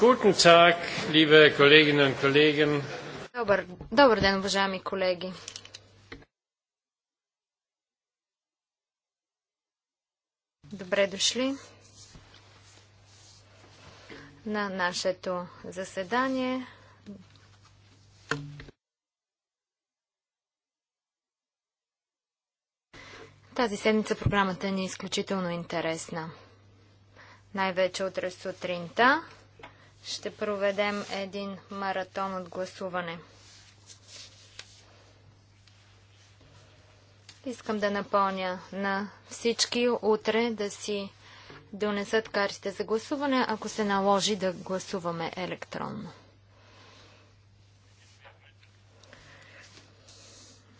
Guten Tag, liebe Kolleginnen und Kollegen. Добър, добър ден, уважаеми колеги. Добре дошли на нашето заседание. Тази седмица програмата ни е изключително интересна. Най-вече утре сутринта ще проведем един маратон от гласуване. Искам да напълня на всички утре да си донесат картите за гласуване, ако се наложи да гласуваме електронно.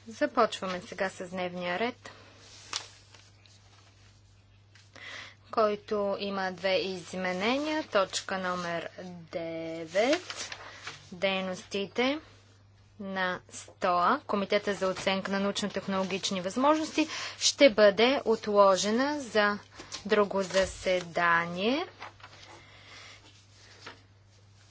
Започваме сега с дневния ред. който има две изменения. Точка номер 9. Дейностите на СТОА, Комитета за оценка на научно-технологични възможности, ще бъде отложена за друго заседание,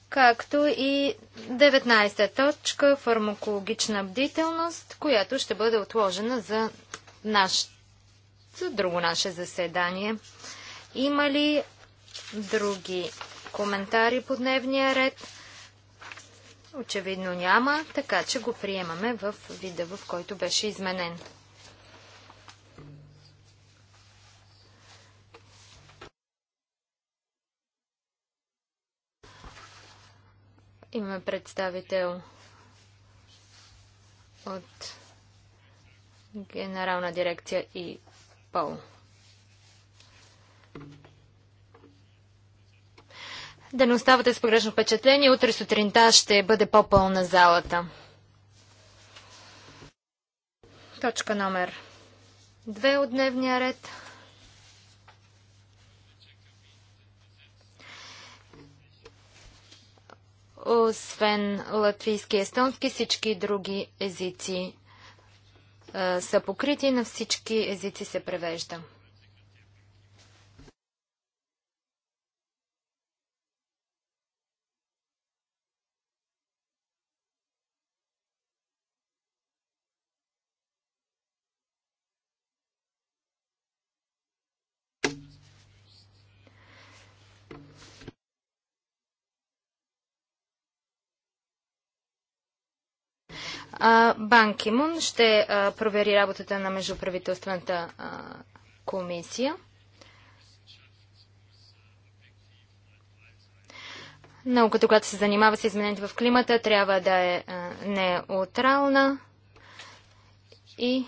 както и 19-та точка фармакологична бдителност, която ще бъде отложена за, наш... за друго наше заседание. Има ли други коментари по дневния ред? Очевидно няма, така че го приемаме в вида, в който беше изменен. Имаме представител от Генерална дирекция и Пол. Да не оставате с погрешно впечатление, утре сутринта ще бъде по-пълна залата. Точка номер 2 от дневния ред. Освен латвийски и естонски, всички други езици са покрити, на всички езици се превежда. Бан Кимун ще провери работата на Междуправителствената комисия. Науката, когато се занимава с изменението в климата, трябва да е неутрална и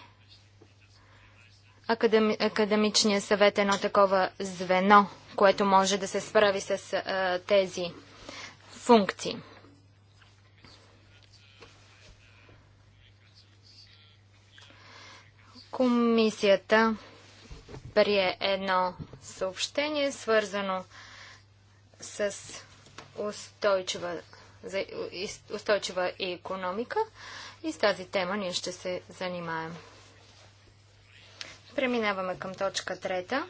академичният Академичния съвет е едно такова звено, което може да се справи с тези функции. Комисията прие едно съобщение, свързано с устойчива, за устойчива и економика и с тази тема ние ще се занимаем. Преминаваме към точка трета.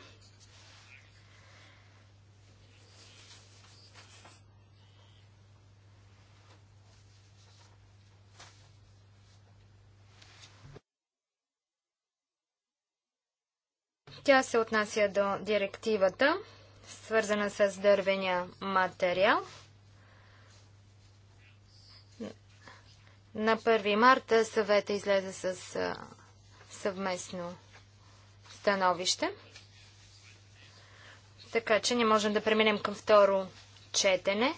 Тя се отнася до директивата, свързана с дървения материал. На 1 марта съвета излезе с съвместно становище. Така че не можем да преминем към второ четене.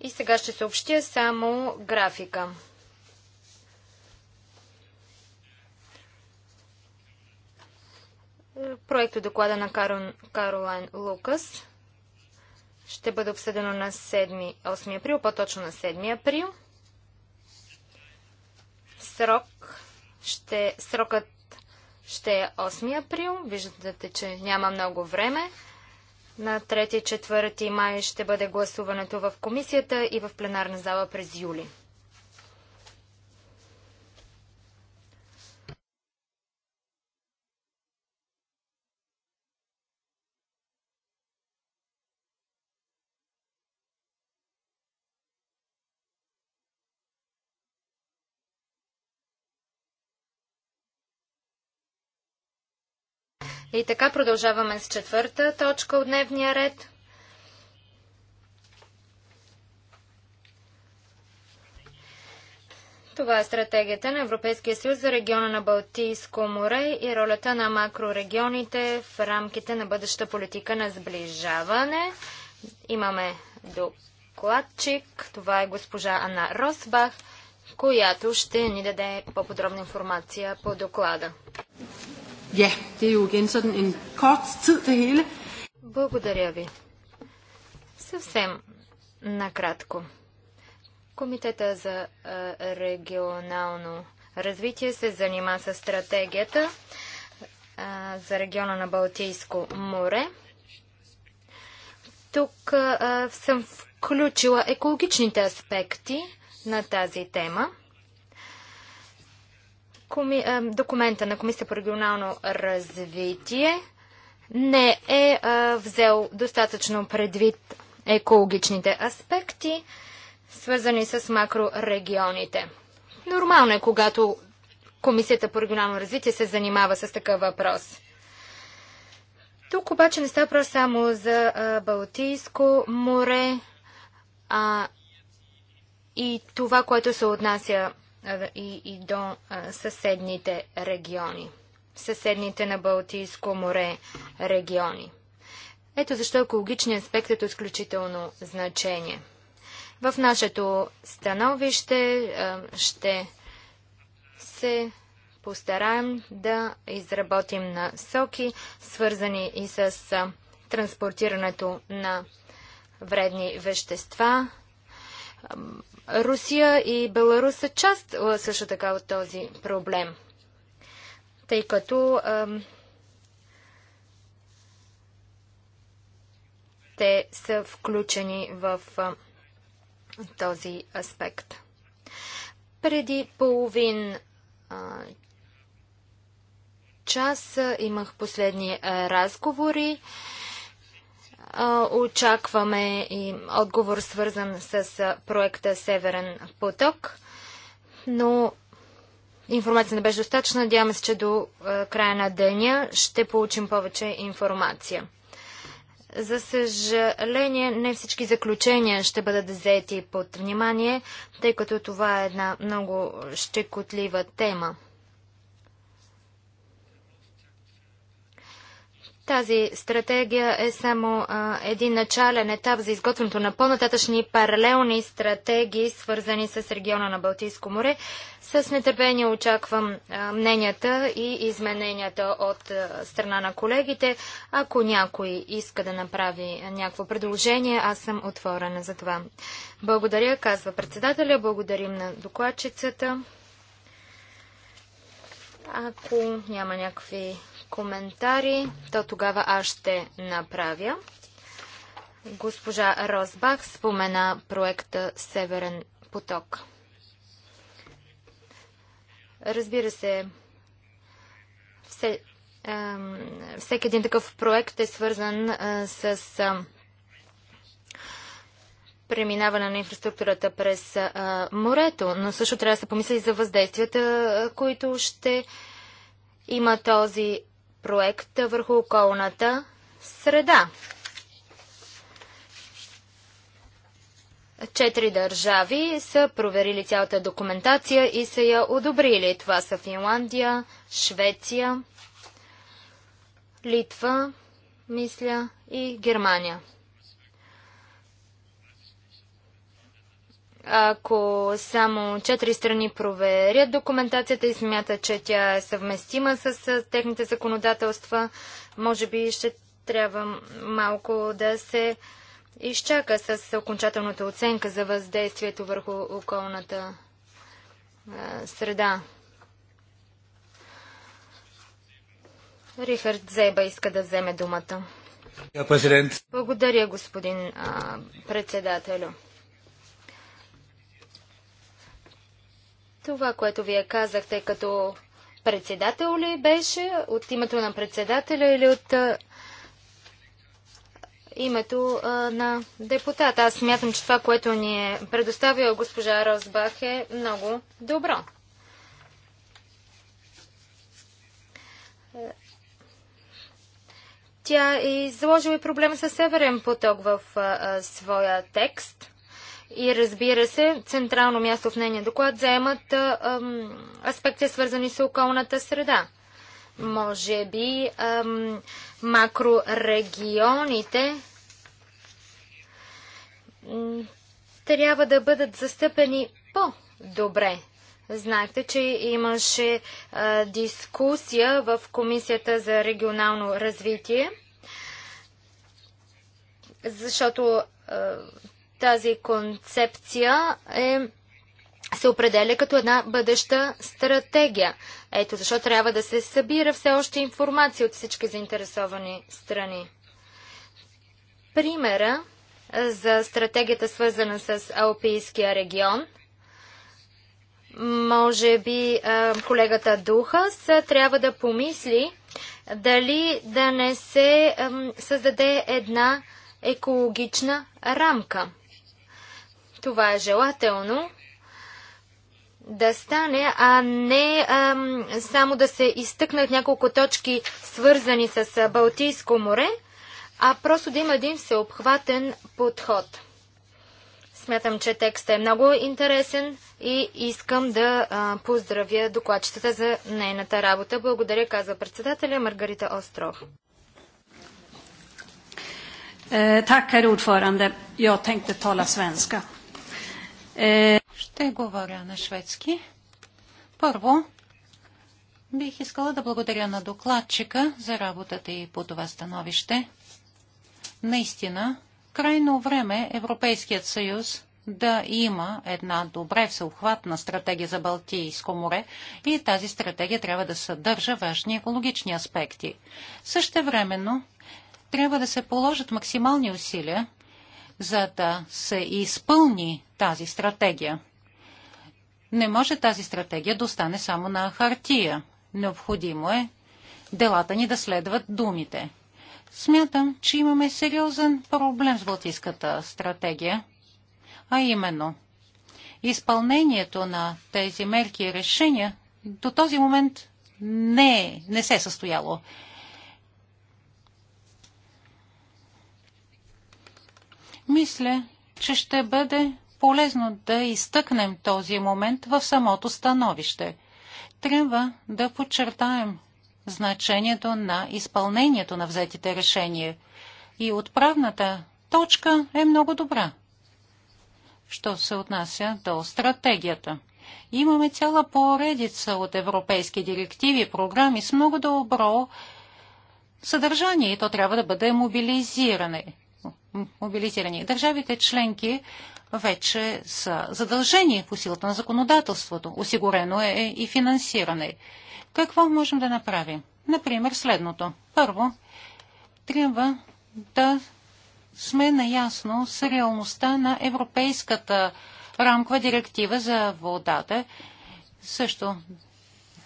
И сега ще съобщя само графика. проекто доклада на Каролайн Лукас ще бъде обсъдено на 7-8 април, по-точно на 7 април. Срок ще, срокът ще е 8 април. Виждате, че няма много време. На 3-4 май ще бъде гласуването в комисията и в пленарна зала през юли. И така продължаваме с четвърта точка от дневния ред. Това е стратегията на Европейския съюз за региона на Балтийско море и ролята на макрорегионите в рамките на бъдеща политика на сближаване. Имаме докладчик, това е госпожа Анна Росбах, която ще ни даде по-подробна информация по доклада. Ja, det er jo igen sådan en kort tid det hele. Благодаря ви. Съвсем накратко. Комитета за регионално развитие се занима с стратегията за региона на Балтийско море. Тук съм включила екологичните аспекти на тази тема документа на Комисията по регионално развитие не е взел достатъчно предвид екологичните аспекти, свързани с макрорегионите. Нормално е, когато Комисията по регионално развитие се занимава с такъв въпрос. Тук обаче не става само за Балтийско море а, и това, което се отнася и, и до съседните региони, съседните на Балтийско море региони. Ето защо екологичният аспект е изключително значение. В нашето становище ще се постараем да изработим насоки, свързани и с транспортирането на вредни вещества, Русия и Беларус са част също така от този проблем, тъй като те са включени в този аспект. Преди половин час имах последни разговори. Очакваме и отговор свързан с проекта Северен поток, но информация не беше достатъчна. Надяваме се, че до края на деня ще получим повече информация. За съжаление, не всички заключения ще бъдат взети под внимание, тъй като това е една много щекотлива тема. Тази стратегия е само а, един начален етап за изготвянето на по-нататъчни паралелни стратегии, свързани с региона на Балтийско море. С нетърпение очаквам а, мненията и измененията от а, страна на колегите. Ако някой иска да направи някакво предложение, аз съм отворена за това. Благодаря, казва председателя. Благодарим на докладчицата. Ако няма някакви коментари, то тогава аз ще направя. Госпожа Розбах спомена проекта Северен поток. Разбира се, все, е, всеки един такъв проект е свързан е, с е, преминаване на инфраструктурата през е, морето, но също трябва да се помисли и за въздействията, които ще има този проект върху околната среда. Четири държави са проверили цялата документация и са я одобрили. Това са Финландия, Швеция, Литва, мисля, и Германия. Ако само четири страни проверят документацията и смятат, че тя е съвместима с техните законодателства, може би ще трябва малко да се изчака с окончателната оценка за въздействието върху околната среда. Рихард Зеба иска да вземе думата. Благодаря, господин а, председателю. Това, което вие казахте като председател ли беше, от името на председателя или от а, името а, на депутата? Аз смятам, че това, което ни е предоставила госпожа Росбах е много добро. Тя е изложила и проблема с Северен поток в а, своя текст. И разбира се, централно място в нейния доклад заемат ам, аспекти, свързани с околната среда. Може би ам, макрорегионите трябва да бъдат застъпени по-добре. Знаете, че имаше а, дискусия в Комисията за регионално развитие, защото тази концепция е се определя като една бъдеща стратегия. Ето защо трябва да се събира все още информация от всички заинтересовани страни. Примера за стратегията свързана с Алпийския регион, може би колегата Духас трябва да помисли дали да не се създаде една екологична рамка – това е желателно да стане, а не а, само да се изтъкнат няколко точки, свързани с Балтийско море, а просто да има един всеобхватен подход. Смятам, че текстът е много интересен и искам да а, поздравя докладчетата за нейната работа. Благодаря, казва председателя Маргарита Остров. Tack, herr ordförande. Jag tänkte tala svenska. Е, ще говоря на шведски. Първо, бих искала да благодаря на докладчика за работата и по това становище. Наистина, крайно време е Европейският съюз да има една добре всеохватна стратегия за Балтийско море и тази стратегия трябва да съдържа важни екологични аспекти. времено трябва да се положат максимални усилия, за да се изпълни тази стратегия. Не може тази стратегия да остане само на хартия. Необходимо е делата ни да следват думите. Смятам, че имаме сериозен проблем с Балтийската стратегия, а именно изпълнението на тези мерки и решения до този момент не, не се е състояло. Мисля, че ще бъде полезно да изтъкнем този момент в самото становище. Трябва да подчертаем значението на изпълнението на взетите решения. И отправната точка е много добра. Що се отнася до стратегията? Имаме цяла поредица от европейски директиви и програми с много добро съдържание и то трябва да бъде мобилизиране мобилизирани. Държавите членки вече са задължени по силата на законодателството. Осигурено е и финансиране. Какво можем да направим? Например, следното. Първо, трябва да сме наясно с реалността на Европейската рамкова директива за водата. Също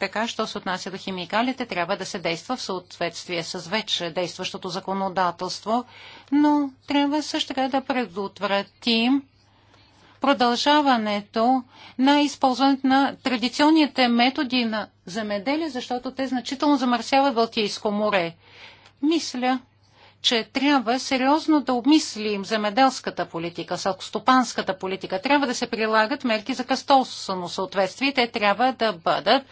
така, що се отнася до химикалите, трябва да се действа в съответствие с вече действащото законодателство, но трябва също така да предотвратим продължаването на използването на традиционните методи на земеделие, защото те значително замърсяват Балтийско море. Мисля, че трябва сериозно да обмислим земеделската политика, селкостопанската политика. Трябва да се прилагат мерки за кръстосано съответствие. Те трябва да бъдат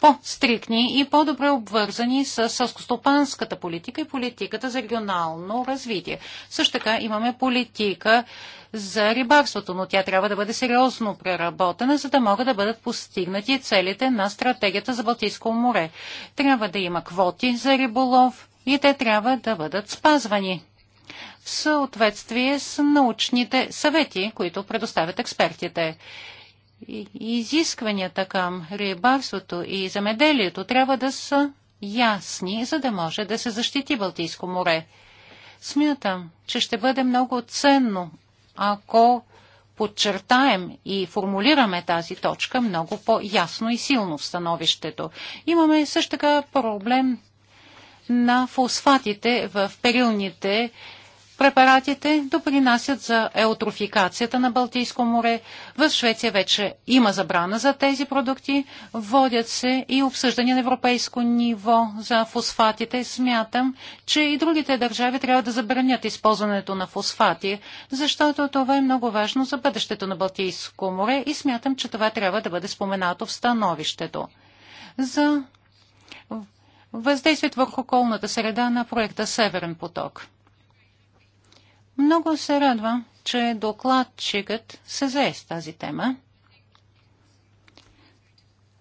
по-стрикни и по-добре обвързани с селскостопанската политика и политиката за регионално развитие. Също така имаме политика за рибарството, но тя трябва да бъде сериозно преработена, за да могат да бъдат постигнати целите на стратегията за Балтийско море. Трябва да има квоти за риболов, и те трябва да бъдат спазвани в съответствие с научните съвети, които предоставят експертите. Изискванията към рибарството и замеделието трябва да са ясни, за да може да се защити Балтийско море. Смятам, че ще бъде много ценно, ако подчертаем и формулираме тази точка много по-ясно и силно в становището. Имаме също така проблем на фосфатите в перилните препаратите допринасят за еутрофикацията на Балтийско море. В Швеция вече има забрана за тези продукти. Водят се и обсъждания на европейско ниво за фосфатите. Смятам, че и другите държави трябва да забранят използването на фосфати, защото това е много важно за бъдещето на Балтийско море и смятам, че това трябва да бъде споменато в становището. За въздействието върху околната среда на проекта Северен поток. Много се радва, че докладчикът се зае с тази тема.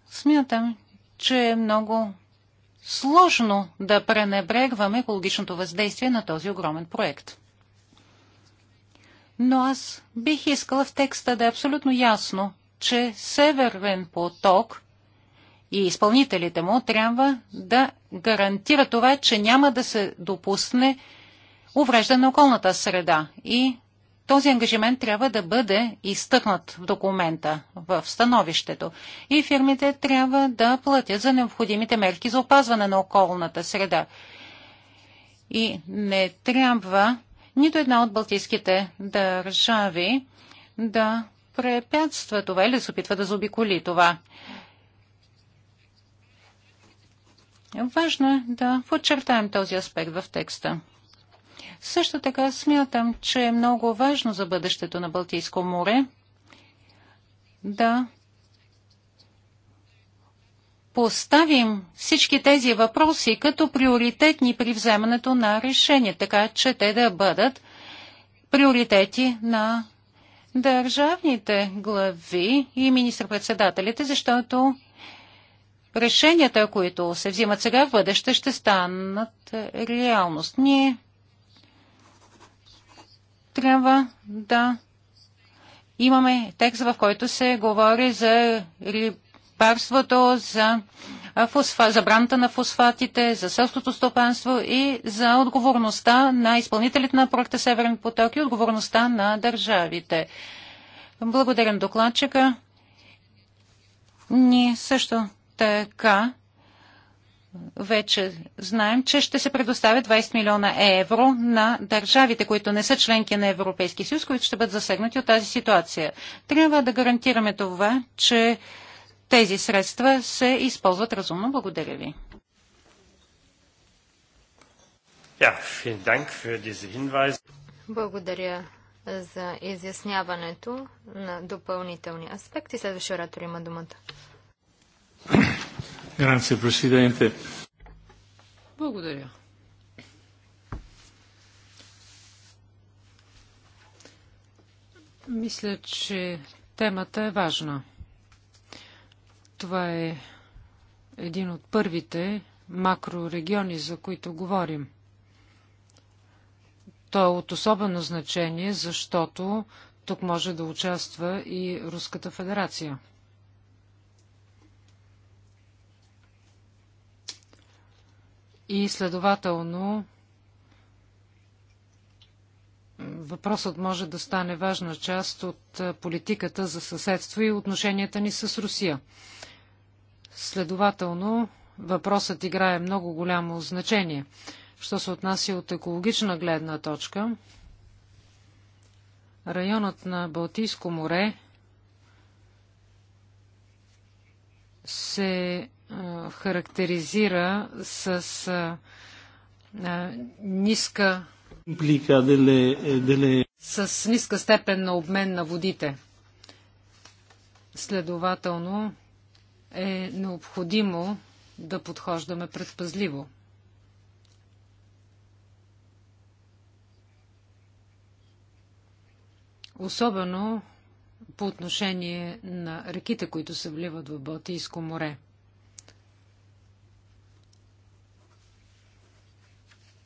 Смятам, че е много сложно да пренебрегваме екологичното въздействие на този огромен проект. Но аз бих искала в текста да е абсолютно ясно, че Северен поток и изпълнителите му трябва да гарантира това, че няма да се допусне увреждане на околната среда. И този ангажимент трябва да бъде изтъкнат в документа, в становището. И фирмите трябва да платят за необходимите мерки за опазване на околната среда. И не трябва нито една от балтийските държави да препятства това или да се опитва да заобиколи това. Важно е да подчертаем този аспект в текста. Също така смятам, че е много важно за бъдещето на Балтийско море да поставим всички тези въпроси като приоритетни при вземането на решение, така че те да бъдат приоритети на държавните глави и министр-председателите, защото решенията, които се взимат сега в бъдеще, ще станат реалност. Ние трябва да имаме текст, в който се говори за рибарството, за фосфа, забраната на фосфатите, за селското стопанство и за отговорността на изпълнителите на проекта Северен поток и отговорността на държавите. Благодарен докладчика. Ние също така вече знаем, че ще се предоставят 20 милиона евро на държавите, които не са членки на Европейския съюз, които ще бъдат засегнати от тази ситуация. Трябва да гарантираме това, че тези средства се използват разумно. Благодаря ви. Благодаря за изясняването на допълнителни аспекти. Следващия оратор има думата. Благодаря. Мисля, че темата е важна. Това е един от първите макрорегиони, за които говорим. То е от особено значение, защото тук може да участва и Руската федерация. И следователно въпросът може да стане важна част от политиката за съседство и отношенията ни с Русия. Следователно, въпросът играе много голямо значение. Що се отнася от екологична гледна точка, районът на Балтийско море се характеризира с ниска с ниска степен на обмен на водите. Следователно е необходимо да подхождаме предпазливо. Особено по отношение на реките, които се вливат в Балтийско море.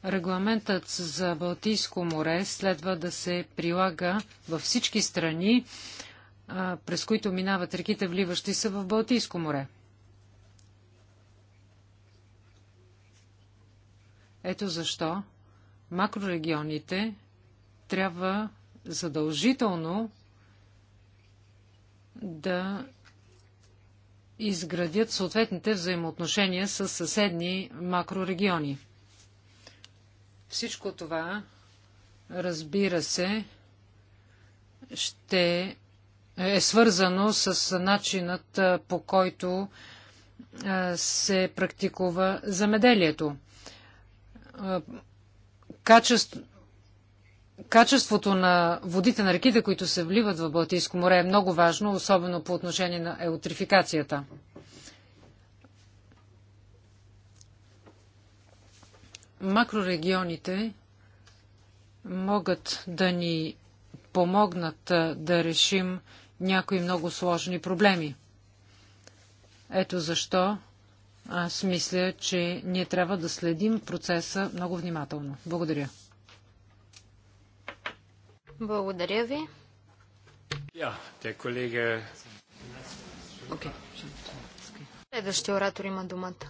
Регламентът за Балтийско море следва да се прилага във всички страни, през които минават реките, вливащи се в Балтийско море. Ето защо макрорегионите трябва задължително да изградят съответните взаимоотношения с съседни макрорегиони. Всичко това, разбира се, ще е свързано с начинът по който се практикува замеделието. Качество, качеството на водите на реките, които се вливат в Балтийско море е много важно, особено по отношение на еутрификацията. Макрорегионите могат да ни помогнат да решим някои много сложни проблеми. Ето защо аз мисля, че ние трябва да следим процеса много внимателно. Благодаря. Благодаря ви. Ja, те колеги. Следващия оратор има думата.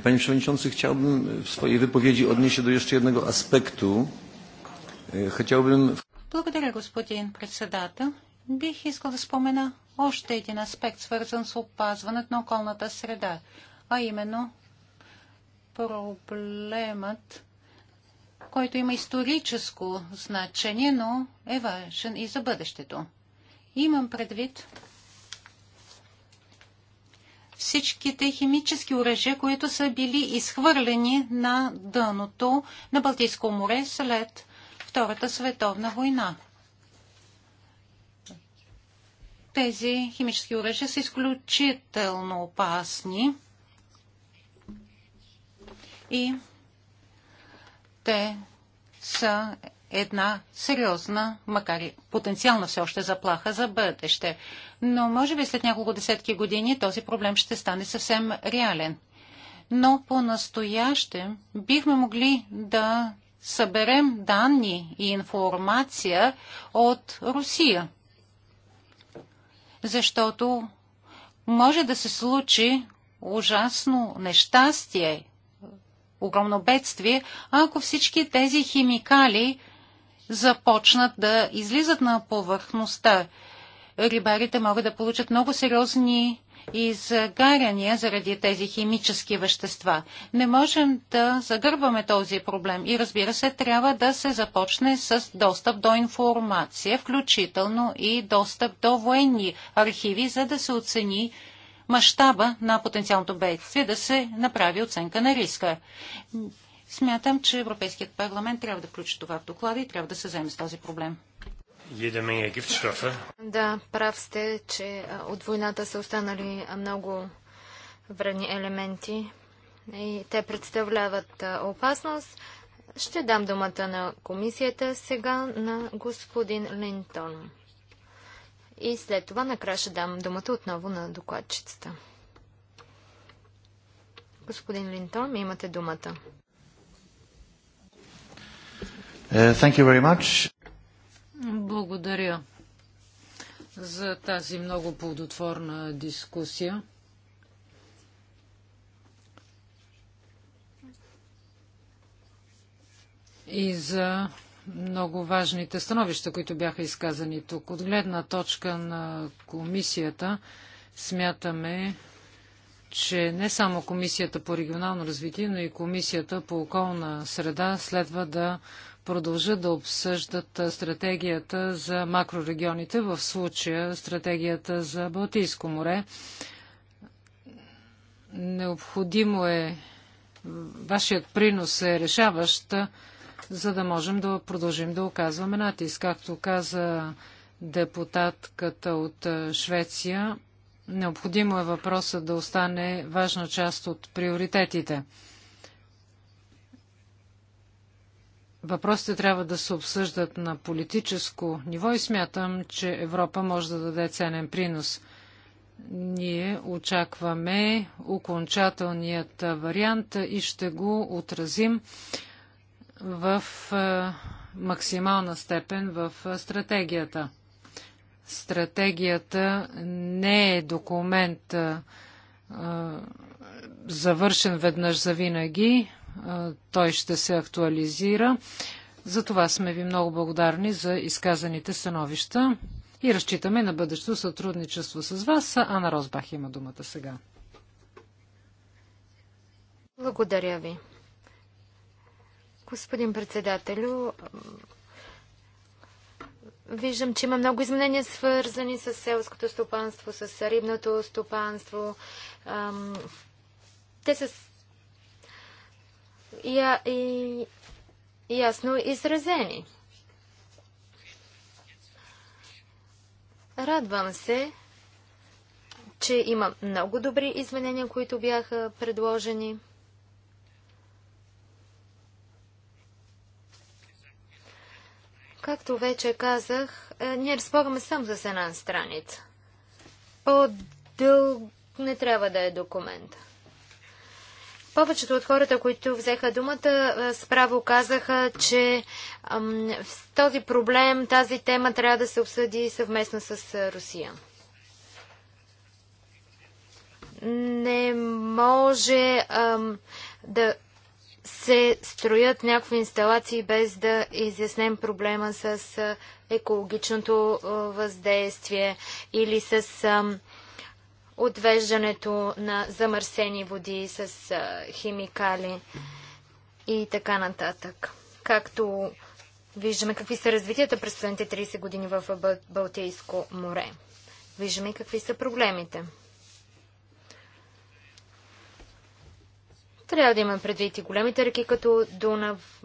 Panie Przewodniczący, chciałbym w swojej wypowiedzi odnieść się do jeszcze jednego aspektu. E, chciałbym... Благодаря, господин председател. Бих искал да спомена още един аспект, свързан с опазването на околната среда, а именно проблемът, който има историческо значение, но е важен и за бъдещето. Имам предвид всичките химически оръжия, които са били изхвърлени на дъното на Балтийско море след Втората световна война. Тези химически оръжия са изключително опасни и те са една сериозна, макар и потенциална все още заплаха за бъдеще. Но може би след няколко десетки години този проблем ще стане съвсем реален. Но по-настояще бихме могли да съберем данни и информация от Русия. Защото може да се случи ужасно нещастие огромно бедствие, ако всички тези химикали започнат да излизат на повърхността. Рибарите могат да получат много сериозни изгаряния заради тези химически вещества. Не можем да загърбваме този проблем и разбира се, трябва да се започне с достъп до информация, включително и достъп до военни архиви, за да се оцени мащаба на потенциалното бедствие, да се направи оценка на риска. Смятам, че Европейският парламент трябва да включи това в доклада и трябва да се вземе с този проблем. Е да, прав сте, че от войната са останали много вредни елементи и те представляват опасност. Ще дам думата на комисията сега на господин Линтон. И след това накрая ще дам думата отново на докладчицата. Господин Линтон, имате думата. Uh, thank you very much. Благодаря за тази много плодотворна дискусия. И за много важните становища, които бяха изказани тук. От гледна точка на комисията смятаме, че не само комисията по регионално развитие, но и комисията по околна среда следва да продължат да обсъждат стратегията за макрорегионите, в случая стратегията за Балтийско море. Необходимо е, вашият принос е решаващ, за да можем да продължим да оказваме натиск. Както каза депутатката от Швеция, необходимо е въпросът да остане важна част от приоритетите. Въпросите трябва да се обсъждат на политическо ниво и смятам, че Европа може да даде ценен принос. Ние очакваме окончателният вариант и ще го отразим в е, максимална степен в е, стратегията. Стратегията не е документ е, завършен веднъж за винаги той ще се актуализира. За това сме ви много благодарни за изказаните становища и разчитаме на бъдещо сътрудничество с вас. Ана Розбах има думата сега. Благодаря ви. Господин председателю, виждам, че има много изменения свързани с селското стопанство, с рибното стопанство. Те са я, и, ясно изразени. Радвам се, че има много добри изменения, които бяха предложени. Както вече казах, е, ние разполагаме само за една страница. По-дълг не трябва да е документа. Повечето от хората, които взеха думата, справо казаха, че този проблем, тази тема трябва да се обсъди съвместно с Русия. Не може ам, да се строят някакви инсталации без да изяснем проблема с екологичното въздействие или с ам, отвеждането на замърсени води с а, химикали и така нататък. Както виждаме какви са развитията през последните 30 години в Балтийско море. Виждаме какви са проблемите. Трябва да имаме предвид и големите реки, като Дунав.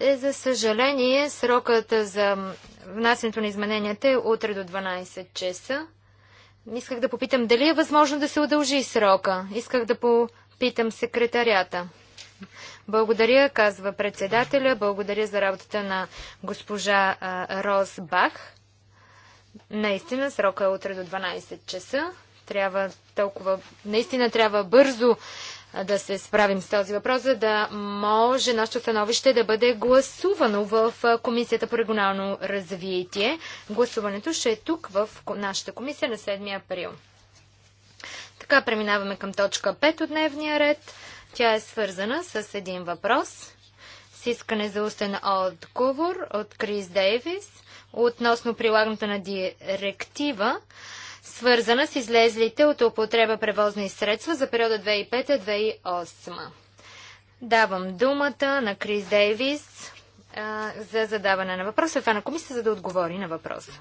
Е, за съжаление, срокът за внасянето на измененията е утре до 12 часа. Исках да попитам дали е възможно да се удължи срока. Исках да попитам секретарята. Благодаря, казва председателя. Благодаря за работата на госпожа Роз Бах. Наистина, срока е утре до 12 часа. Трябва толкова, наистина трябва бързо да се справим с този въпрос, за да може нашето становище да бъде гласувано в Комисията по регионално развитие. Гласуването ще е тук в нашата комисия на 7 април. Така преминаваме към точка 5 от дневния ред. Тя е свързана с един въпрос с искане за устен отговор от Крис Дейвис относно прилагането на директива свързана с излезлите от употреба превозни средства за периода 2005-2008. Давам думата на Крис Дейвис за задаване на въпроса. това е на комисията, за да отговори на въпроса.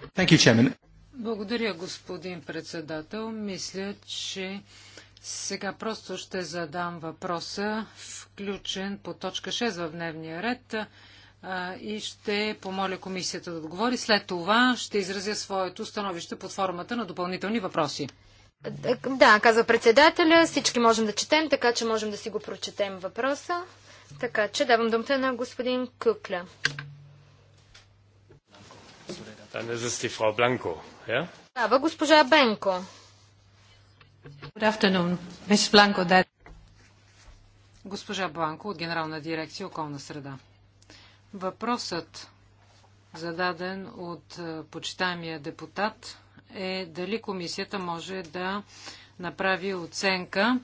Благодаря, господин председател. Мисля, че сега просто ще задам въпроса, включен по точка 6 в дневния ред и ще помоля комисията да отговори. След това ще изразя своето становище под формата на допълнителни въпроси. Да, казва председателя. Всички можем да четем, така че можем да си го прочетем въпроса. Така че давам думата на господин Кукля. Да, госпожа Бенко. Госпожа Бланко от Генерална дирекция околна среда. Въпросът, зададен от почитаемия депутат, е дали комисията може да направи оценка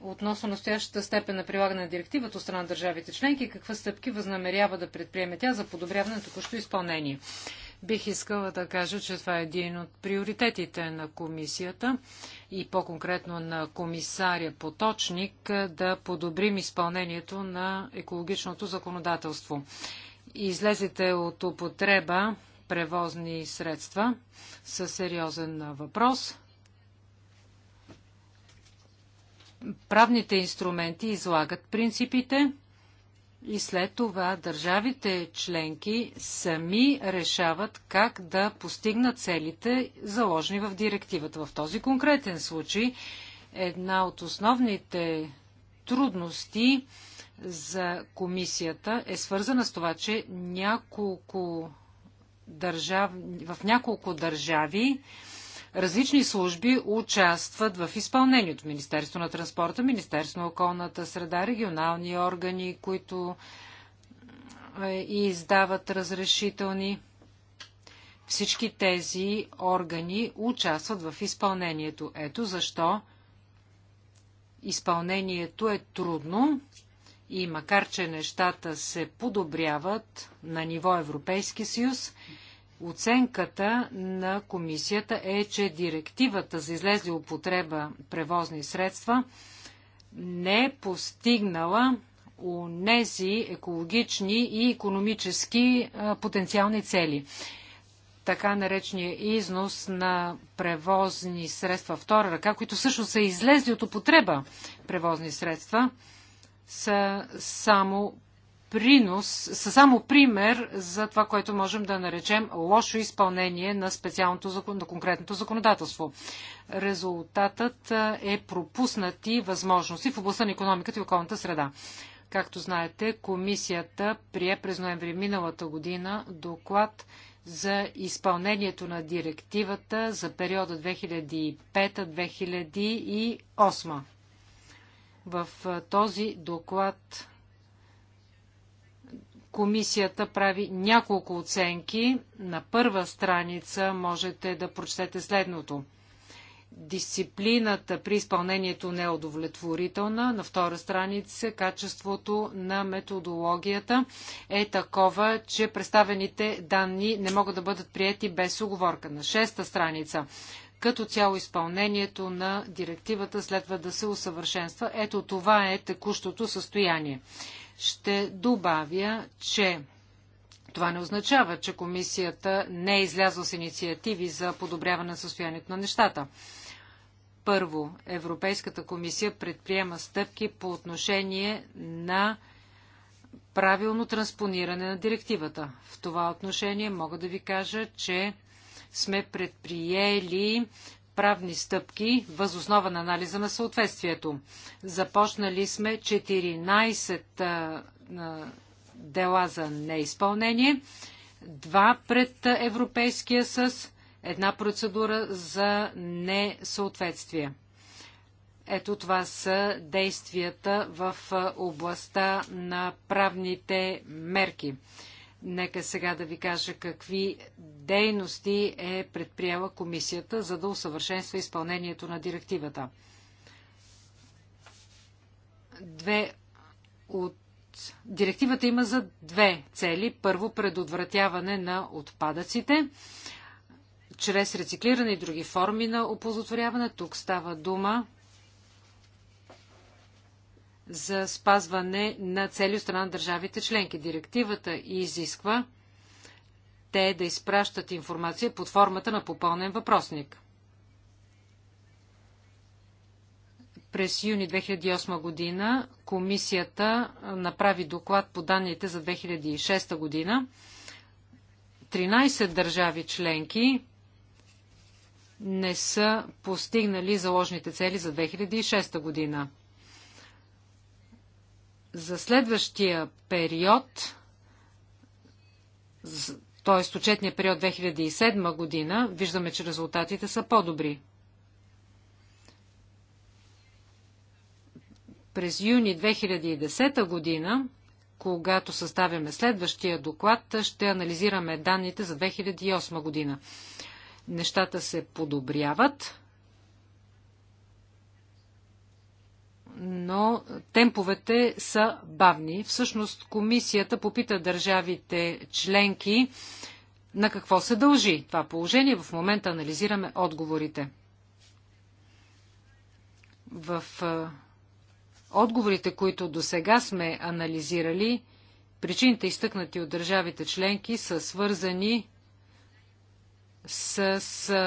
относно настоящата степен на прилагане на директивата от страна на държавите членки и каква стъпки възнамерява да предприеме тя за подобряване на току-що изпълнение. Бих искала да кажа, че това е един от приоритетите на комисията и по-конкретно на комисаря Поточник да подобрим изпълнението на екологичното законодателство. Излезете от употреба превозни средства са сериозен въпрос. Правните инструменти излагат принципите и след това държавите членки сами решават как да постигнат целите, заложени в директивата. В този конкретен случай една от основните трудности за комисията е свързана с това, че няколко държав... в няколко държави Различни служби участват в изпълнението. Министерство на транспорта, Министерство на околната среда, регионални органи, които е, издават разрешителни. Всички тези органи участват в изпълнението. Ето защо изпълнението е трудно и макар, че нещата се подобряват на ниво Европейски съюз, Оценката на комисията е, че директивата за излезли употреба превозни средства не е постигнала унези екологични и економически потенциални цели. Така наречения износ на превозни средства втора ръка, които също са излезли от употреба превозни средства, са само принос, са само пример за това, което можем да наречем лошо изпълнение на специалното, на конкретното законодателство. Резултатът е пропуснати възможности в областта на економиката и околната среда. Както знаете, комисията прие през ноември миналата година доклад за изпълнението на директивата за периода 2005-2008. В този доклад Комисията прави няколко оценки. На първа страница можете да прочетете следното. Дисциплината при изпълнението не е удовлетворителна. На втора страница качеството на методологията е такова, че представените данни не могат да бъдат прияти без оговорка. На шеста страница като цяло изпълнението на директивата следва да се усъвършенства. Ето това е текущото състояние. Ще добавя, че това не означава, че комисията не е излязла с инициативи за подобряване на състоянието на нещата. Първо, Европейската комисия предприема стъпки по отношение на правилно транспониране на директивата. В това отношение мога да ви кажа, че сме предприели правни стъпки въз основа на анализа на съответствието. Започнали сме 14 дела за неизпълнение, два пред Европейския съд, една процедура за несъответствие. Ето това са действията в областта на правните мерки. Нека сега да ви кажа какви дейности е предприела комисията, за да усъвършенства изпълнението на директивата. Две от Директивата има за две цели. Първо, предотвратяване на отпадъците чрез рециклиране и други форми на оползотворяване. Тук става дума за спазване на цели от страна на държавите членки. Директивата изисква те да изпращат информация под формата на попълнен въпросник. През юни 2008 година комисията направи доклад по данните за 2006 година. 13 държави членки не са постигнали заложните цели за 2006 година за следващия период, т.е. отчетния период 2007 година, виждаме, че резултатите са по-добри. През юни 2010 година, когато съставяме следващия доклад, ще анализираме данните за 2008 година. Нещата се подобряват но темповете са бавни. Всъщност комисията попита държавите членки на какво се дължи това положение. В момента анализираме отговорите. В отговорите, които до сега сме анализирали, причините, изтъкнати от държавите членки, са свързани с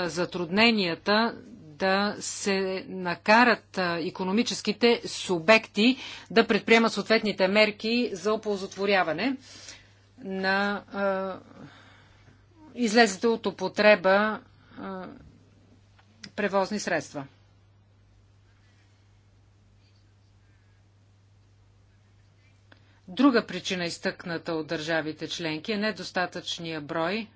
затрудненията да се накарат економическите субекти да предприемат съответните мерки за оползотворяване на излезете от употреба превозни средства. Друга причина, изтъкната от държавите членки, е недостатъчния брой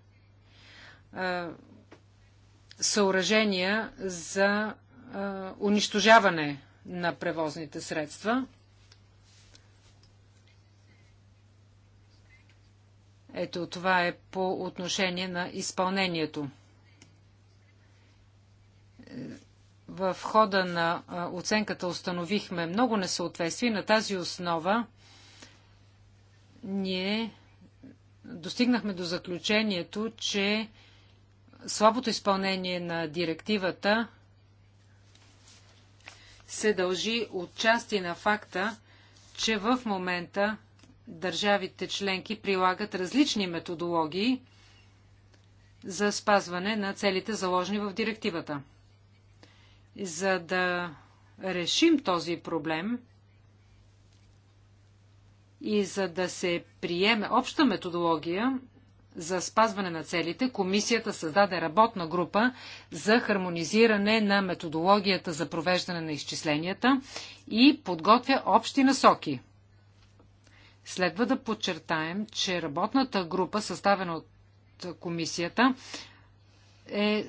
съоръжения за а, унищожаване на превозните средства. Ето това е по отношение на изпълнението. В хода на оценката установихме много несъответствия. На тази основа ние достигнахме до заключението, че слабото изпълнение на директивата се дължи отчасти на факта, че в момента държавите членки прилагат различни методологии за спазване на целите заложени в директивата. За да решим този проблем и за да се приеме обща методология, за спазване на целите, комисията създаде работна група за хармонизиране на методологията за провеждане на изчисленията и подготвя общи насоки. Следва да подчертаем, че работната група, съставена от комисията, е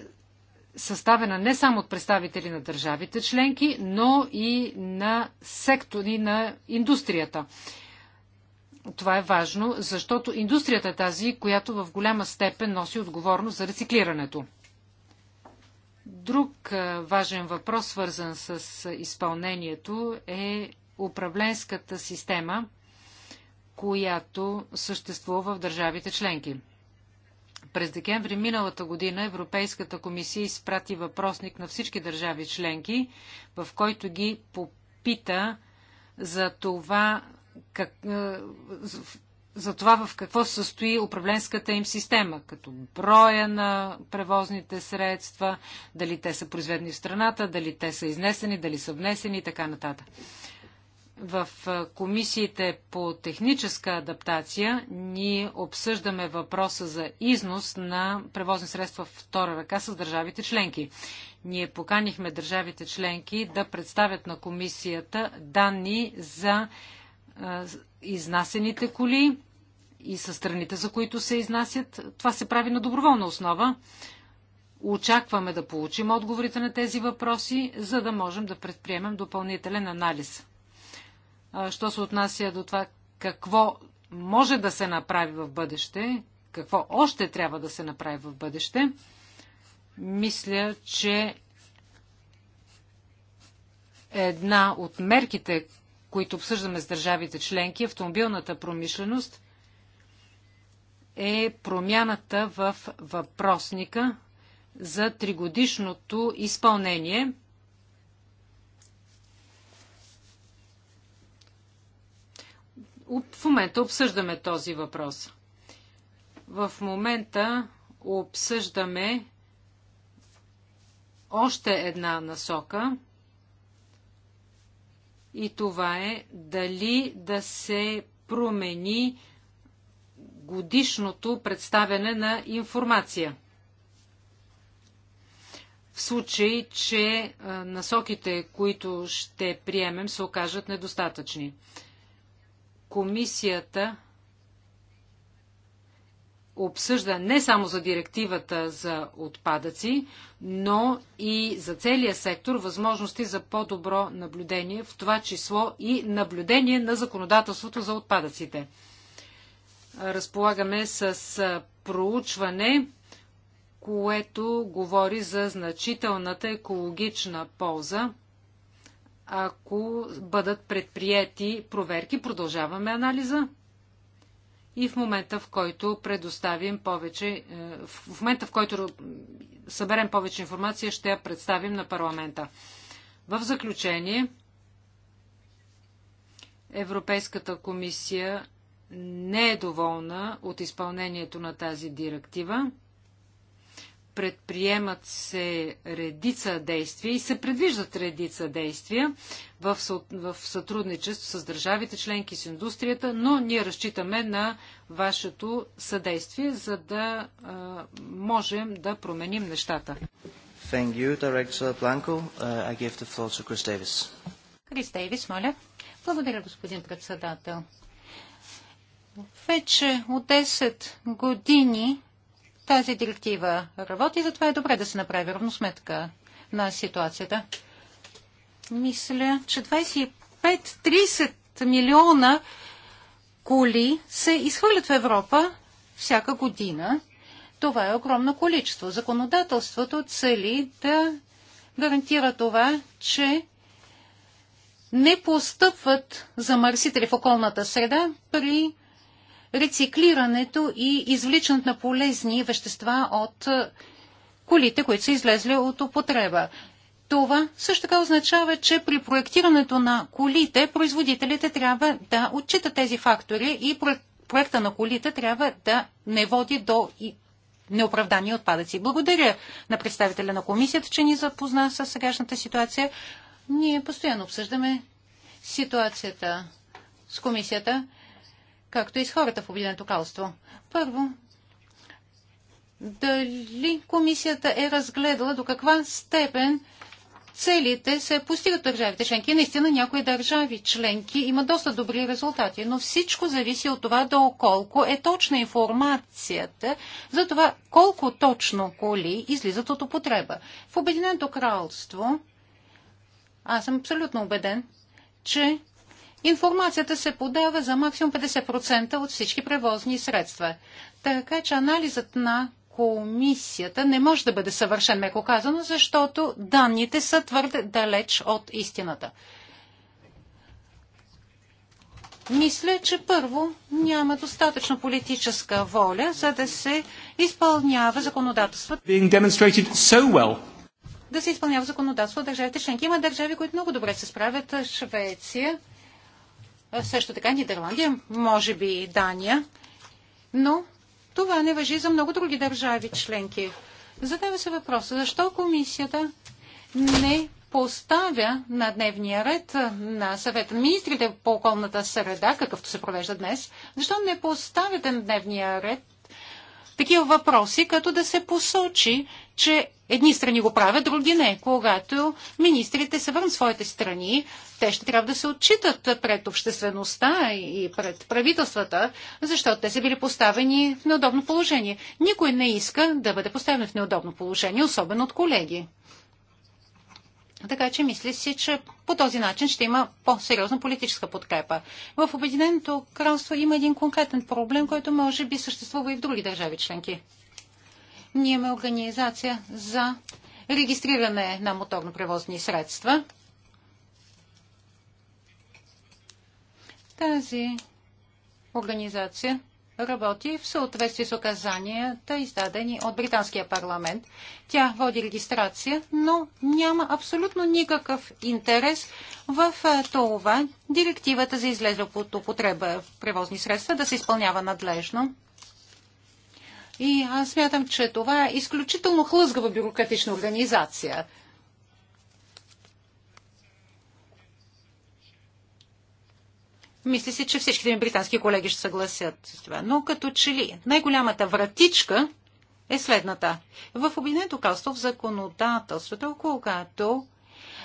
съставена не само от представители на държавите членки, но и на сектори на индустрията. Това е важно, защото индустрията е тази, която в голяма степен носи отговорност за рециклирането. Друг е, важен въпрос, свързан с е, изпълнението, е управленската система, която съществува в държавите членки. През декември миналата година Европейската комисия изпрати въпросник на всички държави членки, в който ги попита за това как, за това в какво се състои управленската им система, като броя на превозните средства, дали те са произведени в страната, дали те са изнесени, дали са внесени и така нататък. В комисиите по техническа адаптация ние обсъждаме въпроса за износ на превозни средства втора ръка с държавите членки. Ние поканихме държавите членки да представят на комисията данни за изнасените коли и със страните, за които се изнасят. Това се прави на доброволна основа. Очакваме да получим отговорите на тези въпроси, за да можем да предприемем допълнителен анализ. Що се отнася до това какво може да се направи в бъдеще, какво още трябва да се направи в бъдеще, мисля, че една от мерките, които обсъждаме с държавите членки, автомобилната промишленост, е промяната в въпросника за тригодишното изпълнение. В момента обсъждаме този въпрос. В момента обсъждаме още една насока – и това е дали да се промени годишното представяне на информация. В случай, че насоките, които ще приемем, се окажат недостатъчни. Комисията обсъжда не само за директивата за отпадъци, но и за целия сектор възможности за по-добро наблюдение, в това число и наблюдение на законодателството за отпадъците. Разполагаме с проучване, което говори за значителната екологична полза, ако бъдат предприяти проверки. Продължаваме анализа и в момента, в който предоставим повече, е, в момента, в който съберем повече информация, ще я представим на парламента. В заключение, Европейската комисия не е доволна от изпълнението на тази директива предприемат се редица действия и се предвиждат редица действия в, сътрудничество с държавите членки с индустрията, но ние разчитаме на вашето съдействие, за да а, можем да променим нещата. Thank you, Director Blanco. Uh, I give the floor to Chris Davis. Крис Дейвис, моля. Благодаря, господин председател. Вече от 10 години тази директива работи, затова е добре да се направи равносметка на ситуацията. Мисля, че 25-30 милиона коли се изхвърлят в Европа всяка година. Това е огромно количество. Законодателството цели да гарантира това, че не постъпват замърсители в околната среда при рециклирането и извличането на полезни вещества от е, колите, които са излезли от употреба. Това също така означава, че при проектирането на колите производителите трябва да отчитат тези фактори и проекта на колите трябва да не води до неоправдани отпадъци. Благодаря на представителя на комисията, че ни запозна с сегашната ситуация. Ние постоянно обсъждаме ситуацията с комисията както и с хората в Обединеното кралство. Първо, дали комисията е разгледала до каква степен целите се постигат държавите членки. Наистина някои държави членки има доста добри резултати, но всичко зависи от това доколко е точна информацията за това колко точно коли излизат от употреба. В Обединеното кралство аз съм абсолютно убеден, че информацията се подава за максимум 50% от всички превозни средства. Така че анализът на комисията не може да бъде съвършен, меко казано, защото данните са твърде далеч от истината. Мисля, че първо няма достатъчно политическа воля, за да се изпълнява законодателството. So well. Да се изпълнява законодателство от държавите членки. Има държави, които много добре се справят. Швеция, също така Нидерландия, може би Дания, но това не въжи за много други държави членки. Задава се въпроса, защо комисията не поставя на дневния ред на съвета на министрите по околната среда, какъвто се провежда днес, защо не поставяте на дневния ред такива въпроси, като да се посочи, че Едни страни го правят, други не. Когато министрите се върнат своите страни, те ще трябва да се отчитат пред обществеността и пред правителствата, защото те са били поставени в неудобно положение. Никой не иска да бъде поставен в неудобно положение, особено от колеги. Така че мисля си, че по този начин ще има по-сериозна политическа подкрепа. В Обединеното кралство има един конкретен проблем, който може би съществува и в други държави членки. Ние имаме организация за регистриране на моторно превозни средства. Тази организация работи в съответствие с указанията, издадени от Британския парламент. Тя води регистрация, но няма абсолютно никакъв интерес в това директивата за излезло от употреба в превозни средства да се изпълнява надлежно. И аз смятам, че това е изключително хлъзгава бюрократична организация. Мисля си, че всичките ми британски колеги ще съгласят с това. Но като че ли най-голямата вратичка е следната. В Обединеното кралство в законодателството, когато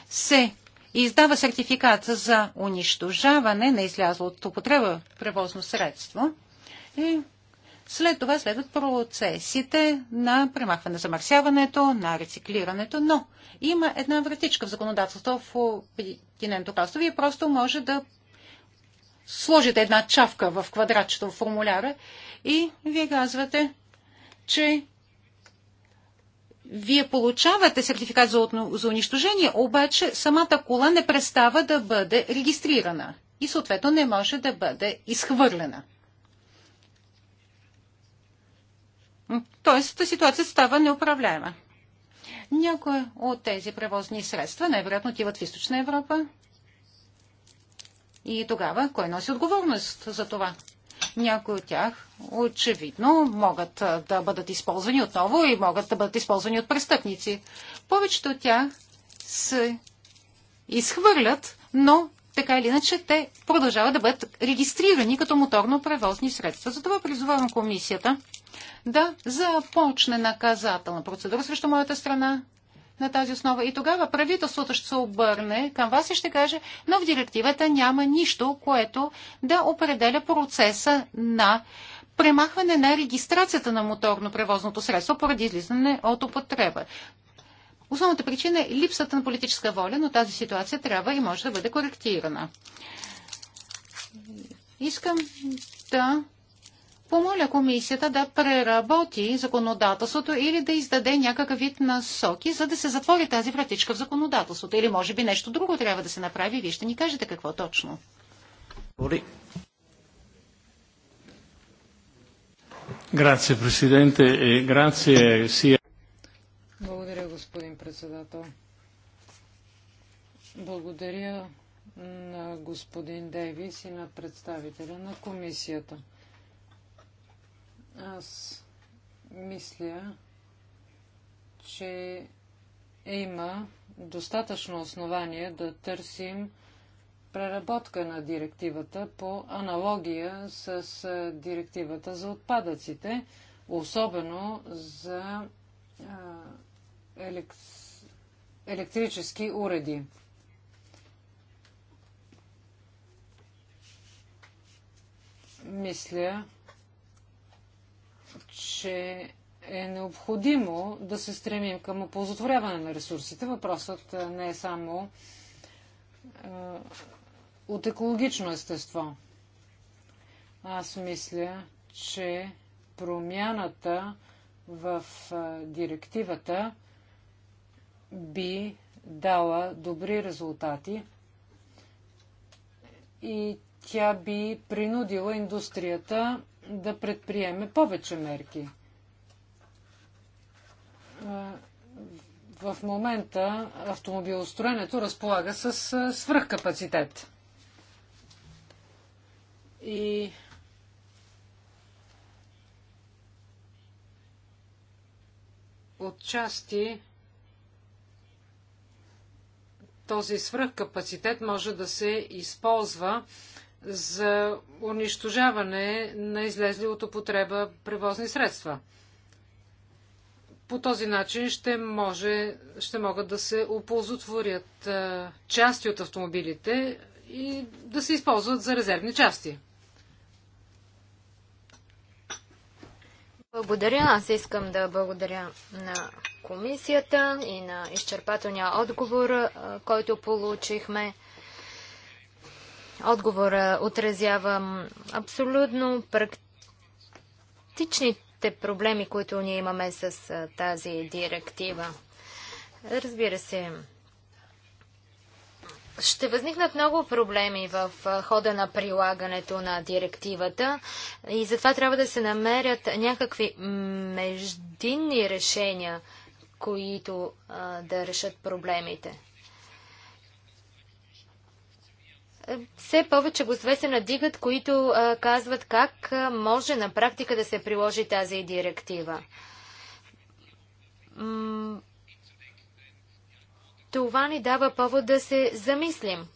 се издава сертификат за унищожаване на излязло от употреба превозно средство, и е след това следват процесите на премахване на замърсяването, на рециклирането, но има една вратичка в законодателство в Обединеното кралство. Вие просто може да сложите една чавка в квадратчето в формуляра и вие казвате, че вие получавате сертификат за, за унищожение, обаче самата кола не престава да бъде регистрирана и съответно не може да бъде изхвърлена. Тоест ситуацията става неуправляема. Някои от тези превозни средства най-вероятно отиват в Източна Европа. И тогава кой носи отговорност за това? Някои от тях очевидно могат да бъдат използвани отново и могат да бъдат използвани от престъпници. Повечето от тях се изхвърлят, но така или иначе те продължават да бъдат регистрирани като моторно превозни средства. Затова призовавам комисията да започне наказателна процедура срещу моята страна на тази основа. И тогава правителството ще се обърне към вас и ще каже, но в директивата няма нищо, което да определя процеса на премахване на регистрацията на моторно превозното средство поради излизане от употреба. Основната причина е липсата на политическа воля, но тази ситуация трябва и може да бъде коректирана. Искам да помоля комисията да преработи законодателството или да издаде някакъв вид насоки, за да се затвори тази вратичка в законодателството. Или може би нещо друго трябва да се направи. Вие ще ни кажете какво точно. Грация, президенте. Е, грация, Сия. Е. Благодаря, господин председател. Благодаря на господин Дейвис и на представителя на комисията. Аз мисля, че има достатъчно основание да търсим преработка на директивата по аналогия с директивата за отпадъците, особено за електрически уреди. Мисля, че е необходимо да се стремим към оползотворяване на ресурсите. Въпросът не е само от екологично естество. Аз мисля, че промяната в директивата би дала добри резултати и тя би принудила индустрията да предприеме повече мерки. В момента автомобилостроенето разполага с свръхкапацитет. И отчасти този свръхкапацитет може да се използва за унищожаване на излезли от употреба превозни средства. По този начин ще, може, ще могат да се оползотворят части от автомобилите и да се използват за резервни части. Благодаря. Аз искам да благодаря на комисията и на изчерпателния отговор, който получихме. Отговора отразява абсолютно практичните проблеми, които ние имаме с тази директива. Разбира се, ще възникнат много проблеми в хода на прилагането на директивата и затова трябва да се намерят някакви междинни решения, които а, да решат проблемите. все повече гласове се надигат, които а, казват как а, може на практика да се приложи тази директива. М това ни дава повод да се замислим.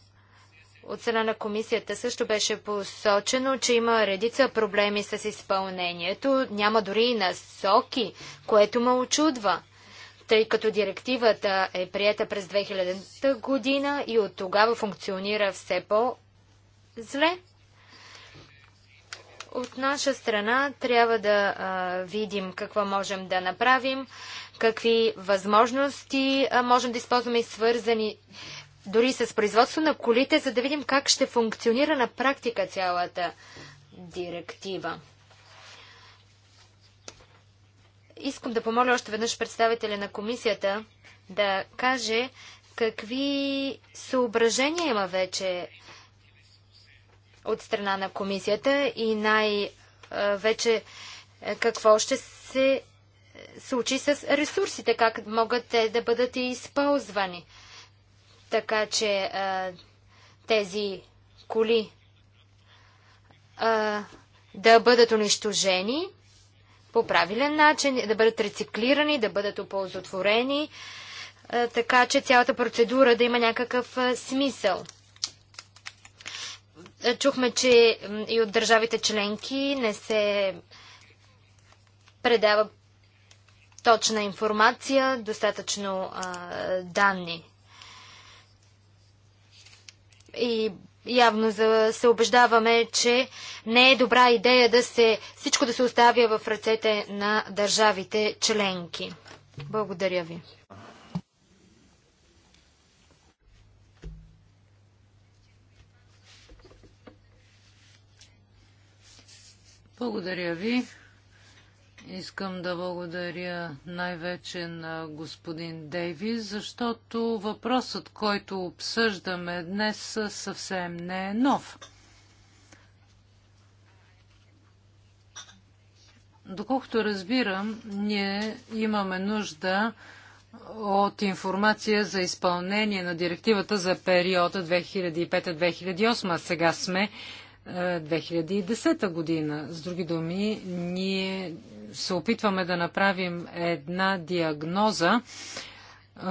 От страна на комисията също беше посочено, че има редица проблеми с изпълнението. Няма дори и насоки, което ме очудва тъй като директивата е приета през 2000 година и от тогава функционира все по-зле. От наша страна трябва да а, видим какво можем да направим, какви възможности а, можем да използваме и свързани дори с производство на колите, за да видим как ще функционира на практика цялата директива. Искам да помоля още веднъж представителя на комисията да каже какви съображения има вече от страна на комисията и най-вече какво ще се случи с ресурсите, как могат те да бъдат използвани. Така че тези коли да бъдат унищожени по правилен начин, да бъдат рециклирани, да бъдат оползотворени, е, така че цялата процедура да има някакъв е, смисъл. Е, чухме, че и от държавите членки не се предава точна информация, достатъчно данни. И Явно за, се убеждаваме, че не е добра идея да се, всичко да се оставя в ръцете на държавите членки. Благодаря ви. Благодаря ви. Искам да благодаря най-вече на господин Дейви, защото въпросът, който обсъждаме днес, съвсем не е нов. Доколкото разбирам, ние имаме нужда от информация за изпълнение на директивата за периода 2005-2008. а Сега сме 2010 е, година. С други думи, ние се опитваме да направим една диагноза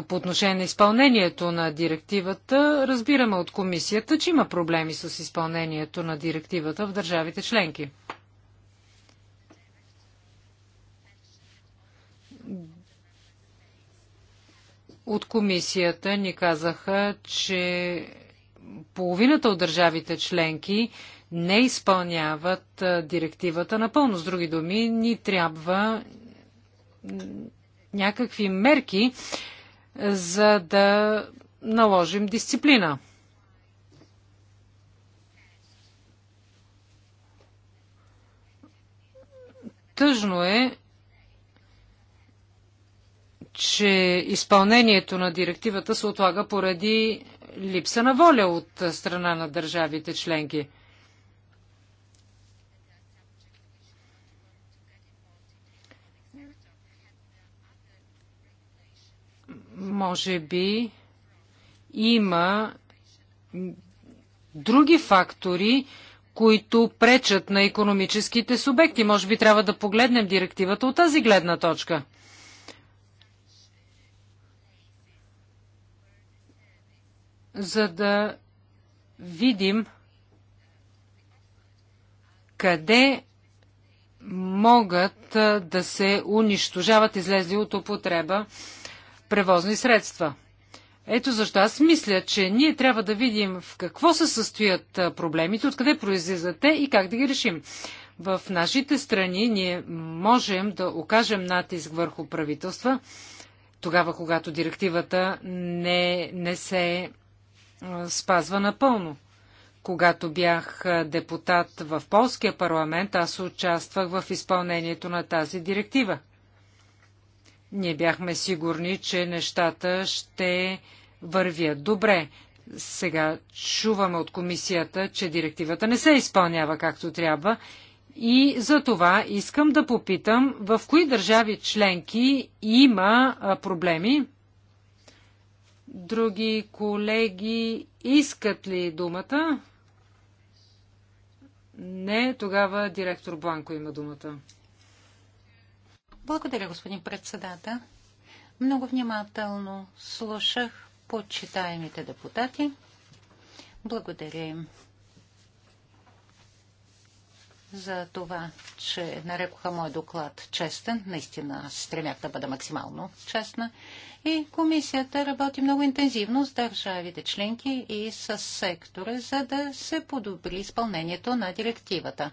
по отношение на изпълнението на директивата. Разбираме от комисията, че има проблеми с изпълнението на директивата в държавите членки. От комисията ни казаха, че половината от държавите членки не изпълняват директивата напълно. С други думи, ни трябва някакви мерки, за да наложим дисциплина. Тъжно е, че изпълнението на директивата се отлага поради липса на воля от страна на държавите членки – Може би има други фактори, които пречат на економическите субекти. Може би трябва да погледнем директивата от тази гледна точка. За да видим къде могат да се унищожават излезли от употреба превозни средства. Ето защо аз мисля, че ние трябва да видим в какво се състоят проблемите, откъде произлизат те и как да ги решим. В нашите страни ние можем да окажем натиск върху правителства, тогава когато директивата не, не се спазва напълно. Когато бях депутат в полския парламент, аз участвах в изпълнението на тази директива. Ние бяхме сигурни, че нещата ще вървят добре. Сега чуваме от комисията, че директивата не се изпълнява както трябва и за това искам да попитам в кои държави членки има проблеми. Други колеги искат ли думата? Не, тогава директор Бланко има думата. Благодаря, господин председател. Много внимателно слушах почитаемите депутати. Благодаря им за това, че нарекоха мой доклад честен. Наистина стремях да бъда максимално честна. И комисията работи много интензивно с държавите членки и с сектора, за да се подобри изпълнението на директивата.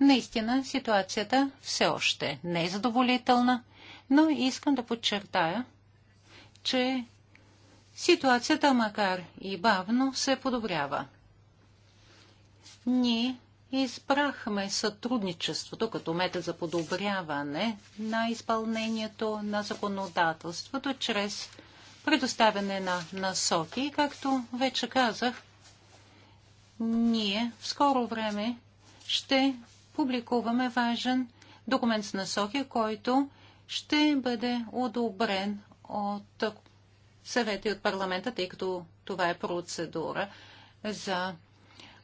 Наистина ситуацията все още не е задоволителна, но искам да подчертая, че ситуацията, макар и бавно, се подобрява. Ние избрахме сътрудничеството като метод за подобряване на изпълнението на законодателството чрез предоставяне на насоки. както вече казах, ние в скоро време ще публикуваме важен документ с насоки, който ще бъде одобрен от съвета и от парламента, тъй като това е процедура за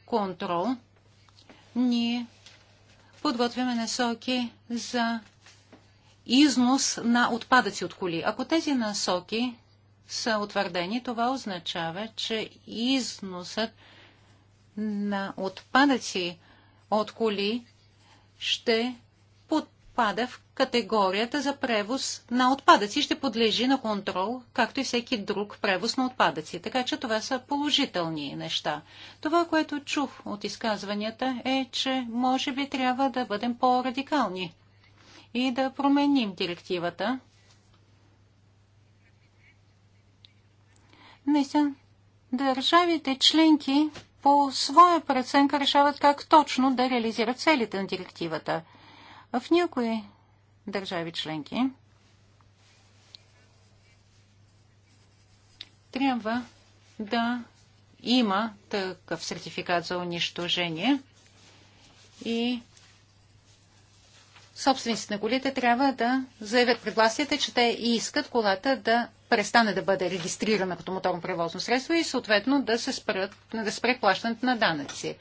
контрол. Ние подготвяме насоки за износ на отпадъци от коли. Ако тези насоки са утвърдени, това означава, че износът на отпадъци от коли ще подпада в категорията за превоз на отпадъци, ще подлежи на контрол, както и всеки друг превоз на отпадъци. Така че това са положителни неща. Това, което чух от изказванията е, че може би трябва да бъдем по-радикални и да променим директивата. Наистина, държавите членки по своя преценка решават как точно да реализират целите на директивата. В някои държави членки трябва да има такъв сертификат за унищожение и собствениците на колите трябва да заявят пред властите, че те искат колата да престане да бъде регистрирана като моторно превозно средство и съответно да се спрат, да спре плащането на данъци.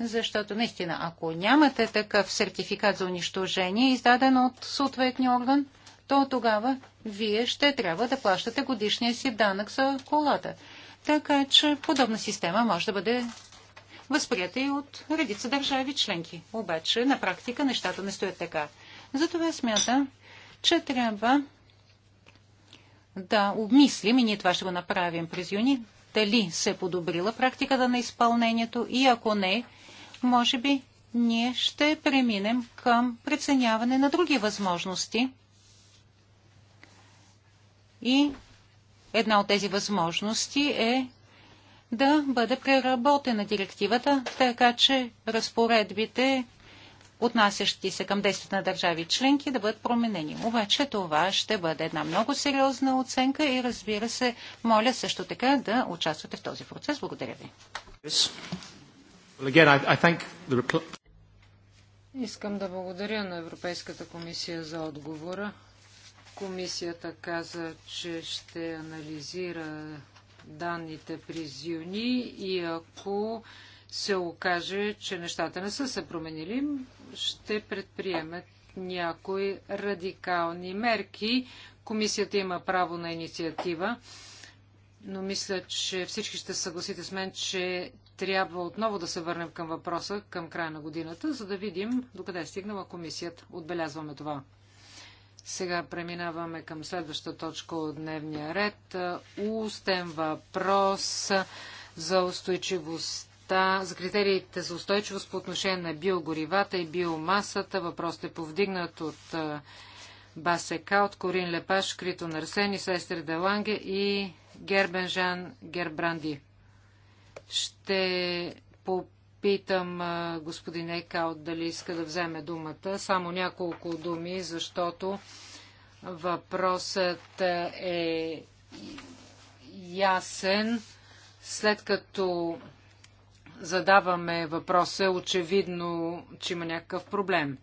Защото наистина, ако нямате такъв сертификат за унищожение, издаден от съответния орган, то тогава вие ще трябва да плащате годишния си данък за колата. Така че подобна система може да бъде възприята и от редица държави членки. Обаче на практика нещата не стоят така. Затова смятам, че трябва да обмислим, и ние това ще го направим през юни, дали се е подобрила практиката на изпълнението и ако не, може би ние ще преминем към преценяване на други възможности. И една от тези възможности е да бъде преработена директивата, така че разпоредбите отнасящи се към действията на държави членки, да бъдат променени. Обаче това ще бъде една много сериозна оценка и разбира се, моля също така да участвате в този процес. Благодаря ви. Искам да благодаря на Европейската комисия за отговора. Комисията каза, че ще анализира данните през юни и ако се окаже, че нещата не са се променили, ще предприемат някои радикални мерки. Комисията има право на инициатива, но мисля, че всички ще съгласите с мен, че трябва отново да се върнем към въпроса към края на годината, за да видим докъде е стигнала комисията. Отбелязваме това. Сега преминаваме към следваща точка от дневния ред. Устен въпрос за устойчивост областта, за критериите за устойчивост по отношение на биогоривата и биомасата. Въпросът е повдигнат от Басека, от Корин Лепаш, Крито Нарсени, Сестри Деланге и Гербенжан Гербранди. Ще попитам господин Екаут дали иска да вземе думата. Само няколко думи, защото въпросът е ясен. След като задаваме въпроса, очевидно, че има някакъв проблем.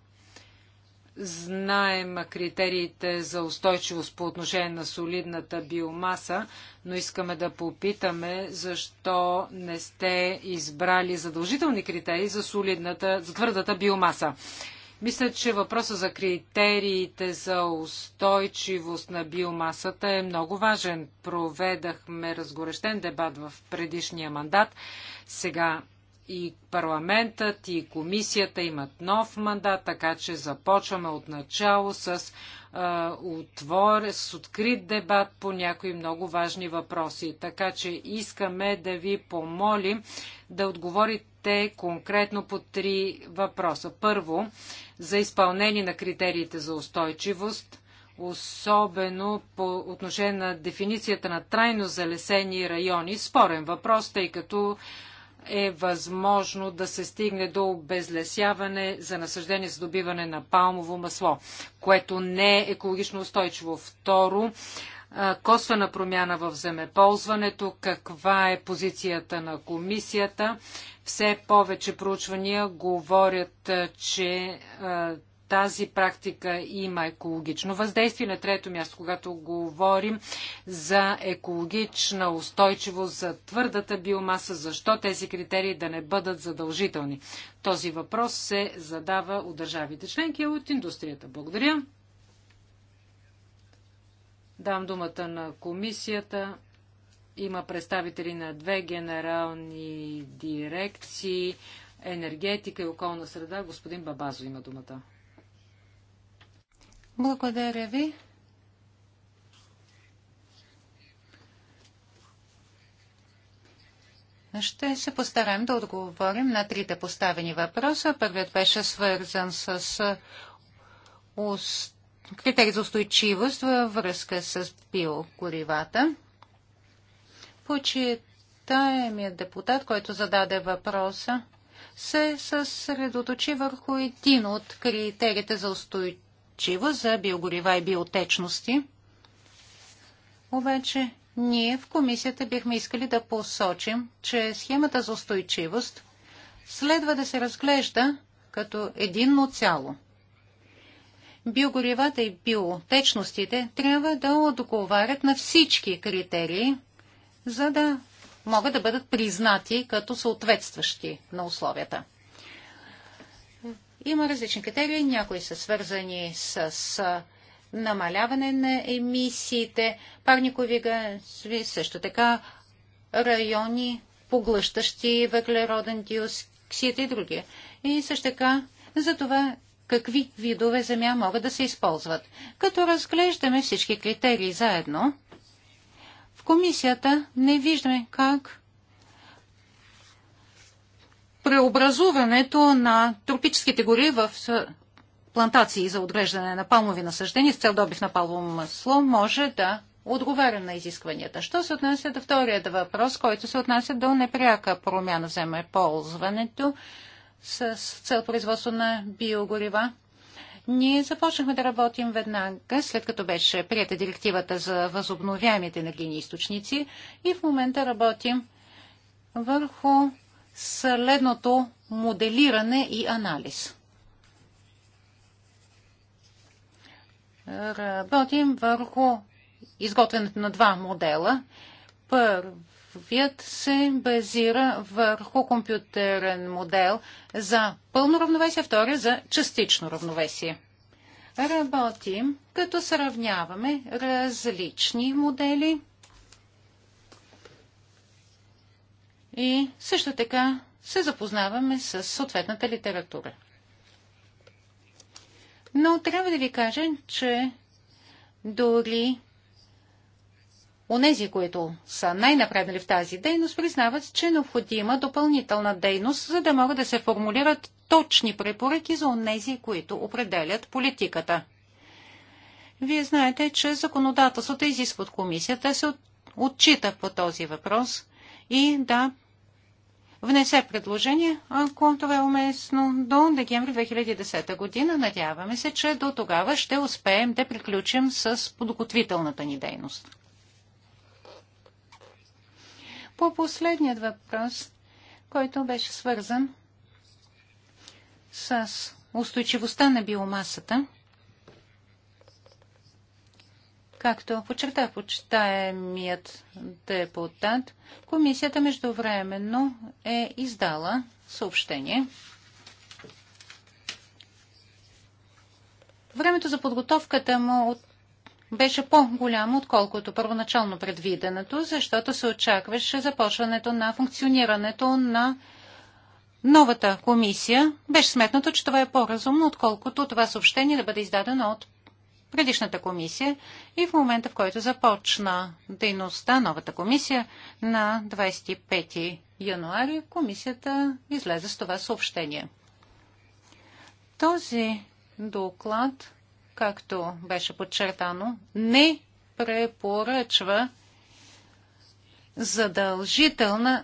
Знаем критериите за устойчивост по отношение на солидната биомаса, но искаме да попитаме защо не сте избрали задължителни критерии за, солидната, за твърдата биомаса. Мисля, че въпроса за критериите за устойчивост на биомасата е много важен. Проведахме разгорещен дебат в предишния мандат. Сега и парламентът, и комисията имат нов мандат, така че започваме от начало с, а, отвор, с открит дебат по някои много важни въпроси. Така че искаме да ви помолим да отговорите конкретно по три въпроса. Първо, за изпълнение на критериите за устойчивост, особено по отношение на дефиницията на трайно залесени райони. Спорен въпрос, тъй като е възможно да се стигне до обезлесяване за насъждение за добиване на палмово масло, което не е екологично устойчиво. Второ, косвена промяна в земеползването, каква е позицията на комисията. Все повече проучвания говорят, че тази практика има екологично въздействие. На трето място, когато говорим за екологична устойчивост, за твърдата биомаса, защо тези критерии да не бъдат задължителни? Този въпрос се задава от държавите членки и от индустрията. Благодаря. Дам думата на комисията. Има представители на две генерални дирекции енергетика и околна среда. Господин Бабазо има думата. Благодаря ви. Ще се постараем да отговорим на трите поставени въпроса. Първият беше свързан с критерий за устойчивост във връзка с биогоривата. Почитаемият депутат, който зададе въпроса, се съсредоточи върху един от критериите за устойчивост горчива за биогорива и биотечности. Обаче ние в комисията бихме искали да посочим, че схемата за устойчивост следва да се разглежда като единно цяло. Биогоривата и биотечностите трябва да отговарят на всички критерии, за да могат да бъдат признати като съответстващи на условията. Има различни критерии, някои са свързани с намаляване на емисиите, парникови газови, също така райони, поглъщащи въглероден диоксид и други. И също така за това какви видове земя могат да се използват. Като разглеждаме всички критерии заедно, в комисията не виждаме как преобразуването на тропическите гори в плантации за отглеждане на палмови насъждения с цел добив на палмово масло може да отговаря на изискванията. Що се отнася до вторият въпрос, който се отнася до непряка промяна в земеползването с цел производство на биогорива? Ние започнахме да работим веднага, след като беше прията директивата за възобновяемите енергийни източници и в момента работим върху следното моделиране и анализ. Работим върху изготвянето на два модела. Първият се базира върху компютърен модел за пълно равновесие, втория за частично равновесие. Работим, като сравняваме различни модели – и също така се запознаваме с съответната литература. Но трябва да ви кажа, че дори Онези, които са най-напреднали в тази дейност, признават, че е необходима допълнителна дейност, за да могат да се формулират точни препоръки за онези, които определят политиката. Вие знаете, че законодателството изисква от комисията се отчита по този въпрос и да внесе предложение, ако това е уместно, до декември 2010 година. Надяваме се, че до тогава ще успеем да приключим с подготвителната ни дейност. По последният въпрос, който беше свързан с устойчивостта на биомасата, Както подчерта почитаемият депутат, комисията междувременно е издала съобщение. Времето за подготовката му от беше по-голямо, отколкото първоначално предвиденото, защото се очакваше започването на функционирането на новата комисия. Беше сметнато, че това е по-разумно, отколкото това съобщение да бъде издадено от предишната комисия и в момента, в който започна дейността, новата комисия, на 25 януари комисията излезе с това съобщение. Този доклад, както беше подчертано, не препоръчва задължителна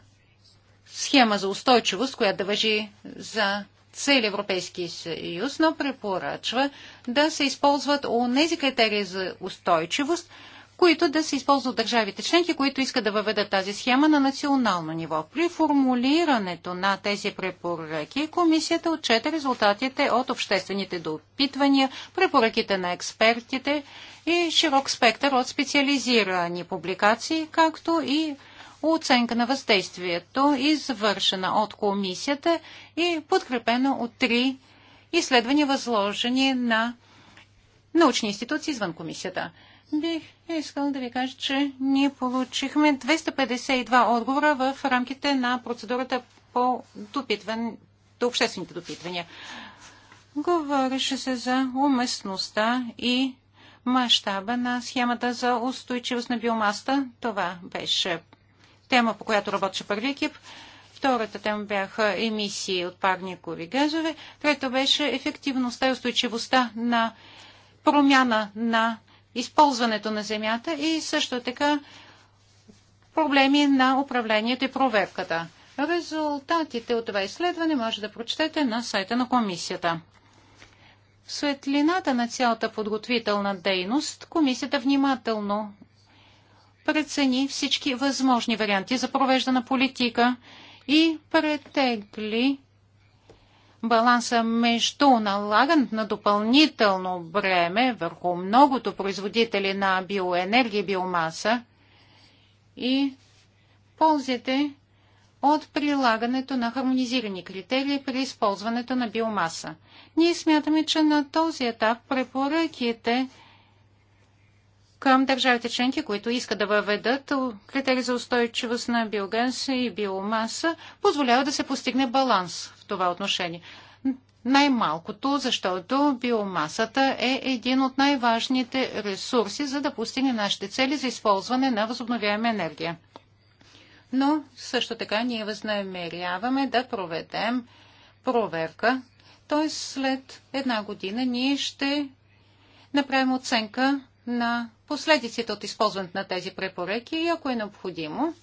схема за устойчивост, която да въжи за цели Европейски съюз, но препоръчва да се използват нези критерии за устойчивост, които да се използват държавите членки, които искат да въведат тази схема на национално ниво. При формулирането на тези препоръки комисията отчете резултатите от обществените допитвания, препоръките на експертите и широк спектър от специализирани публикации, както и оценка на въздействието, извършена от комисията и подкрепена от три изследвания, възложени на научни институции извън комисията. Бих искал да ви кажа, че ние получихме 252 отговора в рамките на процедурата по, допитване до обществените допитвания. Говореше се за уместността и мащаба на схемата за устойчивост на биомаста. Това беше тема, по която работеше първи екип. Втората тема бяха емисии от парникови газове. Трета беше ефективността и устойчивостта на промяна на използването на земята и също така проблеми на управлението и проверката. Резултатите от това изследване може да прочетете на сайта на комисията. В светлината на цялата подготвителна дейност комисията внимателно прецени всички възможни варианти за провеждана политика и претегли баланса между налагането на допълнително бреме върху многото производители на биоенергия и биомаса и ползите от прилагането на хармонизирани критерии при използването на биомаса. Ние смятаме, че на този етап препоръките към държавите членки, които искат да въведат критерии за устойчивост на биогенс и биомаса, позволява да се постигне баланс в това отношение. Най-малкото, защото биомасата е един от най-важните ресурси, за да постигне нашите цели за използване на възобновяема енергия. Но също така ние възнамеряваме да проведем проверка, т.е. след една година ние ще направим оценка на последиците от използването на тези препоръки и ако е необходимо,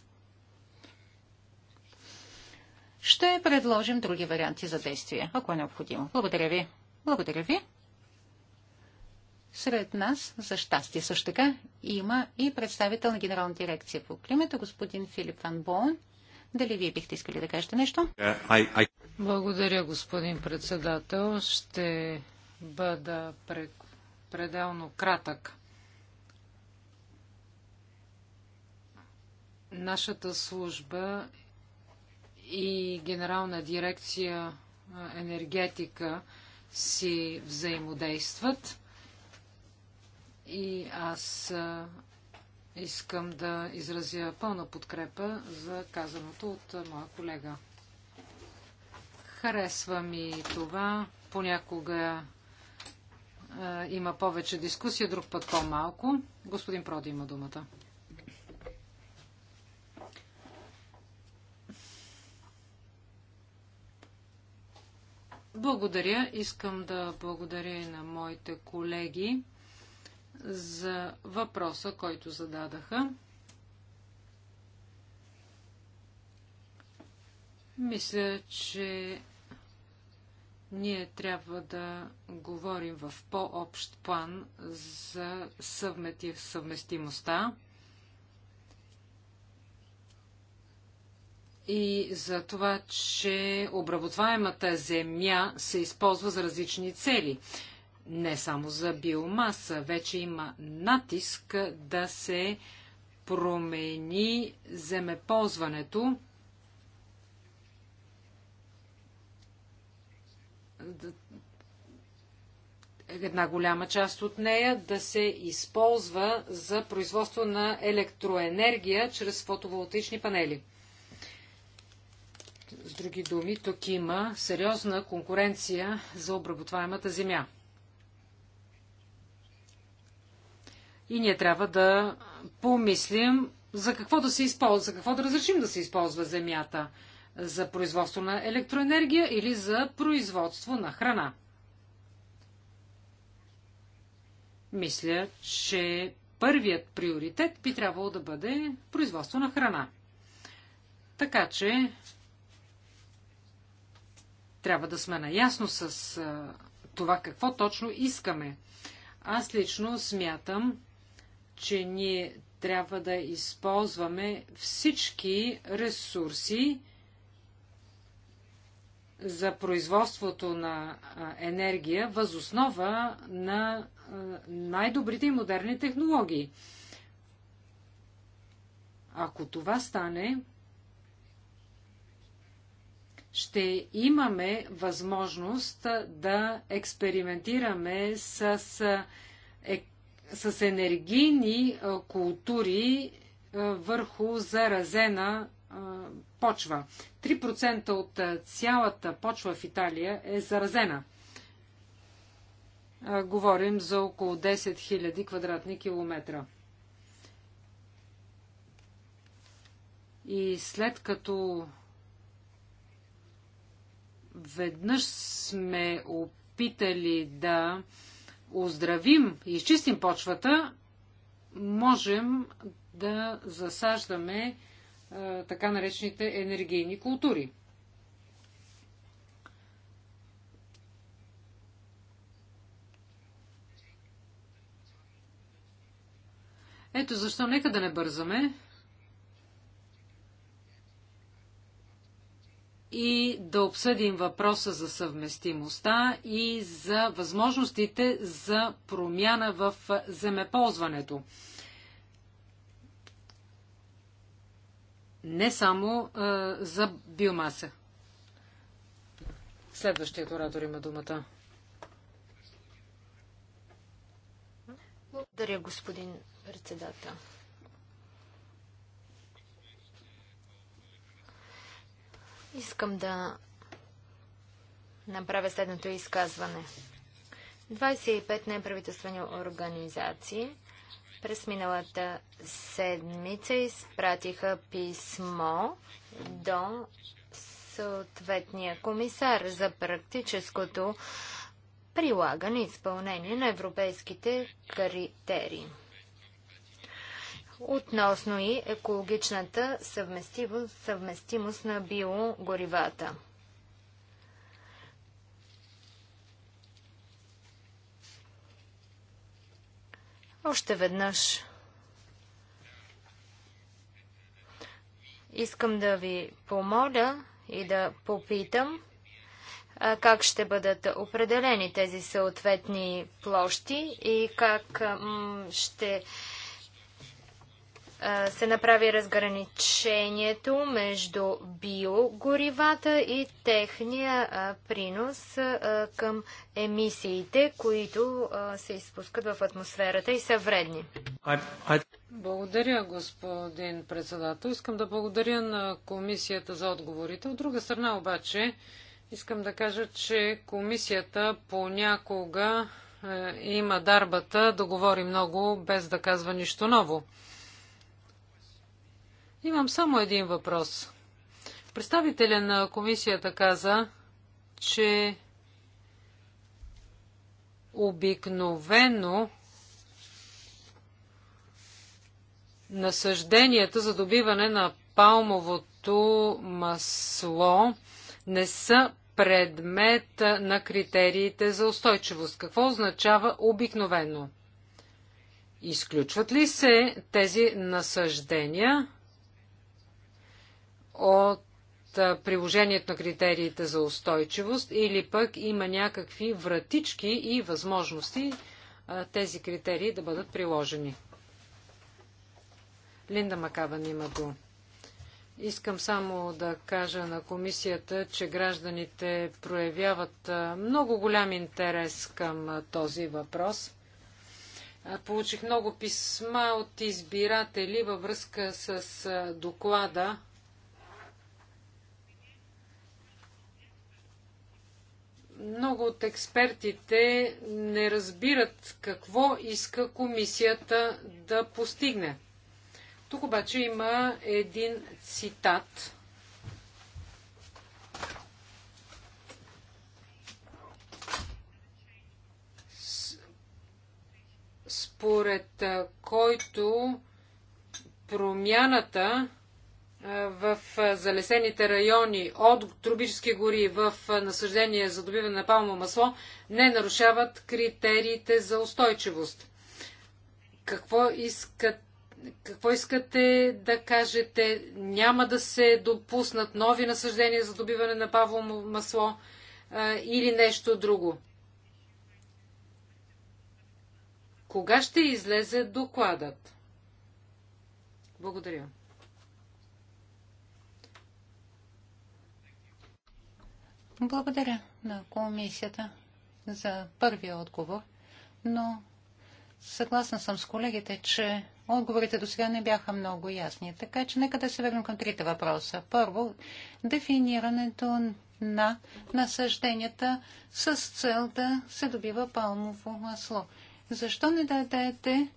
ще предложим други варианти за действие, ако е необходимо. Благодаря ви. Благодаря ви. Сред нас, за щастие също така, има и представител на Генерална дирекция по климата, господин Филип Ван Боун. Дали вие бихте искали да кажете нещо? Благодаря, господин председател. Ще бъда пределно кратък. Нашата служба и Генерална дирекция енергетика си взаимодействат. И аз искам да изразя пълна подкрепа за казаното от моя колега. Харесва ми това. Понякога има повече дискусия, друг път по-малко. Господин Проди има думата. Благодаря. Искам да благодаря и на моите колеги за въпроса, който зададаха. Мисля, че ние трябва да говорим в по-общ план за съвместимостта. и за това, че обработваемата земя се използва за различни цели. Не само за биомаса, вече има натиск да се промени земеползването. Една голяма част от нея да се използва за производство на електроенергия чрез фотоволтични панели. С други думи, тук има сериозна конкуренция за обработваемата земя. И ние трябва да помислим за какво да се използва, за какво да разрешим да се използва земята. За производство на електроенергия или за производство на храна. Мисля, че първият приоритет би трябвало да бъде производство на храна. Така че трябва да сме наясно с а, това какво точно искаме. Аз лично смятам, че ние трябва да използваме всички ресурси за производството на енергия възоснова на най-добрите и модерни технологии. Ако това стане, ще имаме възможност да експериментираме с, е, с енергийни е, култури е, върху заразена почва. 3% от цялата почва в Италия е заразена. Говорим за около 10 000 квадратни километра. И след като Веднъж сме опитали да оздравим и изчистим почвата, можем да засаждаме а, е, така наречените енергийни култури. Ето защо нека да не бързаме. и да обсъдим въпроса за съвместимостта и за възможностите за промяна в земеползването. Не само а, за биомаса. Следващият оратор има думата. Благодаря, господин председател. Искам да направя следното изказване. 25 неправителствени организации през миналата седмица изпратиха писмо до съответния комисар за практическото прилагане и изпълнение на европейските критерии относно и екологичната съвместимост, съвместимост на биогоривата. Още веднъж искам да ви помоля и да попитам как ще бъдат определени тези съответни площи и как ще се направи разграничението между биогоривата и техния принос към емисиите, които се изпускат в атмосферата и са вредни. Благодаря, господин председател. Искам да благодаря на комисията за отговорите. От друга страна обаче, искам да кажа, че комисията понякога е, има дарбата да говори много без да казва нищо ново. Имам само един въпрос. Представителя на комисията каза, че обикновено насъжденията за добиване на палмовото масло не са предмет на критериите за устойчивост. Какво означава обикновено? Изключват ли се тези насъждения от приложението на критериите за устойчивост или пък има някакви вратички и възможности тези критерии да бъдат приложени. Линда Макабан има го. Искам само да кажа на комисията, че гражданите проявяват много голям интерес към този въпрос. Получих много писма от избиратели във връзка с доклада Много от експертите не разбират какво иска комисията да постигне. Тук обаче има един цитат. Според който промяната в залесените райони от тропически гори в насъждение за добиване на палмо масло не нарушават критериите за устойчивост. Какво, искат, какво искате да кажете? Няма да се допуснат нови насъждения за добиване на палмо масло а, или нещо друго? Кога ще излезе докладът? Благодаря. Благодаря на комисията за първия отговор, но съгласна съм с колегите, че отговорите до сега не бяха много ясни. Така че нека да се върнем към трите въпроса. Първо, дефинирането на насъжденията с цел да се добива палмово масло. Защо не дадете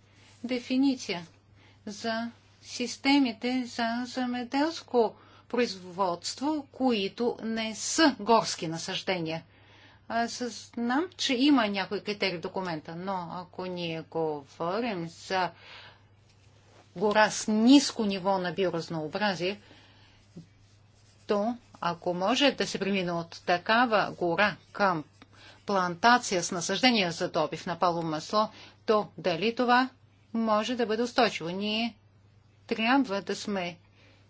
дефиниция за системите за замеделско производство, които не са горски насъждения. Аз знам, че има някои критерии в документа, но ако ние говорим за гора с ниско ниво на биоразнообразие, то ако може да се премине от такава гора към плантация с насъждения за добив на пало масло, то дали това може да бъде устойчиво? Ние трябва да сме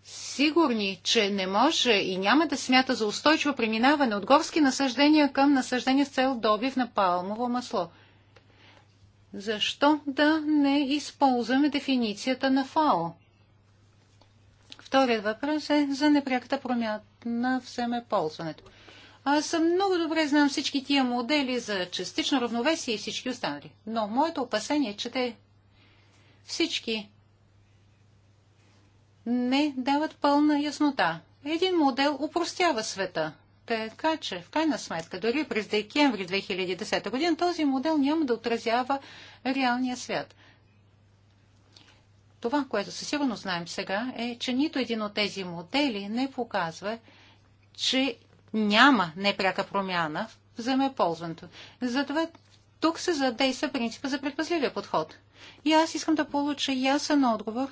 сигурни, че не може и няма да смята за устойчиво преминаване от горски насъждения към насъждения с цел добив на палмово масло. Защо да не използваме дефиницията на ФАО? Вторият въпрос е за непряката промяна на вземеползването. Аз съм много добре знам всички тия модели за частично равновесие и всички останали. Но моето опасение е, че те всички не дават пълна яснота. Един модел упростява света. Така че, в крайна сметка, дори през декември 2010 година този модел няма да отразява реалния свят. Това, което със сигурност знаем сега, е, че нито един от тези модели не показва, че няма непряка промяна в земеползването. Затова тук се задейства принципа за предпазливия подход. И аз искам да получа ясен отговор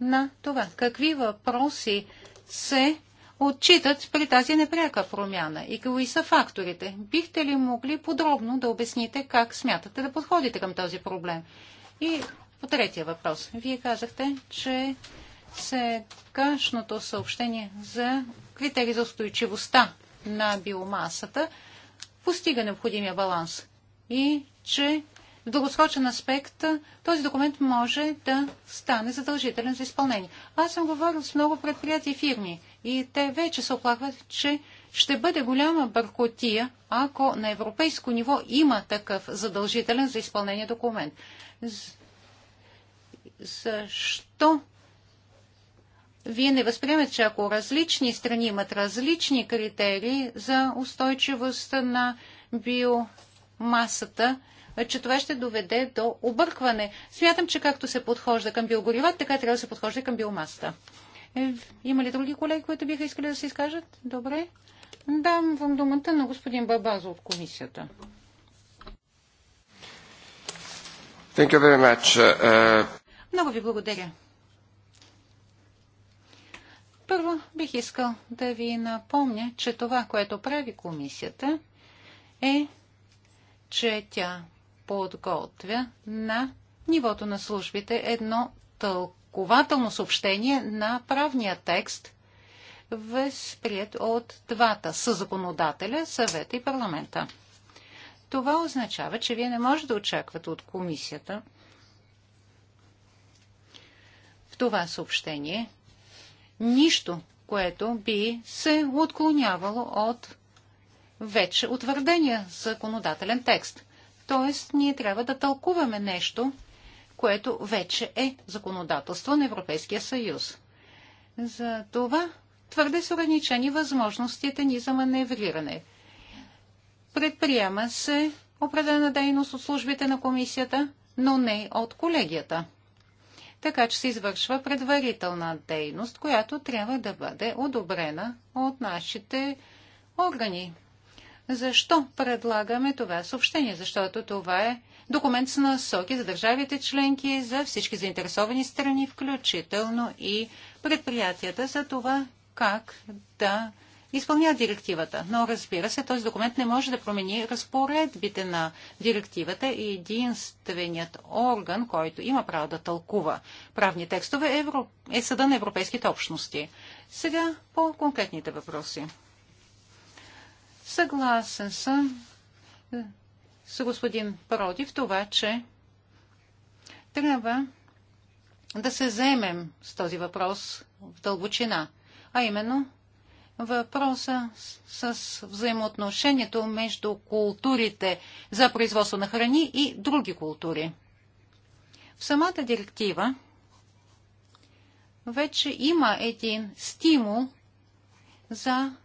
на това. Какви въпроси се отчитат при тази непряка промяна и какви са факторите? Бихте ли могли подробно да обясните как смятате да подходите към този проблем? И по третия въпрос. Вие казахте, че сегашното съобщение за критерии за устойчивостта на биомасата постига необходимия баланс и че в дългосрочен аспект този документ може да стане задължителен за изпълнение. Аз съм говорил с много предприятия и фирми и те вече се оплакват, че ще бъде голяма бъркотия, ако на европейско ниво има такъв задължителен за изпълнение документ. Защо вие не възприемете, че ако различни страни имат различни критерии за устойчивост на биомасата, че това ще доведе до объркване. Смятам, че както се подхожда към биогоривата, така трябва да се подхожда към биомасата. Е, има ли други колеги, които биха искали да се изкажат? Добре. Дам вам думата на господин Бабазо от комисията. Thank you very much. Uh... uh Много ви благодаря. Първо бих искал да ви напомня, че това, което прави комисията, е, че тя подготвя на нивото на службите едно тълкователно съобщение на правния текст, възприят от двата законодателя, съвета и парламента. Това означава, че вие не можете да очаквате от комисията в това съобщение нищо, което би се отклонявало от вече утвърдения законодателен текст. Тоест, ние трябва да тълкуваме нещо, което вече е законодателство на Европейския съюз. За това твърде са ограничени възможностите ни за маневриране. Предприема се определена дейност от службите на комисията, но не от колегията. Така че се извършва предварителна дейност, която трябва да бъде одобрена от нашите органи, защо предлагаме това съобщение? Защото това е документ с насоки за държавите членки, за всички заинтересовани страни, включително и предприятията, за това как да изпълняват директивата. Но разбира се, този документ не може да промени разпоредбите на директивата и единственият орган, който има право да тълкува правни текстове е, Евро... е Съда на Европейските общности. Сега по конкретните въпроси. Съгласен съм с господин Проди в това, че трябва да се заемем с този въпрос в дълбочина, а именно въпроса с, с взаимоотношението между културите за производство на храни и други култури. В самата директива вече има един стимул за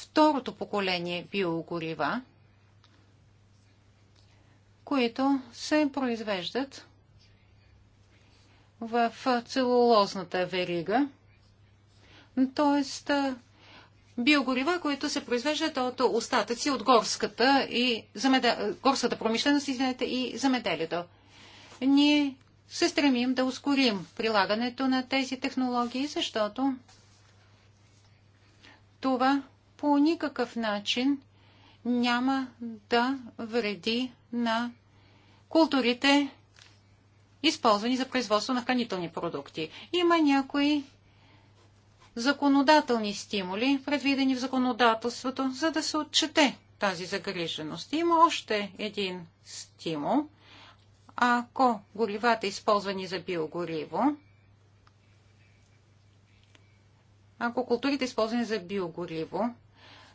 второто поколение биогорива, които се произвеждат в целулозната верига, т.е. биогорива, които се произвеждат от остатъци от горската, и замеде... горската промишленост и замеделието. Ние се стремим да ускорим прилагането на тези технологии, защото това по никакъв начин няма да вреди на културите, използвани за производство на хранителни продукти. Има някои законодателни стимули, предвидени в законодателството, за да се отчете тази загриженост. Има още един стимул. Ако горивата, използвани за биогориво, ако културите, използвани за биогориво,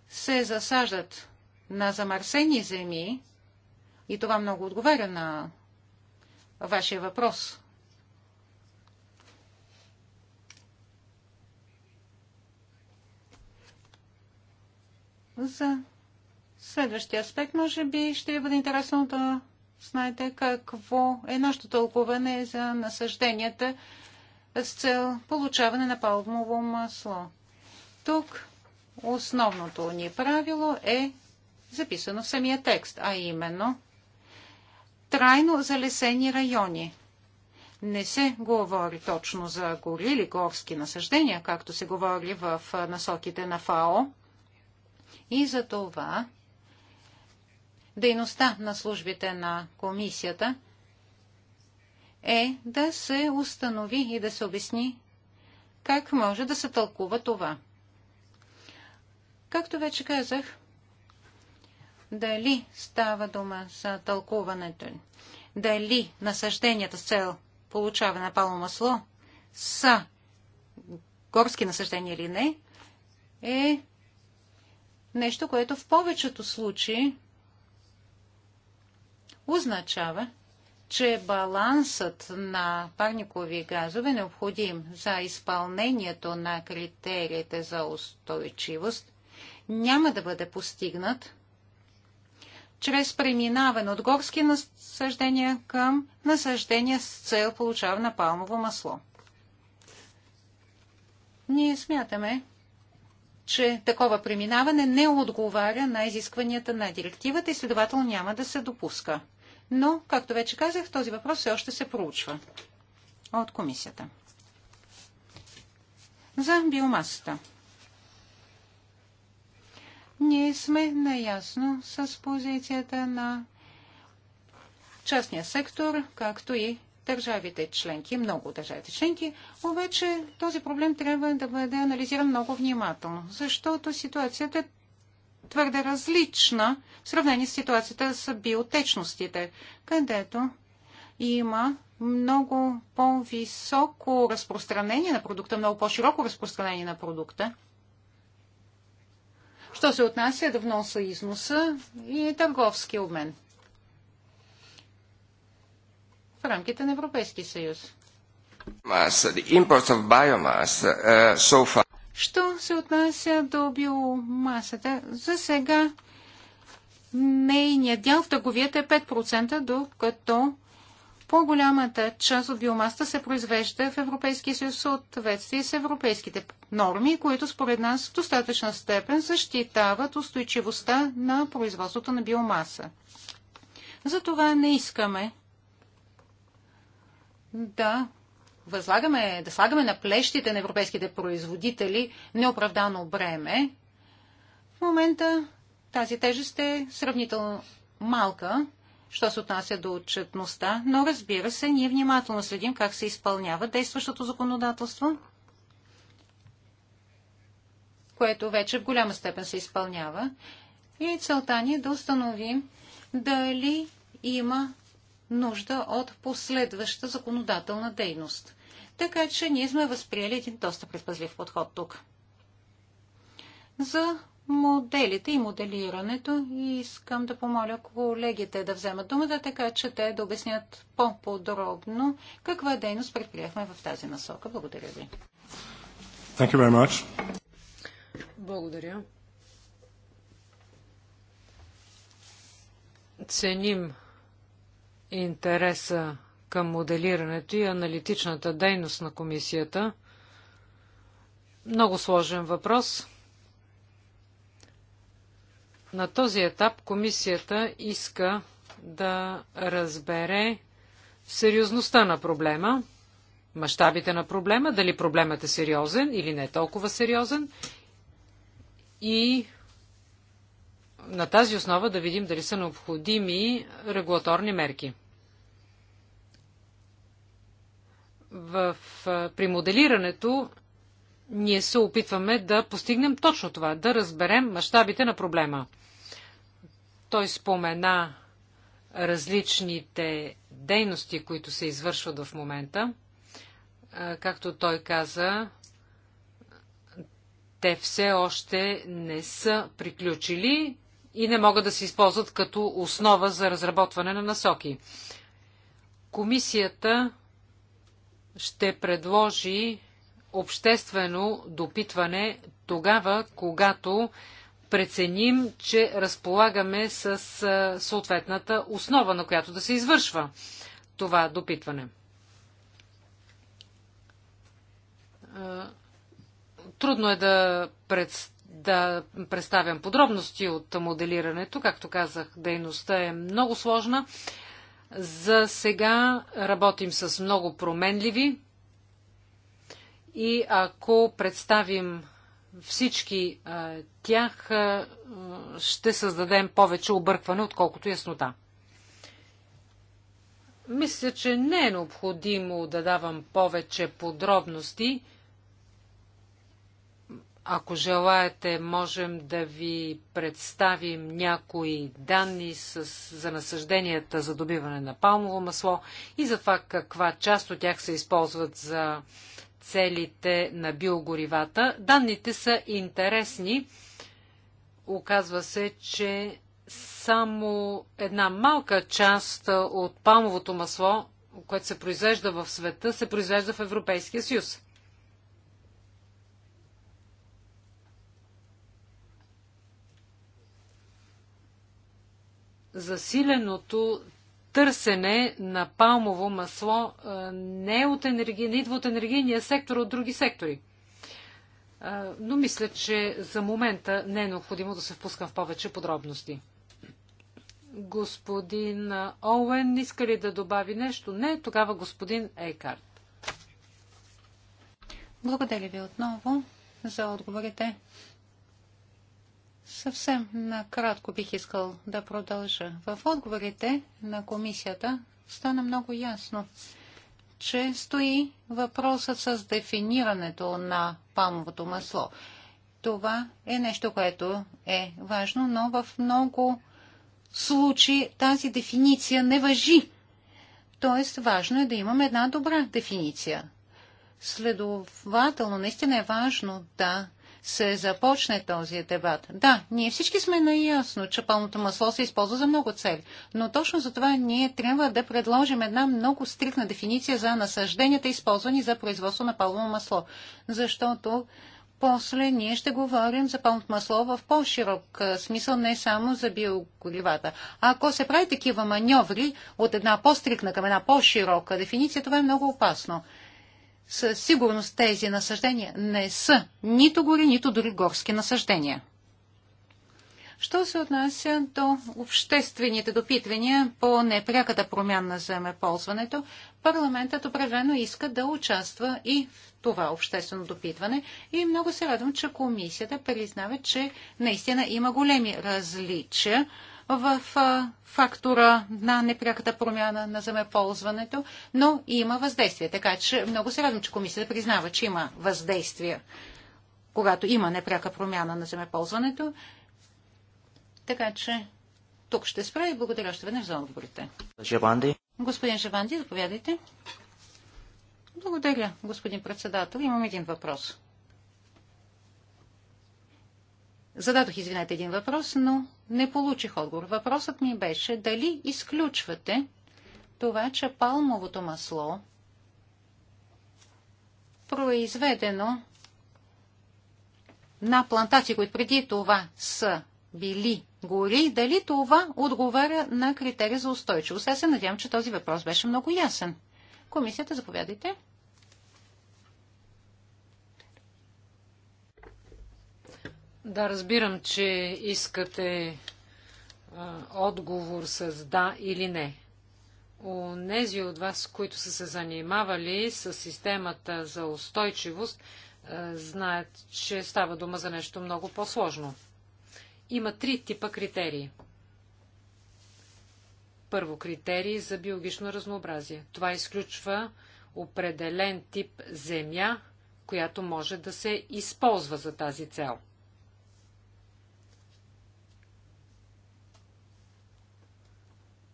се засаждат на замърсени земи, и това много отговаря на вашия въпрос. За следващия аспект, може би, ще ви бъде интересно да знаете какво е нашето тълкуване за насъжденията с цел получаване на палмово масло. Тук Основното ни правило е записано в самия текст, а именно трайно залесени райони. Не се говори точно за гори или горски насъждения, както се говори в насоките на ФАО. И за това дейността на службите на комисията е да се установи и да се обясни как може да се тълкува това. Както вече казах, дали става дума за тълкуването, дали насъжденията с цел получаване на пално масло са горски насъждения или не, е нещо, което в повечето случаи означава, че балансът на парникови газове е необходим за изпълнението на критериите за устойчивост няма да бъде постигнат чрез преминаване от горски насъждения към насъждения с цел получаване на палмово масло. Ние смятаме, че такова преминаване не отговаря на изискванията на директивата и следователно няма да се допуска. Но, както вече казах, този въпрос все още се проучва от комисията. За биомасата. Ние сме наясно с позицията на частния сектор, както и държавите членки, много държавите членки, обаче този проблем трябва да бъде анализиран много внимателно, защото ситуацията е твърде различна в сравнение с ситуацията с биотечностите, където има много по-високо разпространение на продукта, много по-широко разпространение на продукта що се отнася до вноса, износа и търговски обмен в рамките на Европейския съюз. Uh, що се отнася до биомасата? За сега нейният дял в търговията е 5%, докато по-голямата част от биомаста се произвежда в Европейския съюз в съответствие с европейските норми, които според нас в достатъчна степен защитават устойчивостта на производството на биомаса. Затова не искаме да възлагаме, да слагаме на плещите на европейските производители неоправдано бреме. В момента тази тежест е сравнително малка, що се отнася до отчетността, но разбира се, ние внимателно следим как се изпълнява действащото законодателство, което вече в голяма степен се изпълнява. И целта ни е да установим дали има нужда от последваща законодателна дейност. Така че ние сме възприели един доста предпазлив подход тук. За моделите и моделирането. И искам да помоля колегите да вземат думата, така че те да обяснят по-подробно каква дейност предприехме в тази насока. Благодаря ви. Thank you very much. Благодаря. Ценим интереса към моделирането и аналитичната дейност на комисията. Много сложен въпрос. На този етап комисията иска да разбере сериозността на проблема, мащабите на проблема, дали проблемът е сериозен или не е толкова сериозен и на тази основа да видим дали са необходими регулаторни мерки. В, при моделирането ние се опитваме да постигнем точно това, да разберем мащабите на проблема – той спомена различните дейности, които се извършват в момента. Както той каза, те все още не са приключили и не могат да се използват като основа за разработване на насоки. Комисията ще предложи обществено допитване тогава, когато преценим, че разполагаме с съответната основа, на която да се извършва това допитване. Трудно е да, пред, да представям подробности от моделирането. Както казах, дейността е много сложна. За сега работим с много променливи и ако представим всички а, тях а, ще създадем повече объркване, отколкото яснота. Мисля, че не е необходимо да давам повече подробности. Ако желаете, можем да ви представим някои данни с, за насъжденията за добиване на палмово масло и за това каква част от тях се използват за целите на биогоривата. Данните са интересни. Оказва се, че само една малка част от палмовото масло, което се произвежда в света, се произвежда в Европейския съюз. Засиленото търсене на палмово масло не, от енерги... не идва от енергийния сектор, а от други сектори. Но мисля, че за момента не е необходимо да се впускам в повече подробности. Господин Оуен, иска ли да добави нещо? Не, тогава господин Ейкарт. Благодаря ви отново за отговорите. Съвсем накратко бих искал да продължа. В отговорите на комисията стана много ясно, че стои въпросът с дефинирането на памовото масло. Това е нещо, което е важно, но в много случаи тази дефиниция не въжи. Тоест, важно е да имаме една добра дефиниция. Следователно, наистина е важно да се започне този дебат. Да, ние всички сме наясно, че пълното масло се използва за много цели, но точно за това ние трябва да предложим една много стрикна дефиниция за насъжденията, използвани за производство на пълно масло, защото после ние ще говорим за пълното масло в по-широк смисъл, не само за биогоривата. Ако се прави такива маньоври от една по-стрикна към една по-широка дефиниция, това е много опасно със сигурност тези насъждения не са нито гори, нито дори горски насъждения. Що се отнася до обществените допитвания по непряката промяна на земеползването, парламентът определено иска да участва и в това обществено допитване и много се радвам, че комисията признава, че наистина има големи различия в фактора на непряката промяна на земеползването, но има въздействие. Така че много се радвам, че комисията признава, че има въздействие, когато има непряка промяна на земеползването. Така че тук ще спра и благодаря още веднъж за отговорите. Живанди. Господин Живанди, заповядайте. Благодаря, господин председател. Имам един въпрос. Зададох, извинете, един въпрос, но не получих отговор. Въпросът ми беше дали изключвате това, че палмовото масло, произведено на плантации, които преди това са били гори, дали това отговаря на критерия за устойчивост. Аз се надявам, че този въпрос беше много ясен. Комисията, заповядайте. Да, разбирам, че искате а, отговор с да или не. Онези от вас, които са се занимавали с системата за устойчивост, а, знаят, че става дума за нещо много по-сложно. Има три типа критерии. Първо, критерии за биологично разнообразие. Това изключва определен тип земя, която може да се използва за тази цел –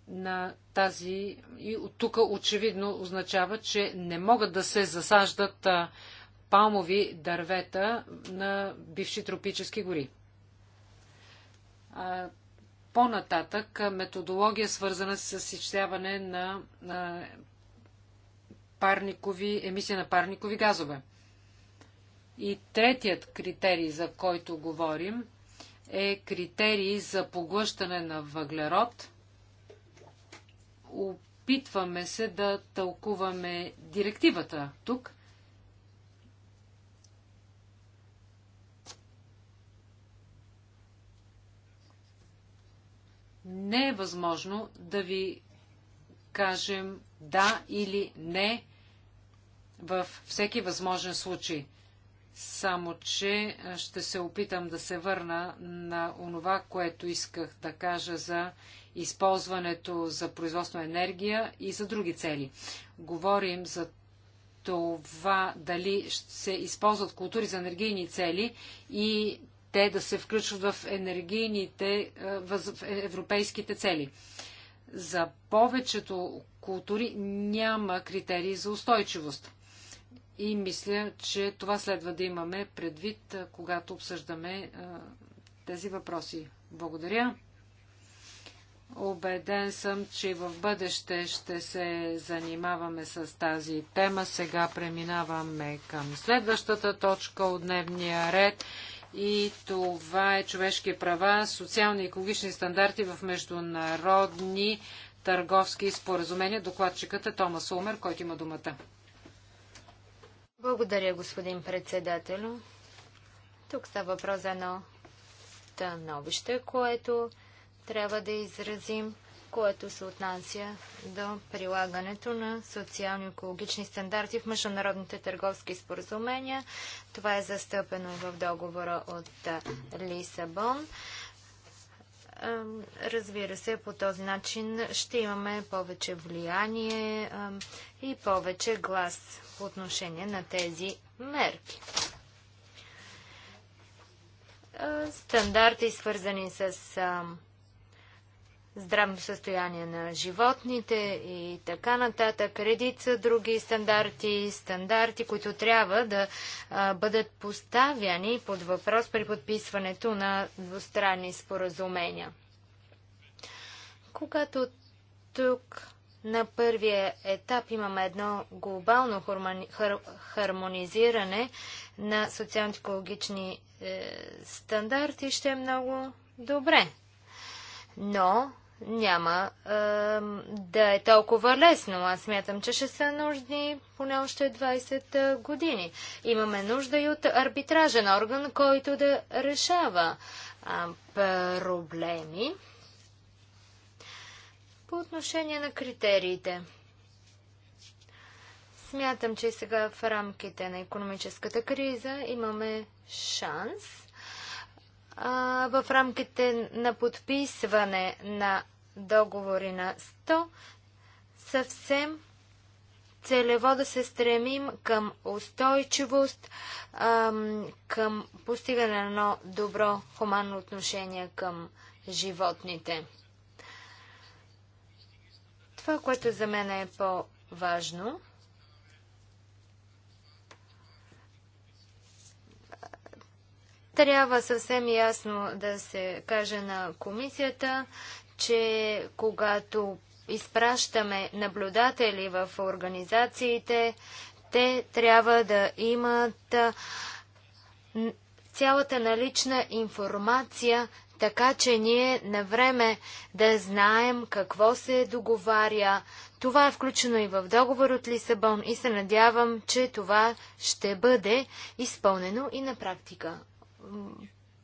на тази и от тук очевидно означава, че не могат да се засаждат палмови дървета на бивши тропически гори. По-нататък методология свързана с изчисляване на, на парникови, емисия на парникови газове. И третият критерий, за който говорим, е критерий за поглъщане на въглерод – опитваме се да тълкуваме директивата тук. Не е възможно да ви кажем да или не във всеки възможен случай. Само, че ще се опитам да се върна на онова, което исках да кажа за използването за производство на енергия и за други цели. Говорим за това дали ще се използват култури за енергийни цели и те да се включват в енергийните, е, в европейските цели. За повечето култури няма критерии за устойчивост. И мисля, че това следва да имаме предвид, е, когато обсъждаме е, тези въпроси. Благодаря. Обеден съм, че в бъдеще ще се занимаваме с тази тема. Сега преминаваме към следващата точка от дневния ред и това е човешки права, социални и екологични стандарти в международни търговски споразумения. Докладчикът е Томас Умер, който има думата. Благодаря, господин председател. Тук става въпрос за едно становище, което трябва да изразим, което се отнася до прилагането на социално-екологични стандарти в международните търговски споразумения. Това е застъпено в договора от Лисабон. Разбира се, по този начин ще имаме повече влияние и повече глас по отношение на тези мерки стандарти, свързани с здравно състояние на животните и така нататък. Редица други стандарти, стандарти, които трябва да а, бъдат поставяни под въпрос при подписването на двустранни споразумения. Когато тук на първия етап имаме едно глобално хармонизиране на социално-екологични е, стандарти, ще е много добре. Но няма е, да е толкова лесно. Аз смятам, че ще са нужни поне още 20 години. Имаме нужда и от арбитражен орган, който да решава е, проблеми по отношение на критериите. Смятам, че сега в рамките на економическата криза имаме шанс в рамките на подписване на договори на 100, съвсем целево да се стремим към устойчивост, към постигане на едно добро хуманно отношение към животните. Това, което за мен е по-важно, Трябва съвсем ясно да се каже на комисията, че когато изпращаме наблюдатели в организациите, те трябва да имат цялата налична информация, така че ние на време да знаем какво се договаря. Това е включено и в договор от Лисабон и се надявам, че това ще бъде изпълнено и на практика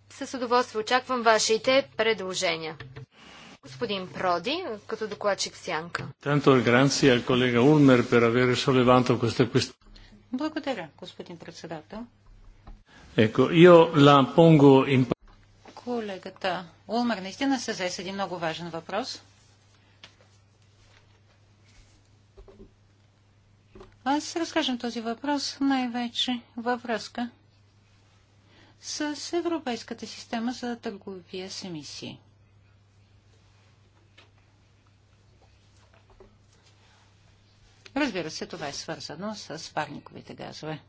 с удоволствие очаквам вашите предложения. Господин Проди, като докладчик в Сянка. Благодаря, господин председател. Ecco, io la pongo in... Колегата Улмер наистина се взе с един много важен въпрос. Аз разкажам този въпрос най-вече във връзка с Европейската система за търговия с емисии. Разбира се, това е свързано с парниковите газове.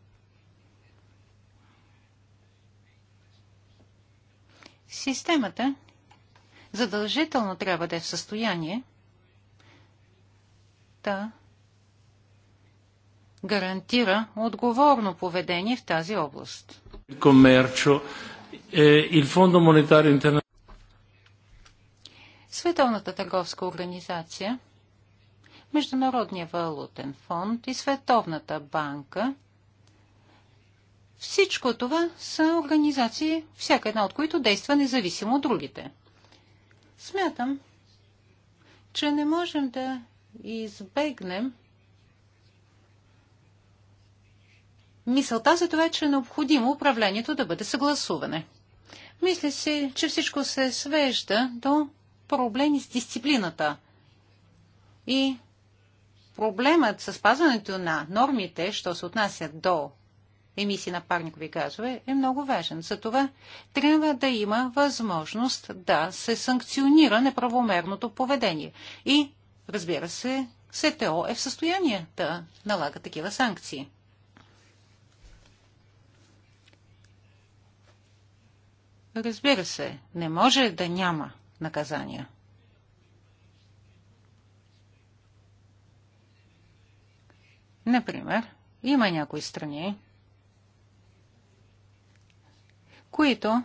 Системата задължително трябва да е в състояние да гарантира отговорно поведение в тази област. E Световната търговска организация, Международния валутен фонд и Световната банка всичко това са организации, всяка една от които действа независимо от другите. Смятам, че не можем да избегнем мисълта за това, е, че е необходимо управлението да бъде съгласуване. Мисля си, че всичко се свежда до проблеми с дисциплината. И проблемът с спазването на нормите, що се отнасят до емисии на парникови газове, е много важен. Затова трябва да има възможност да се санкционира неправомерното поведение. И, разбира се, СТО е в състояние да налага такива санкции. Разбира се, не може да няма наказания. Например, има някои страни, които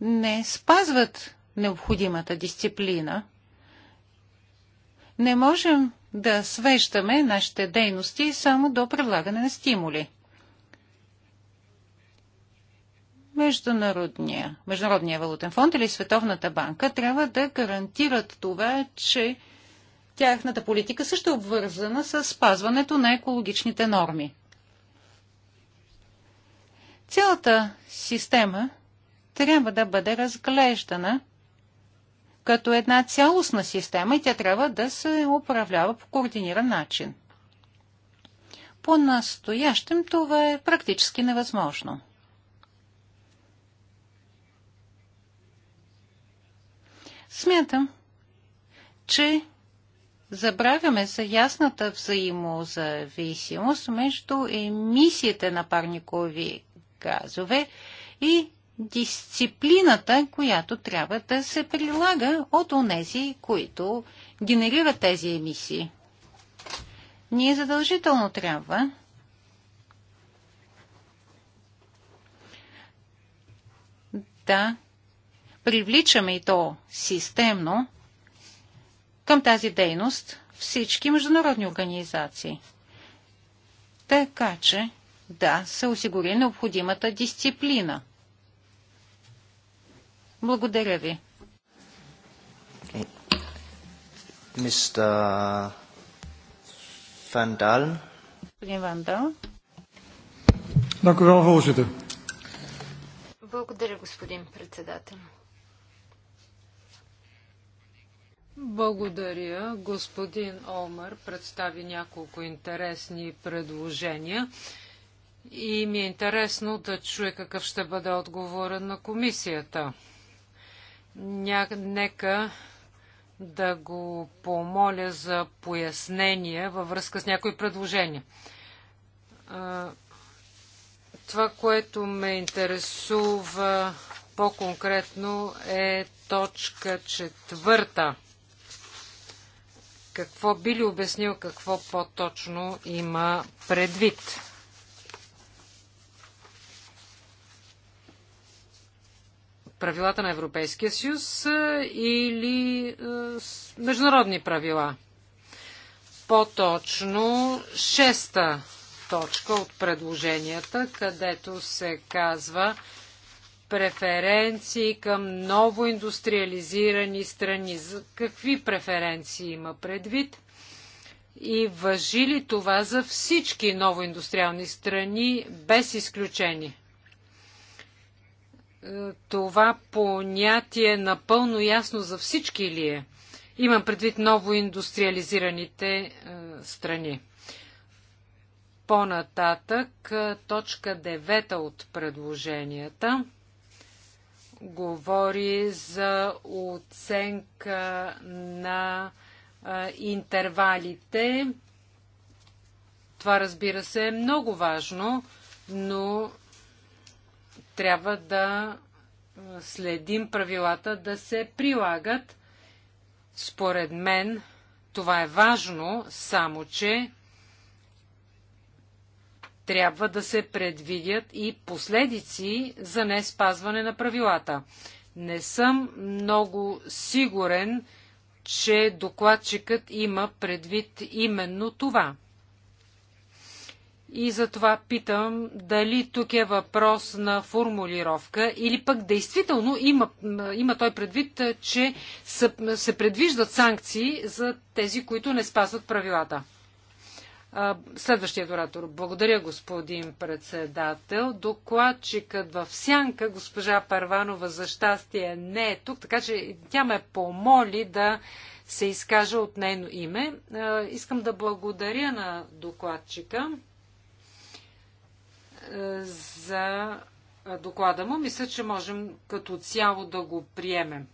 не спазват необходимата дисциплина. Не можем да свещаме нашите дейности само до предлагане на стимули – Международния, Международния валутен фонд или Световната банка трябва да гарантират това, че тяхната политика също е обвързана с спазването на екологичните норми. Цялата система трябва да бъде разглеждана като една цялостна система и тя трябва да се управлява по координиран начин. По-настоящем това е практически невъзможно. Смятам, че забравяме за ясната взаимозависимост между емисиите на парникови газове и дисциплината, която трябва да се прилага от онези, които генерират тези емисии. Ние задължително трябва да привличаме и то системно към тази дейност всички международни организации. Така че, да, се осигури необходимата дисциплина. Благодаря ви. Мистер Вандал. Господин Вандал. Благодаря, господин председател. Благодаря. Господин Олмър представи няколко интересни предложения и ми е интересно да чуя какъв ще бъде отговора на комисията. Ня... Нека да го помоля за пояснение във връзка с някои предложения. Това, което ме интересува по-конкретно е точка четвърта. Какво би ли обяснил какво по-точно има предвид? Правилата на Европейския съюз или е, международни правила? По-точно шеста точка от предложенията, където се казва, преференции към ново индустриализирани страни. За какви преференции има предвид? И въжи ли това за всички индустриални страни, без изключение? Е, това понятие напълно ясно за всички ли е? Имам предвид ново индустриализираните е, страни. По-нататък, е, точка 9 от предложенията – говори за оценка на а, интервалите. Това, разбира се, е много важно, но трябва да следим правилата да се прилагат. Според мен това е важно, само че трябва да се предвидят и последици за не спазване на правилата. Не съм много сигурен, че докладчикът има предвид именно това. И затова питам дали тук е въпрос на формулировка или пък действително има, има той предвид, че се предвиждат санкции за тези, които не спазват правилата. Следващият оратор. Благодаря, господин председател. Докладчикът в сянка, госпожа Парванова, за щастие не е тук, така че тя ме помоли да се изкажа от нейно име. Искам да благодаря на докладчика за доклада му. Мисля, че можем като цяло да го приемем.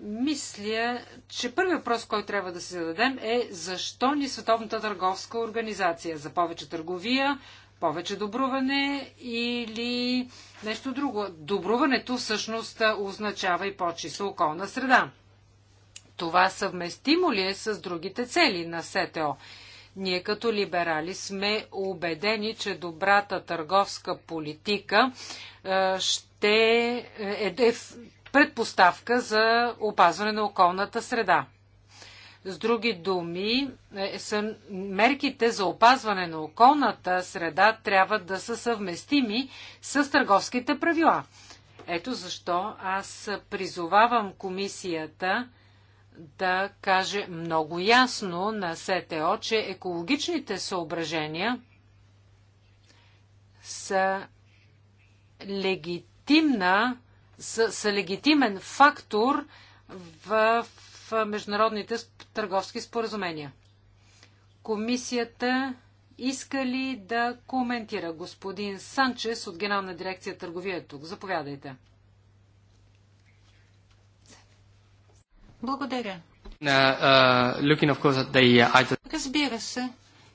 Мисля, че първият въпрос, който трябва да се зададем е защо ни Световната търговска организация за повече търговия, повече добруване или нещо друго. Добруването всъщност означава и по-чиста околна среда. Това съвместимо ли е с другите цели на СТО? Ние като либерали сме убедени, че добрата търговска политика е, ще е, е предпоставка за опазване на околната среда. С други думи, е, са, мерките за опазване на околната среда трябва да са съвместими с търговските правила. Ето защо аз призовавам комисията да каже много ясно на СТО, че екологичните съображения са легитимна са, са легитимен фактор в, в международните търговски споразумения. Комисията иска ли да коментира господин Санчес от Генерална дирекция търговия тук? Заповядайте. Благодаря. Uh, uh, uh, Разбира се,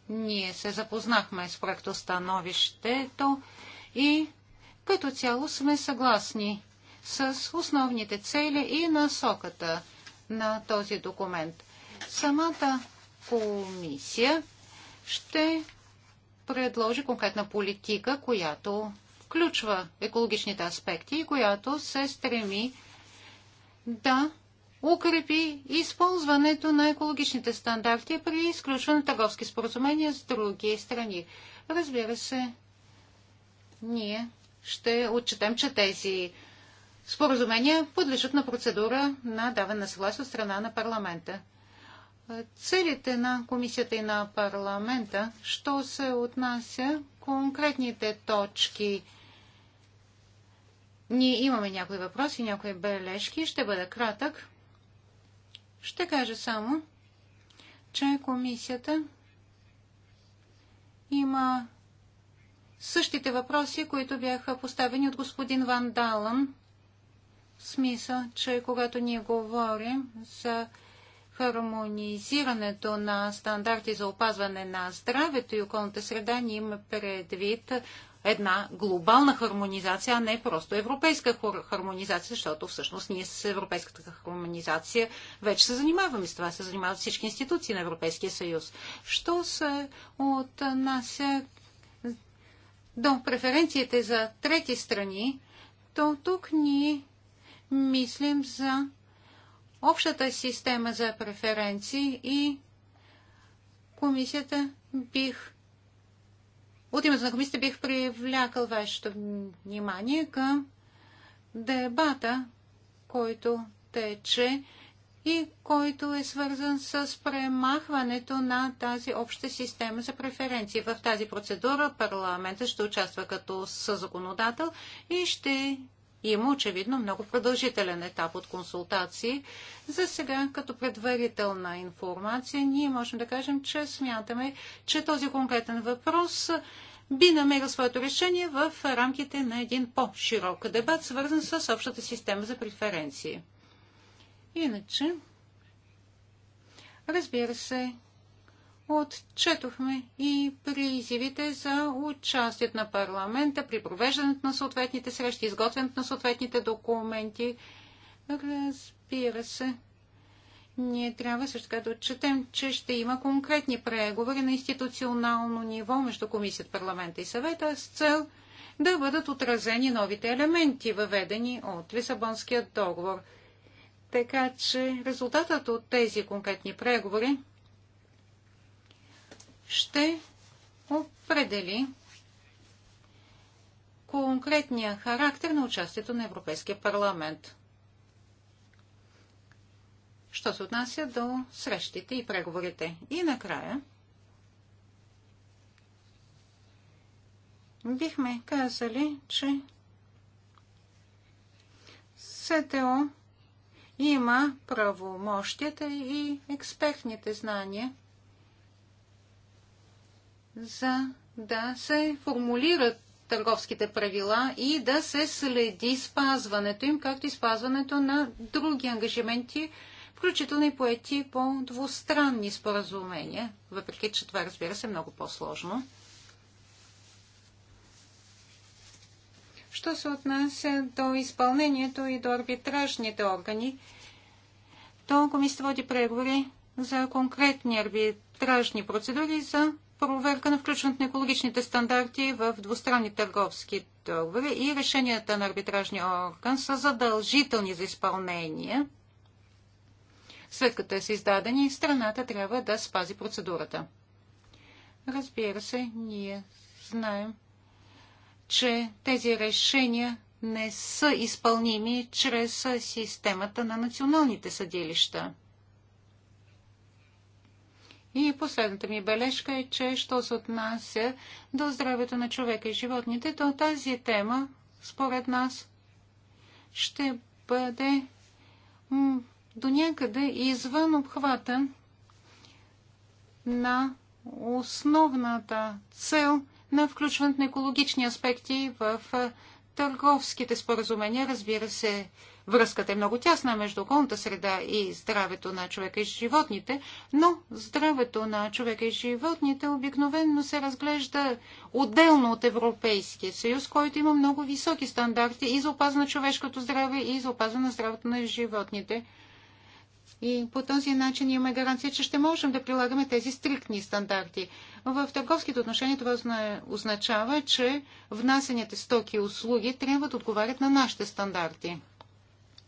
ние се запознахме с становището и като цяло сме съгласни с основните цели и насоката на този документ. Самата комисия ще предложи конкретна политика, която включва екологичните аспекти и която се стреми да укрепи използването на екологичните стандарти при изключване на търговски споразумения с други страни. Разбира се, ние ще отчетем, че тези споразумения подлежат на процедура на даване на съгласие от страна на парламента. Целите на комисията и на парламента, що се отнася конкретните точки. Ние имаме някои въпроси, някои бележки. Ще бъда кратък. Ще кажа само, че комисията има същите въпроси, които бяха поставени от господин Ван Далън смисъл, че когато ние говорим за хармонизирането на стандарти за опазване на здравето и околната среда, ние имаме предвид една глобална хармонизация, а не просто европейска хармонизация, защото всъщност ние с европейската хармонизация вече се занимаваме с това, се занимават всички институции на Европейския съюз. Що се отнася до преференциите за трети страни, то тук ние мислим за общата система за преференции и комисията бих от името на комисията бих привлякал вашето внимание към дебата, който тече и който е свързан с премахването на тази обща система за преференции. В тази процедура парламента ще участва като съзаконодател и ще има очевидно много продължителен етап от консултации. За сега, като предварителна информация, ние можем да кажем, че смятаме, че този конкретен въпрос би намерил своето решение в рамките на един по-широк дебат, свързан с общата система за преференции. Иначе, разбира се, отчетохме и призивите за участието на парламента при провеждането на съответните срещи, изготвянето на съответните документи. Разбира се, ние трябва също така да отчетем, че ще има конкретни преговори на институционално ниво между Комисията, парламента и съвета с цел да бъдат отразени новите елементи, въведени от Лисабонския договор. Така че резултатът от тези конкретни преговори ще определи конкретния характер на участието на Европейския парламент. Що се отнася до срещите и преговорите. И накрая бихме казали, че СТО има правомощията и експертните знания за да се формулират търговските правила и да се следи спазването им, както и спазването на други ангажименти, включително и поети по двустранни споразумения, въпреки че това, разбира се, е много по-сложно. Що се отнася до изпълнението и до арбитражните органи, то комисията води преговори за конкретни арбитражни процедури за проверка на включването на екологичните стандарти в двустранни търговски договори и решенията на арбитражния орган са задължителни за изпълнение. След като е са издадени, страната трябва да спази процедурата. Разбира се, ние знаем, че тези решения не са изпълними чрез системата на националните съдилища. И последната ми бележка е, че що се отнася до здравето на човека и животните, то тази тема, според нас, ще бъде до някъде извън обхвата на основната цел на включването на екологични аспекти в търговските споразумения. Разбира се, връзката е много тясна между околната среда и здравето на човека и животните, но здравето на човека и животните обикновенно се разглежда отделно от Европейския съюз, който има много високи стандарти и за опазване на човешкото здраве, и за опазване на здравето на животните. И по този начин имаме гаранция, че ще можем да прилагаме тези стриктни стандарти. В търговските отношения това означава, че внасените стоки и услуги трябва да отговарят на нашите стандарти.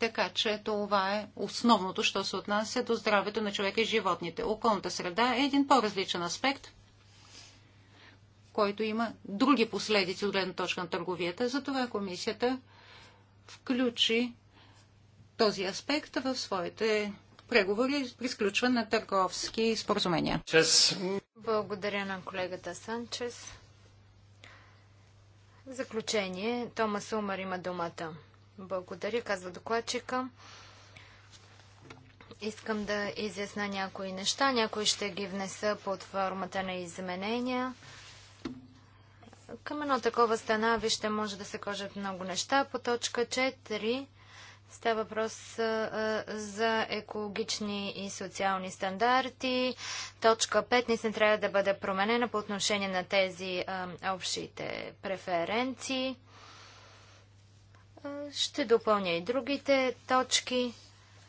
Така че това е основното, що се отнася до здравето на човека и животните. Околната среда е един по-различен аспект, който има други последици от гледна точка на търговията. Затова комисията включи този аспект в своите преговори при сключване на търговски споразумения. Чес. Благодаря на колегата Санчес. В заключение, Томас Умър има думата. Благодаря, казва докладчика. Искам да изясна някои неща. Някои ще ги внеса под формата на изменения. Към едно такова становище може да се кажат много неща. По точка 4 става въпрос за екологични и социални стандарти. Точка 5 не се трябва да бъде променена по отношение на тези общите преференции. Ще допълня и другите точки.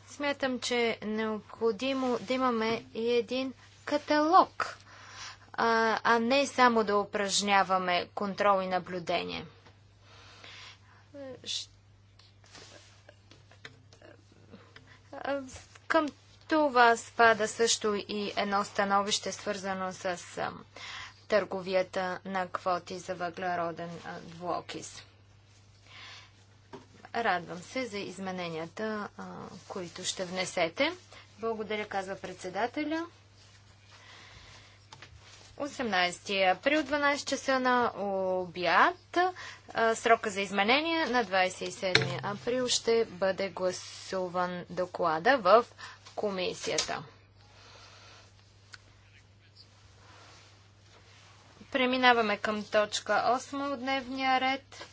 Смятам, че е необходимо да имаме и един каталог, а не само да упражняваме контрол и наблюдение. Към това спада също и едно становище, свързано с търговията на квоти за въглероден двуокис. Радвам се за измененията, а, които ще внесете. Благодаря, казва председателя. 18 април, 12 часа на обяд. срока за изменение на 27 април ще бъде гласуван доклада в комисията. Преминаваме към точка 8 от дневния ред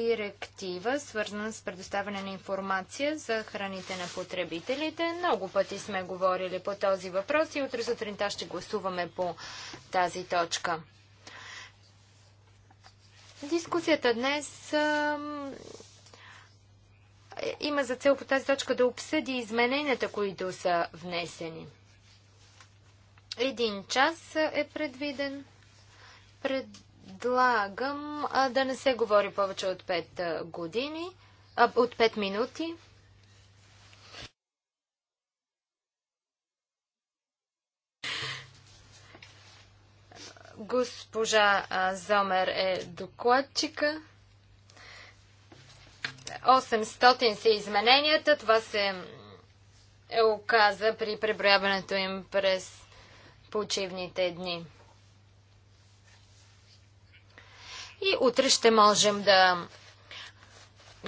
директива, свързана с предоставяне на информация за храните на потребителите. Много пъти сме говорили по този въпрос и утре сутринта ще гласуваме по тази точка. Дискусията днес а, има за цел по тази точка да обсъди измененията, които са внесени. Един час е предвиден. Пред предлагам а, да не се говори повече от 5 години, а, от 5 минути. Госпожа а, Зомер е докладчика. 800 са измененията. Това се е оказа при преброяването им през почивните дни. И утре ще можем да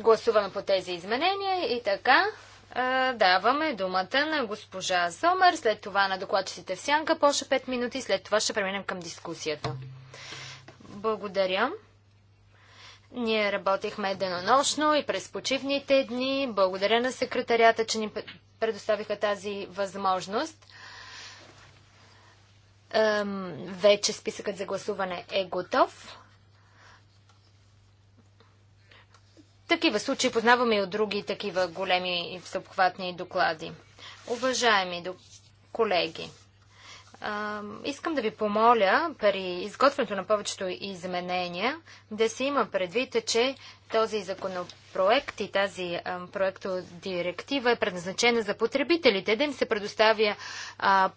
гласуваме по тези изменения и така. даваме думата на госпожа Сомер, след това на докладчиците в сянка, по 5 минути, след това ще преминем към дискусията. Благодаря. Ние работихме денонощно и през почивните дни. Благодаря на секретарията, че ни предоставиха тази възможност. вече списъкът за гласуване е готов. Такива случаи познаваме и от други такива големи и всеобхватни доклади. Уважаеми колеги, искам да ви помоля при изготвянето на повечето изменения да се има предвид, че този законопроект и тази проектодиректива е предназначена за потребителите, да им се предоставя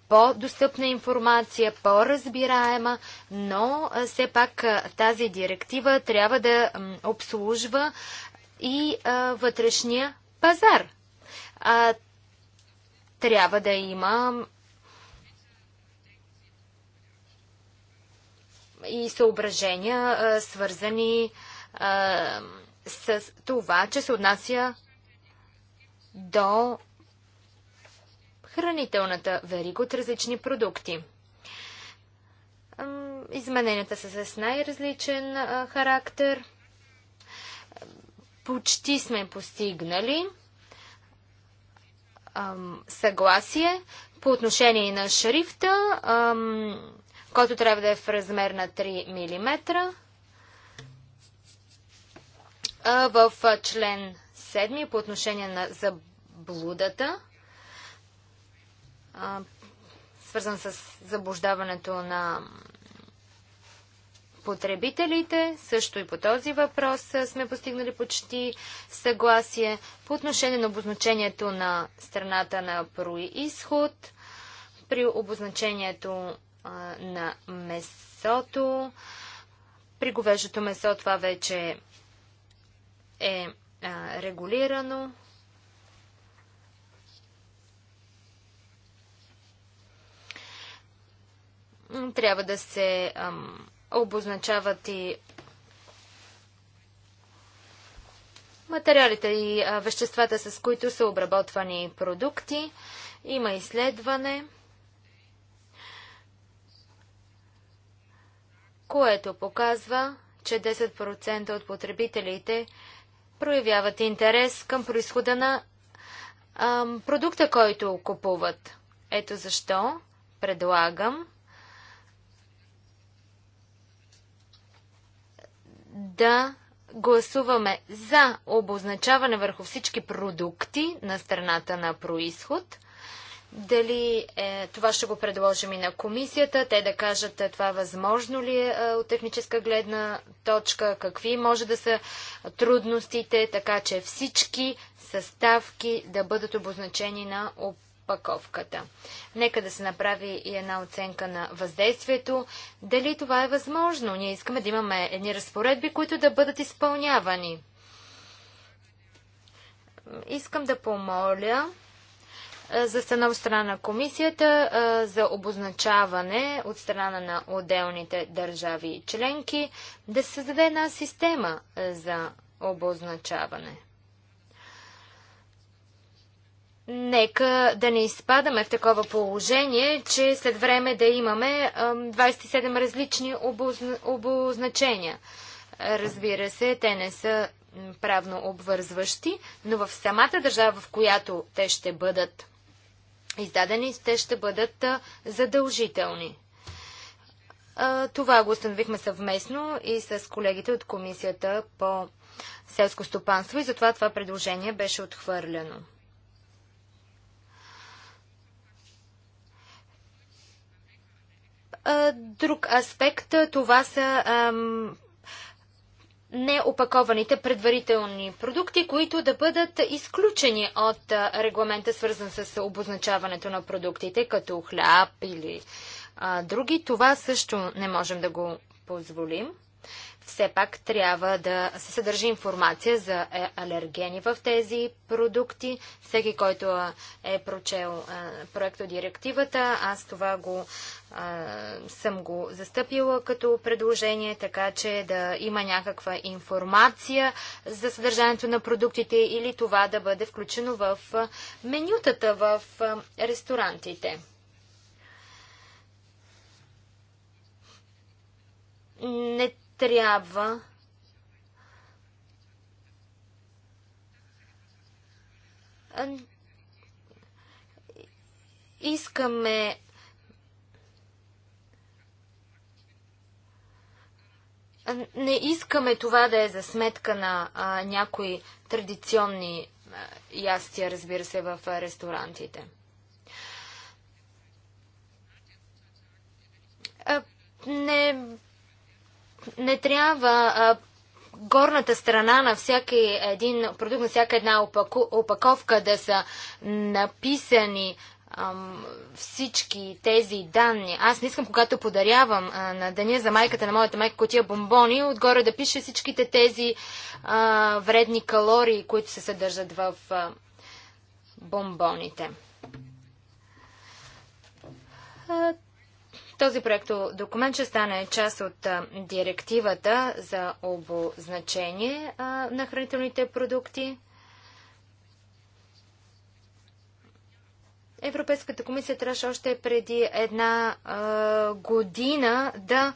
по-достъпна информация, по-разбираема, но все пак тази директива трябва да обслужва и а, вътрешния пазар. А, трябва да има и съображения, а, свързани а, с това, че се отнася до хранителната верига от различни продукти. Измененията са с най-различен характер – почти сме постигнали ам, съгласие по отношение на шрифта, ам, който трябва да е в размер на 3 мм. А в член 7 по отношение на заблудата, свързан с заблуждаването на потребителите. Също и по този въпрос сме постигнали почти съгласие. По отношение на обозначението на страната на происход, при обозначението на месото, при говеждото месо това вече е регулирано. Трябва да се ам, обозначават и материалите и веществата, с които са обработвани продукти. Има изследване, което показва, че 10% от потребителите проявяват интерес към происхода на продукта, който купуват. Ето защо предлагам да гласуваме за обозначаване върху всички продукти на страната на происход. Дали е, това ще го предложим и на комисията, те да кажат е, това възможно ли е, е от техническа гледна точка, какви може да са трудностите, така че всички съставки да бъдат обозначени на опаковката. Нека да се направи и една оценка на въздействието. Дали това е възможно? Ние искаме да имаме едни разпоредби, които да бъдат изпълнявани. Искам да помоля за станов страна на комисията за обозначаване от страна на отделните държави и членки да се създаде една система за обозначаване. Нека да не изпадаме в такова положение, че след време да имаме 27 различни обозначения. Разбира се, те не са правно обвързващи, но в самата държава, в която те ще бъдат издадени, те ще бъдат задължителни. Това го установихме съвместно и с колегите от Комисията по селско стопанство и затова това предложение беше отхвърлено. Друг аспект, това са неопакованите предварителни продукти, които да бъдат изключени от регламента, свързан с обозначаването на продуктите, като хляб или а, други. Това също не можем да го позволим все пак трябва да се съдържи информация за е, алергени в тези продукти. Всеки, който е прочел проекто директивата, аз това го съм го застъпила като предложение, така че да има някаква информация за съдържанието на продуктите или това да бъде включено в менютата в ресторантите. Не трябва искаме не искаме това да е за сметка на а, някои традиционни а, ястия, разбира се, в а, ресторантите. А, не не трябва а, горната страна на всяки един продукт, на всяка една опаковка да са написани всички тези данни. Аз не искам, когато подарявам а, на деня за майката на моята майка котия бомбони, отгоре да пише всичките тези а, вредни калории, които се съдържат в а, бомбоните. Този проект документ ще стане част от директивата за обозначение на хранителните продукти. Европейската комисия трябваше още преди една а, година да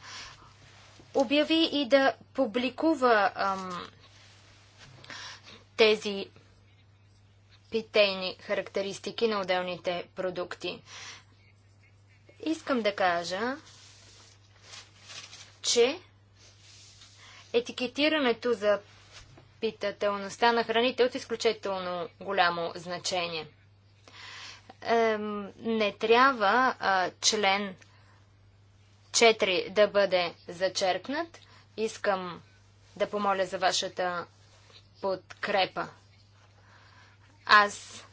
обяви и да публикува тези питейни характеристики на отделните продукти. Искам да кажа, че етикетирането за питателността на храните е от изключително голямо значение. Не трябва член 4 да бъде зачеркнат. Искам да помоля за вашата подкрепа. Аз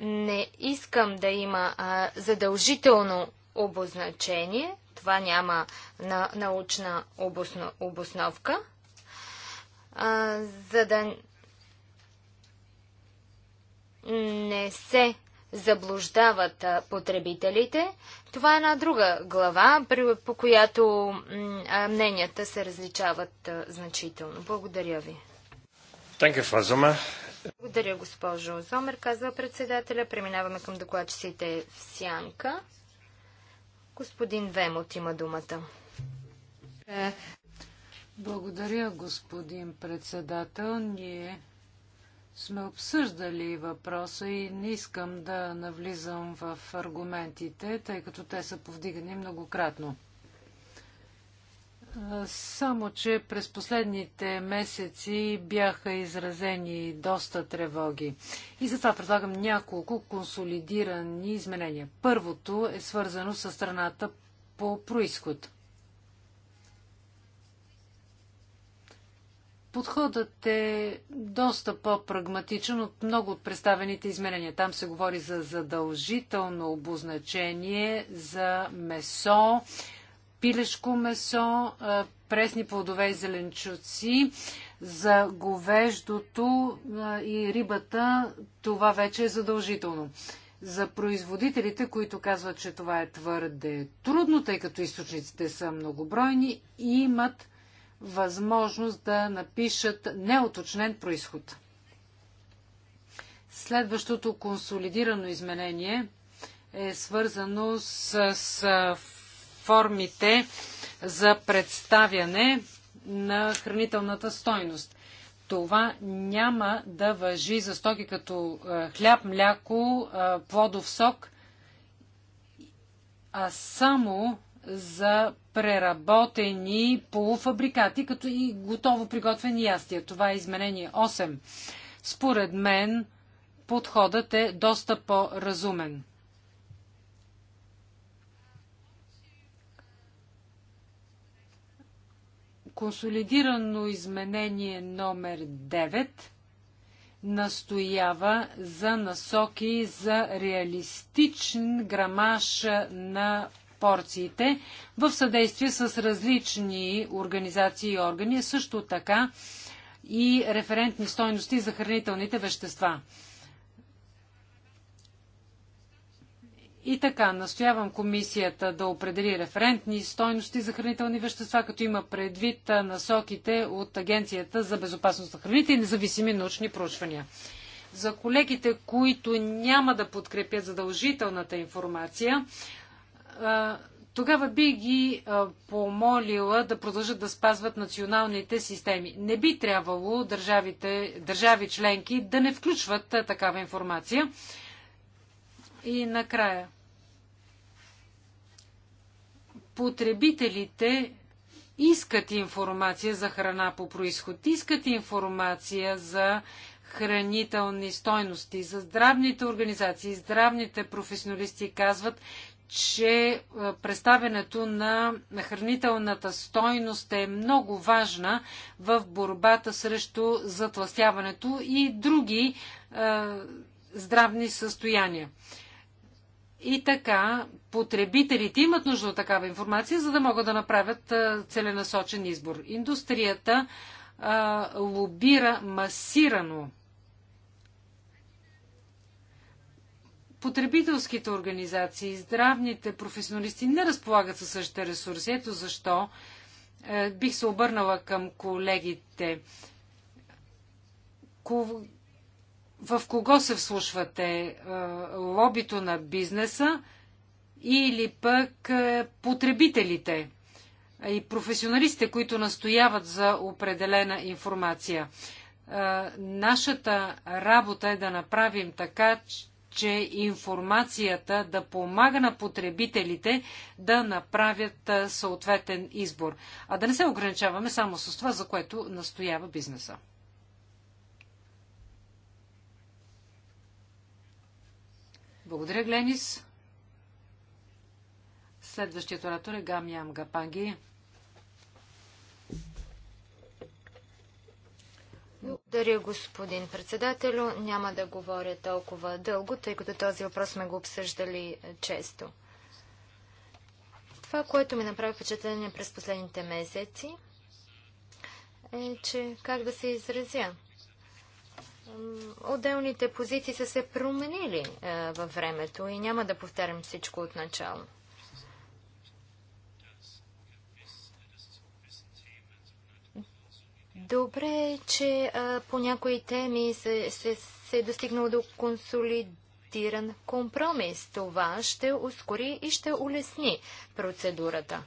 не искам да има задължително обозначение. Това няма на, научна обосновка. А, за да не се заблуждават потребителите. Това е една друга глава, по която мненията се различават значително. Благодаря ви. Благодаря, госпожо Зомер, казва председателя. Преминаваме към докладчиците в Сянка. Господин Вемот има думата. Благодаря, господин председател. Ние сме обсъждали въпроса и не искам да навлизам в аргументите, тъй като те са повдигани многократно. Само, че през последните месеци бяха изразени доста тревоги. И затова предлагам няколко консолидирани изменения. Първото е свързано с страната по происход. Подходът е доста по-прагматичен от много от представените изменения. Там се говори за задължително обозначение за месо, пилешко месо, пресни плодове и зеленчуци. За говеждото и рибата това вече е задължително. За производителите, които казват, че това е твърде трудно, тъй като източниците са многобройни, имат възможност да напишат неоточнен происход. Следващото консолидирано изменение е свързано с, с Формите за представяне на хранителната стойност. Това няма да въжи за стоки като е, хляб, мляко, е, плодов сок, а само за преработени полуфабрикати, като и готово приготвени ястия. Това е изменение 8. Според мен подходът е доста по-разумен. Консолидирано изменение номер 9 настоява за насоки за реалистичен грамаж на порциите в съдействие с различни организации и органи, също така и референтни стойности за хранителните вещества. И така, настоявам комисията да определи референтни стойности за хранителни вещества, като има предвид насоките от Агенцията за безопасност на храните и независими научни проучвания. За колегите, които няма да подкрепят задължителната информация, тогава би ги помолила да продължат да спазват националните системи. Не би трябвало държавите, държави членки да не включват такава информация. И накрая потребителите искат информация за храна по происход, искат информация за хранителни стойности, за здравните организации, здравните професионалисти казват, че е, представянето на хранителната стойност е много важна в борбата срещу затластяването и други е, здравни състояния. И така, потребителите имат нужда от такава информация, за да могат да направят целенасочен избор. Индустрията а, лобира масирано. Потребителските организации, здравните професионалисти не разполагат със същите ресурси. Ето защо бих се обърнала към колегите в кого се вслушвате? Е, лобито на бизнеса или пък е, потребителите и професионалистите, които настояват за определена информация? Е, нашата работа е да направим така, че информацията да помага на потребителите да направят съответен избор, а да не се ограничаваме само с това, за което настоява бизнеса. Благодаря, Гленис. Следващият оратор е Гамиам Гапанги. Благодаря, господин председателю. Няма да говоря толкова дълго, тъй като този въпрос сме го обсъждали е, често. Това, което ми направи впечатление през последните месеци, е, че как да се изразя отделните позиции са се променили е, във времето и няма да повтарям всичко от начало. Добре е, че а, по някои теми се, се, се е достигнало до консолидиран компромис. Това ще ускори и ще улесни процедурата.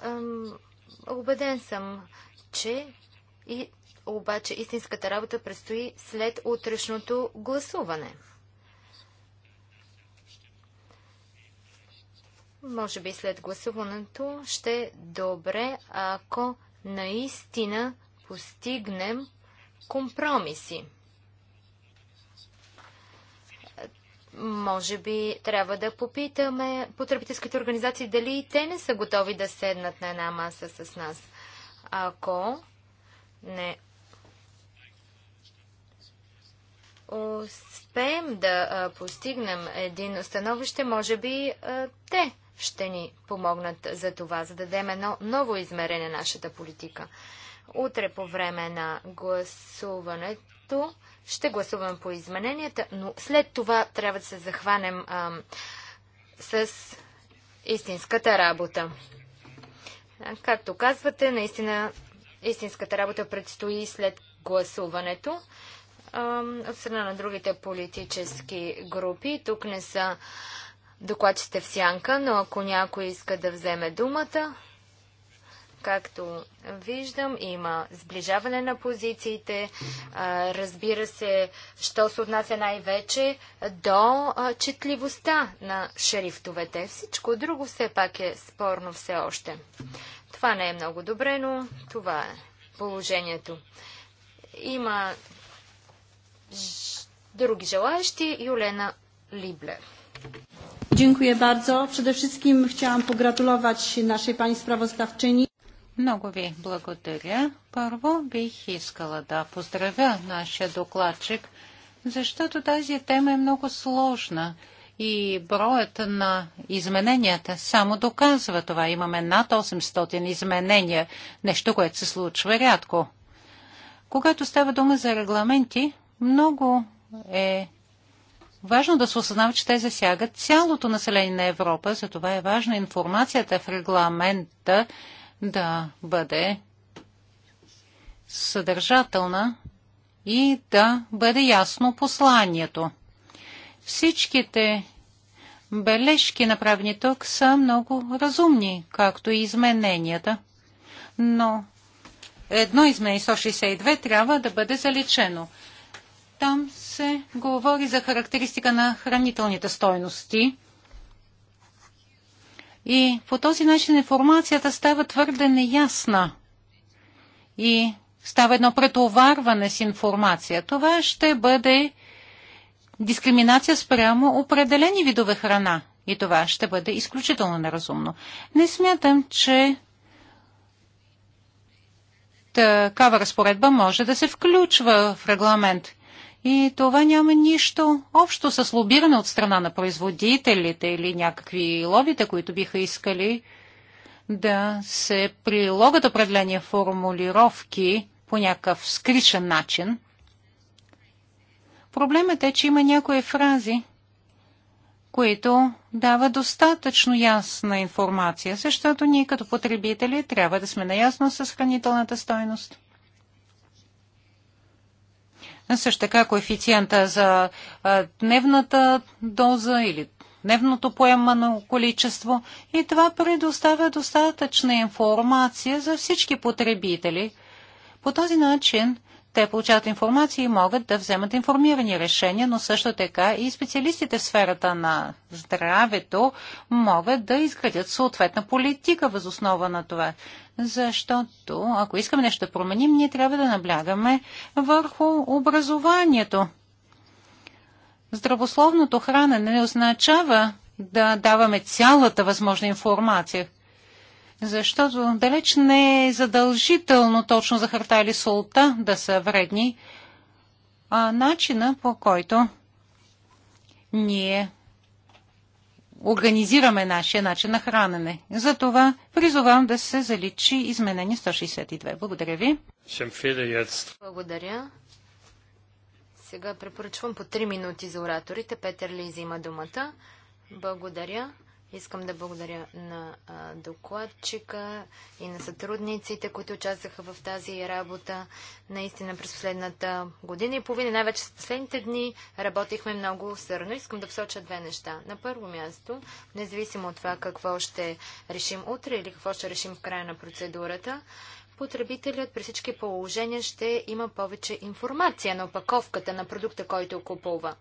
Ам, убеден съм, че и обаче истинската работа предстои след утрешното гласуване. Може би след гласуването ще е добре, ако наистина постигнем компромиси. Може би трябва да попитаме потребителските организации дали и те не са готови да седнат на една маса с нас. Ако не успеем да постигнем един становище, може би те ще ни помогнат за това, за да дадем едно ново измерение на нашата политика. Утре по време на гласуването ще гласувам по измененията, но след това трябва да се захванем а, с истинската работа. Както казвате, наистина истинската работа предстои след гласуването от страна на другите политически групи. Тук не са докладчите в сянка, но ако някой иска да вземе думата, както виждам, има сближаване на позициите. Разбира се, що се отнася най-вече до четливостта на шерифтовете. Всичко друго все пак е спорно все още. Това не е много добре, но това е положението. Има drugi желаящи? Юлена Lible. Dziękuję bardzo. Przede wszystkim chciałam pogratulować naszej pani sprawozdawczyni. Много ви благодаря. Първо бих искала да поздравя нашия докладчик, защото тази тема е много сложна и броят на измененията само доказва това. Имаме над 800 изменения, нещо, което се случва рядко. Когато става дума за регламенти, много е важно да се осъзнава, че те засягат цялото население на Европа, затова е важно информацията в регламента да бъде съдържателна и да бъде ясно посланието. Всичките бележки, направени тук, са много разумни, както и измененията. Но едно изменение 162 трябва да бъде заличено. Там се говори за характеристика на хранителните стойности. И по този начин информацията става твърде неясна. И става едно претоварване с информация. Това ще бъде дискриминация спрямо определени видове храна. И това ще бъде изключително неразумно. Не смятам, че такава разпоредба може да се включва в регламент. И това няма нищо общо с лобиране от страна на производителите или някакви лобита, които биха искали да се прилогат определени формулировки по някакъв скришен начин. Проблемът е, че има някои фрази, които дава достатъчно ясна информация, защото ние като потребители трябва да сме наясно с хранителната стойност. Също така коефициента за дневната доза или дневното поемано количество и това предоставя достатъчна информация за всички потребители. По този начин те получават информация и могат да вземат информирани решения, но също така и специалистите в сферата на здравето могат да изградят съответна политика възоснова на това. Защото ако искаме нещо да променим, ние трябва да наблягаме върху образованието. Здравословното хранене не означава да даваме цялата възможна информация – защото далеч не е задължително точно захарта или солта да са вредни, а начина по който ние организираме нашия начин на хранене. Затова призовам да се заличи изменение 162. Благодаря ви. Благодаря. Сега препоръчвам по 3 минути за ораторите. Петър Лиз има думата. Благодаря. Искам да благодаря на докладчика и на сътрудниците, които участваха в тази работа. Наистина през последната година и половина, най-вече в последните дни, работихме много сърно. Искам да всоча две неща. На първо място, независимо от това какво ще решим утре или какво ще решим в края на процедурата, потребителят при всички положения ще има повече информация на опаковката на продукта, който купува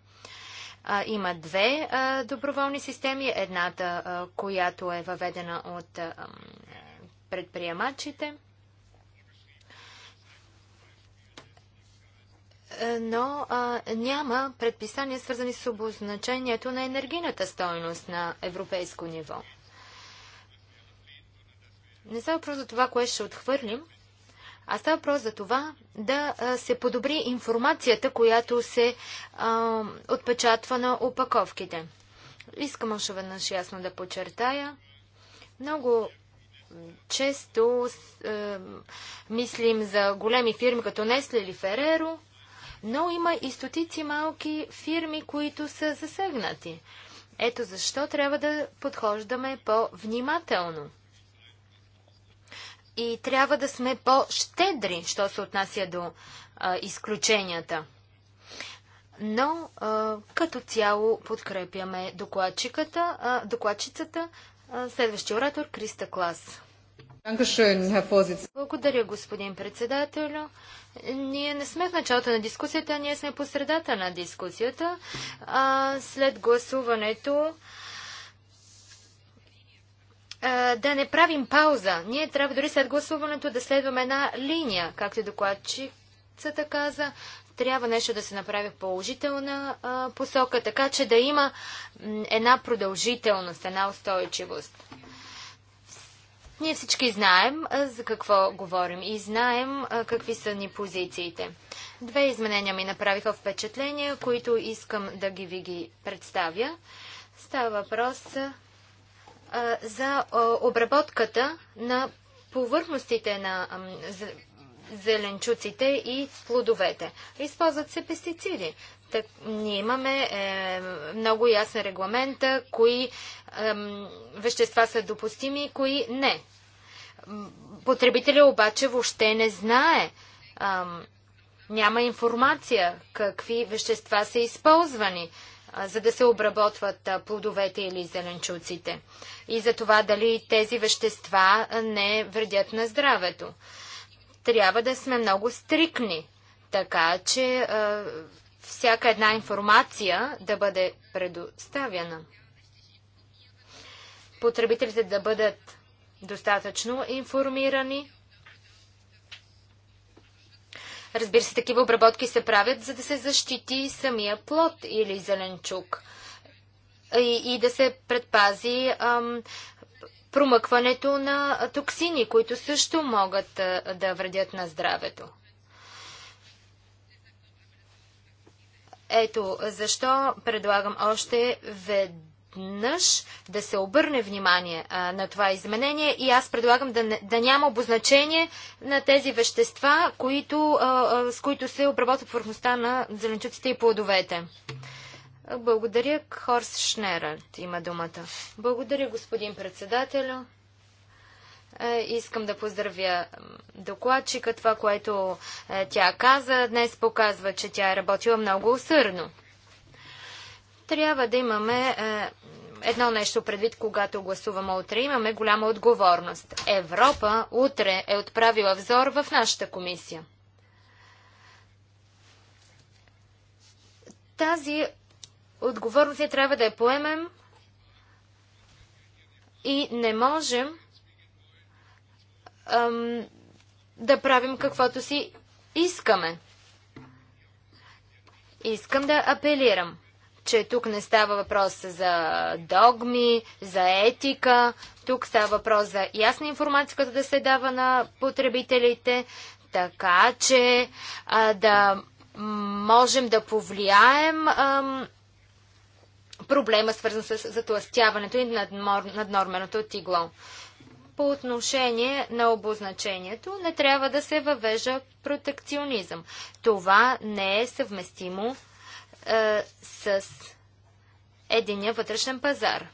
има две доброволни системи. Едната, която е въведена от предприемачите. Е, но а, няма предписания, свързани с обозначението на енергийната стойност на европейско ниво. Не става просто за това, кое ще отхвърлим, а става въпрос за това да се подобри информацията, която се а, отпечатва на опаковките. Искам още веднъж ясно да подчертая. Много често а, мислим за големи фирми като Несли или Фереро, но има и стотици малки фирми, които са засегнати. Ето защо трябва да подхождаме по-внимателно и трябва да сме по-щедри, що се отнася до а, изключенията. Но а, като цяло подкрепяме докладчиката, а, докладчицата, а, следващия оратор Криста Клас. Благодаря, господин председател. Ние не сме в началото на дискусията, ние сме посредата на дискусията. А, след гласуването да не правим пауза. Ние трябва дори след гласуването да следваме една линия, както и докладчицата каза. Трябва нещо да се направи в положителна а, посока, така че да има една продължителност, една устойчивост. Ние всички знаем а, за какво говорим и знаем а, какви са ни позициите. Две изменения ми направиха впечатление, които искам да ги ви ги представя. Става въпрос за обработката на повърхностите на зеленчуците и плодовете. Използват се пестициди. Так, ние имаме е, много ясен регламент, кои е, вещества са допустими и кои не. Потребителя обаче въобще не знае. Е, няма информация какви вещества са използвани. Е, за да се обработват плодовете или зеленчуците. И за това дали тези вещества не вредят на здравето. Трябва да сме много стрикни, така че всяка една информация да бъде предоставяна. Потребителите да бъдат достатъчно информирани Разбира се, такива обработки се правят, за да се защити самия плод или зеленчук и, и да се предпази ам, промъкването на токсини, които също могат а, да вредят на здравето. Ето защо предлагам още веднъж веднъж да се обърне внимание а, на това изменение и аз предлагам да, да няма обозначение на тези вещества, които, а, с които се обработва повърхността на зеленчуците и плодовете. Благодаря. Хорс Шнерът има думата. Благодаря, господин председателю. Е, искам да поздравя докладчика. Това, което е, тя каза, днес показва, че тя е работила много усърдно. Трябва да имаме е, едно нещо предвид, когато гласуваме утре. Имаме голяма отговорност. Европа утре е отправила взор в нашата комисия. Тази отговорност трябва да я поемем и не можем ам, да правим каквото си искаме. Искам да апелирам че тук не става въпрос за догми, за етика, тук става въпрос за ясна информация, която да се дава на потребителите, така че а, да можем да повлияем ам, проблема, свързан с затластяването и над наднорменото тигло. По отношение на обозначението не трябва да се въвежда протекционизъм. Това не е съвместимо е, с единия вътрешен пазар.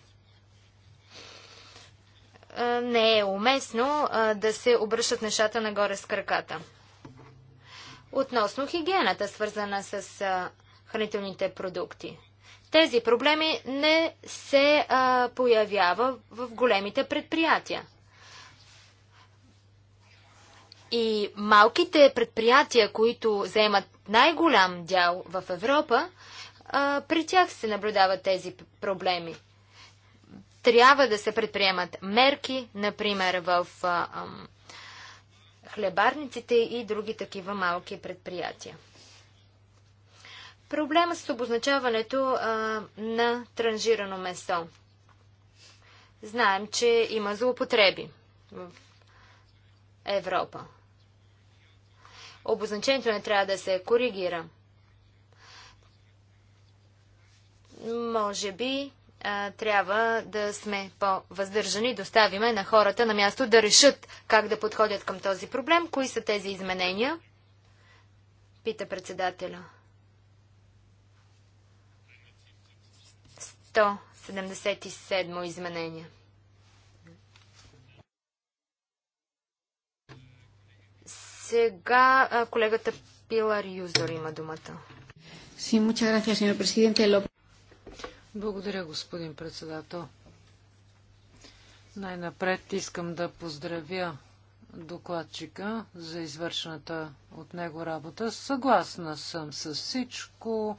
Е, не е уместно е, да се обръщат нещата нагоре с краката. Относно хигиената, свързана с хранителните продукти. Тези проблеми не се а, появява в големите предприятия. И малките предприятия, които заемат най-голям дял в Европа, а, при тях се наблюдават тези проблеми. Трябва да се предприемат мерки, например в а, а, хлебарниците и други такива малки предприятия. Проблема с обозначаването а, на транжирано месо. Знаем, че има злоупотреби в Европа. Обозначението не трябва да се коригира. Може би а, трябва да сме по-въздържани, да оставиме на хората на място да решат как да подходят към този проблем. Кои са тези изменения? Пита председателя. 177 изменения. Сега колегата Пилар Юзор има думата. Sí, muchas gracias, señor presidente. Благодаря, господин председател. Най-напред искам да поздравя докладчика за извършената от него работа. Съгласна съм с всичко.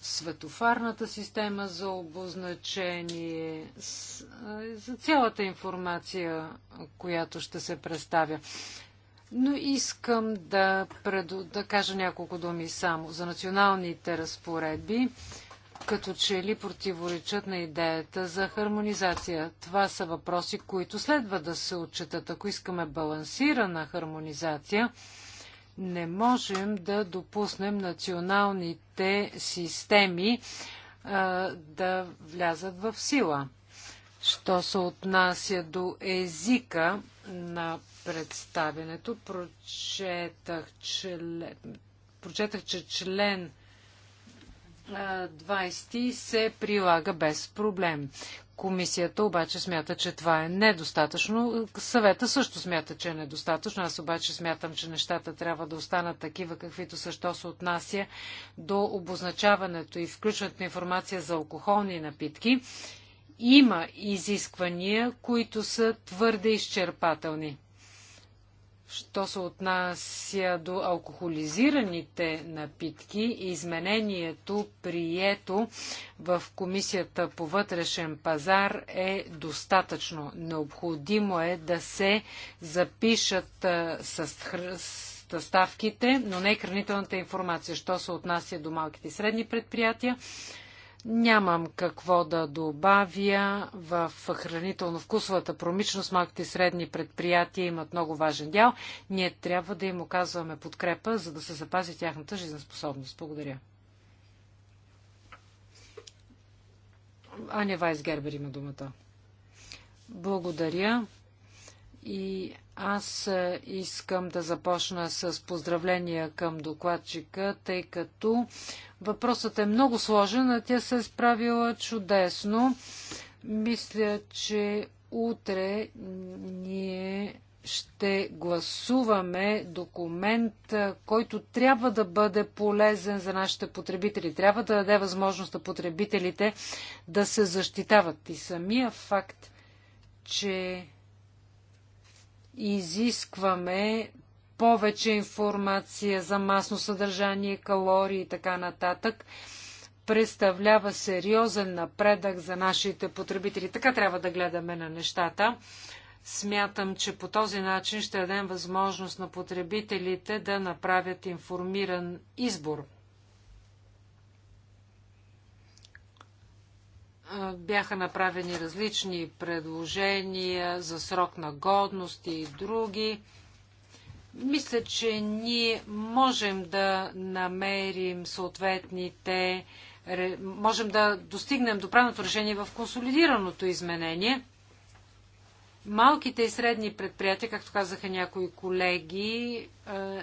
Светофарната система за обозначение, е, за цялата информация, която ще се представя. Но искам да, преду... да кажа няколко думи само за националните разпоредби като че ли противоречат на идеята за хармонизация. Това са въпроси, които следва да се отчитат. Ако искаме балансирана хармонизация, не можем да допуснем националните системи а, да влязат в сила. Що се отнася до езика на представенето, прочетах, че, прочетах че член 20 се прилага без проблем. Комисията обаче смята, че това е недостатъчно. Съвета също смята, че е недостатъчно. Аз обаче смятам, че нещата трябва да останат такива, каквито също се отнася до обозначаването и включването на информация за алкохолни напитки. Има изисквания, които са твърде изчерпателни. Що се отнася до алкохолизираните напитки, изменението, прието в Комисията по вътрешен пазар е достатъчно. Необходимо е да се запишат съставките, но не хранителната информация. Що се отнася до малките и средни предприятия, Нямам какво да добавя в хранително-вкусовата промишленост. Малките и средни предприятия имат много важен дял. Ние трябва да им оказваме подкрепа, за да се запази тяхната жизнеспособност. Благодаря. Аня Вайсгербер има думата. Благодаря. И аз е, искам да започна с поздравления към докладчика, тъй като въпросът е много сложен, а тя се е справила чудесно. Мисля, че утре ние ще гласуваме документ, е, който трябва да бъде полезен за нашите потребители. Трябва да даде възможност на потребителите да се защитават. И самия факт, че изискваме повече информация за масно съдържание, калории и така нататък, представлява сериозен напредък за нашите потребители. Така трябва да гледаме на нещата. Смятам, че по този начин ще дадем възможност на потребителите да направят информиран избор. бяха направени различни предложения за срок на годност и други. Мисля, че ние можем да намерим съответните, можем да достигнем до правилното решение в консолидираното изменение. Малките и средни предприятия, както казаха някои колеги,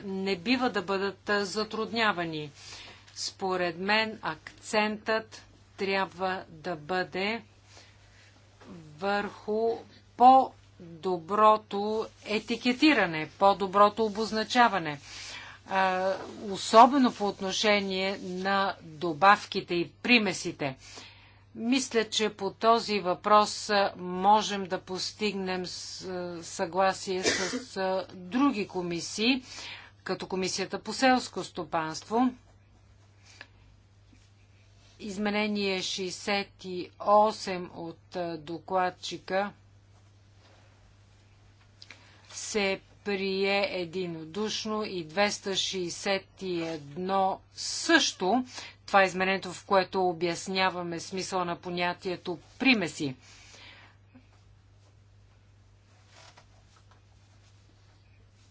не бива да бъдат затруднявани. Според мен акцентът трябва да бъде върху по-доброто етикетиране, по-доброто обозначаване. Особено по отношение на добавките и примесите. Мисля, че по този въпрос можем да постигнем съгласие с други комисии, като Комисията по селско стопанство. Изменение 68 от докладчика се прие единодушно и 261 също. Това е изменението, в което обясняваме смисъла на понятието примеси.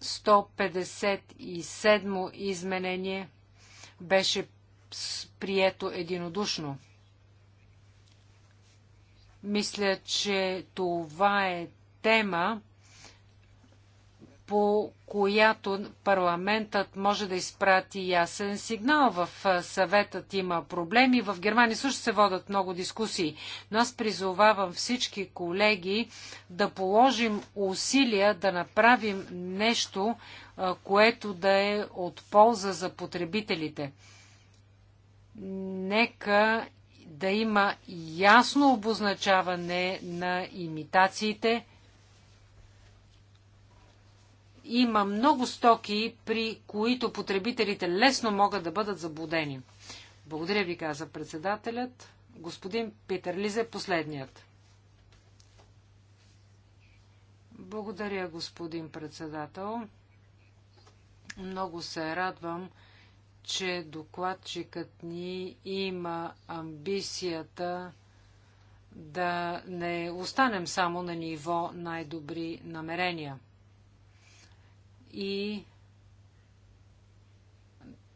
Сто изменение беше прието единодушно. Мисля, че това е тема, по която парламентът може да изпрати ясен сигнал. В съветът има проблеми. В Германия също се водят много дискусии. Но аз призовавам всички колеги да положим усилия да направим нещо, което да е от полза за потребителите нека да има ясно обозначаване на имитациите. Има много стоки, при които потребителите лесно могат да бъдат заблудени. Благодаря ви, каза председателят. Господин Питер Лизе, последният. Благодаря, господин председател. Много се радвам, че докладчикът ни има амбицията да не останем само на ниво най-добри намерения. И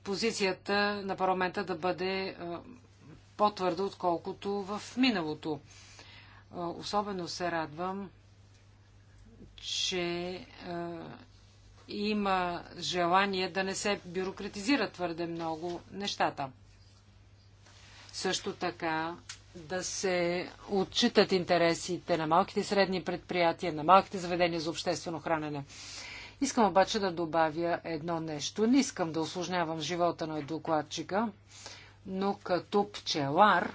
позицията на парламента да бъде е, по-твърда, отколкото в миналото. Е, особено се радвам, че е, има желание да не се бюрократизира твърде много нещата. Също така да се отчитат интересите на малките и средни предприятия, на малките заведения за обществено хранене. Искам обаче да добавя едно нещо. Не искам да осложнявам живота на докладчика, но като пчелар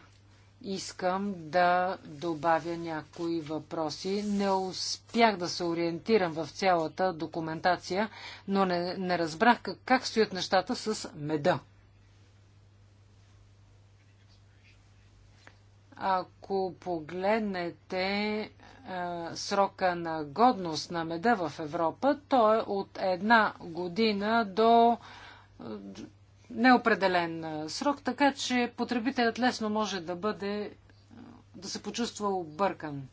искам да добавя някои въпроси. Не успях да се ориентирам в цялата документация, но не, не разбрах как, как стоят нещата с меда. Ако погледнете срока на годност на меда в Европа, то е от една година до неопределен срок, така че потребителят лесно може да бъде, да се почувства объркан.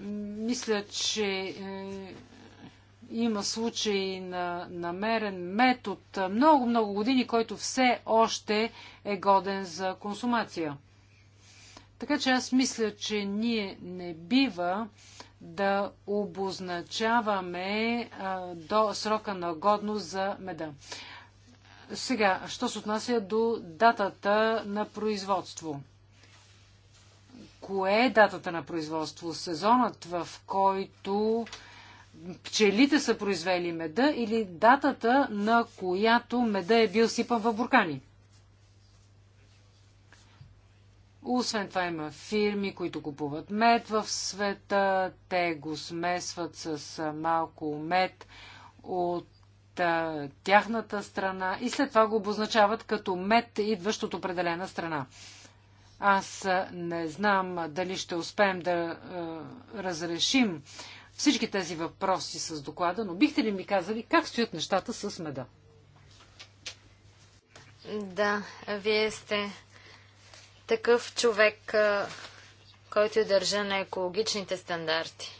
Мисля, че е, има случаи на намерен метод много-много години, който все още е годен за консумация. Така че аз мисля, че ние не бива да обозначаваме а, до срока на годност за меда. Сега, що се отнася до датата на производство? Кое е датата на производство? Сезонът, в който пчелите са произвели меда или датата, на която меда е бил сипан в буркани? Освен това има фирми, които купуват мед в света, те го смесват с малко мед от а, тяхната страна и след това го обозначават като мед, идващ от определена страна. Аз не знам дали ще успеем да а, разрешим всички тези въпроси с доклада, но бихте ли ми казали как стоят нещата с меда? Да, вие сте такъв човек, който държа на екологичните стандарти.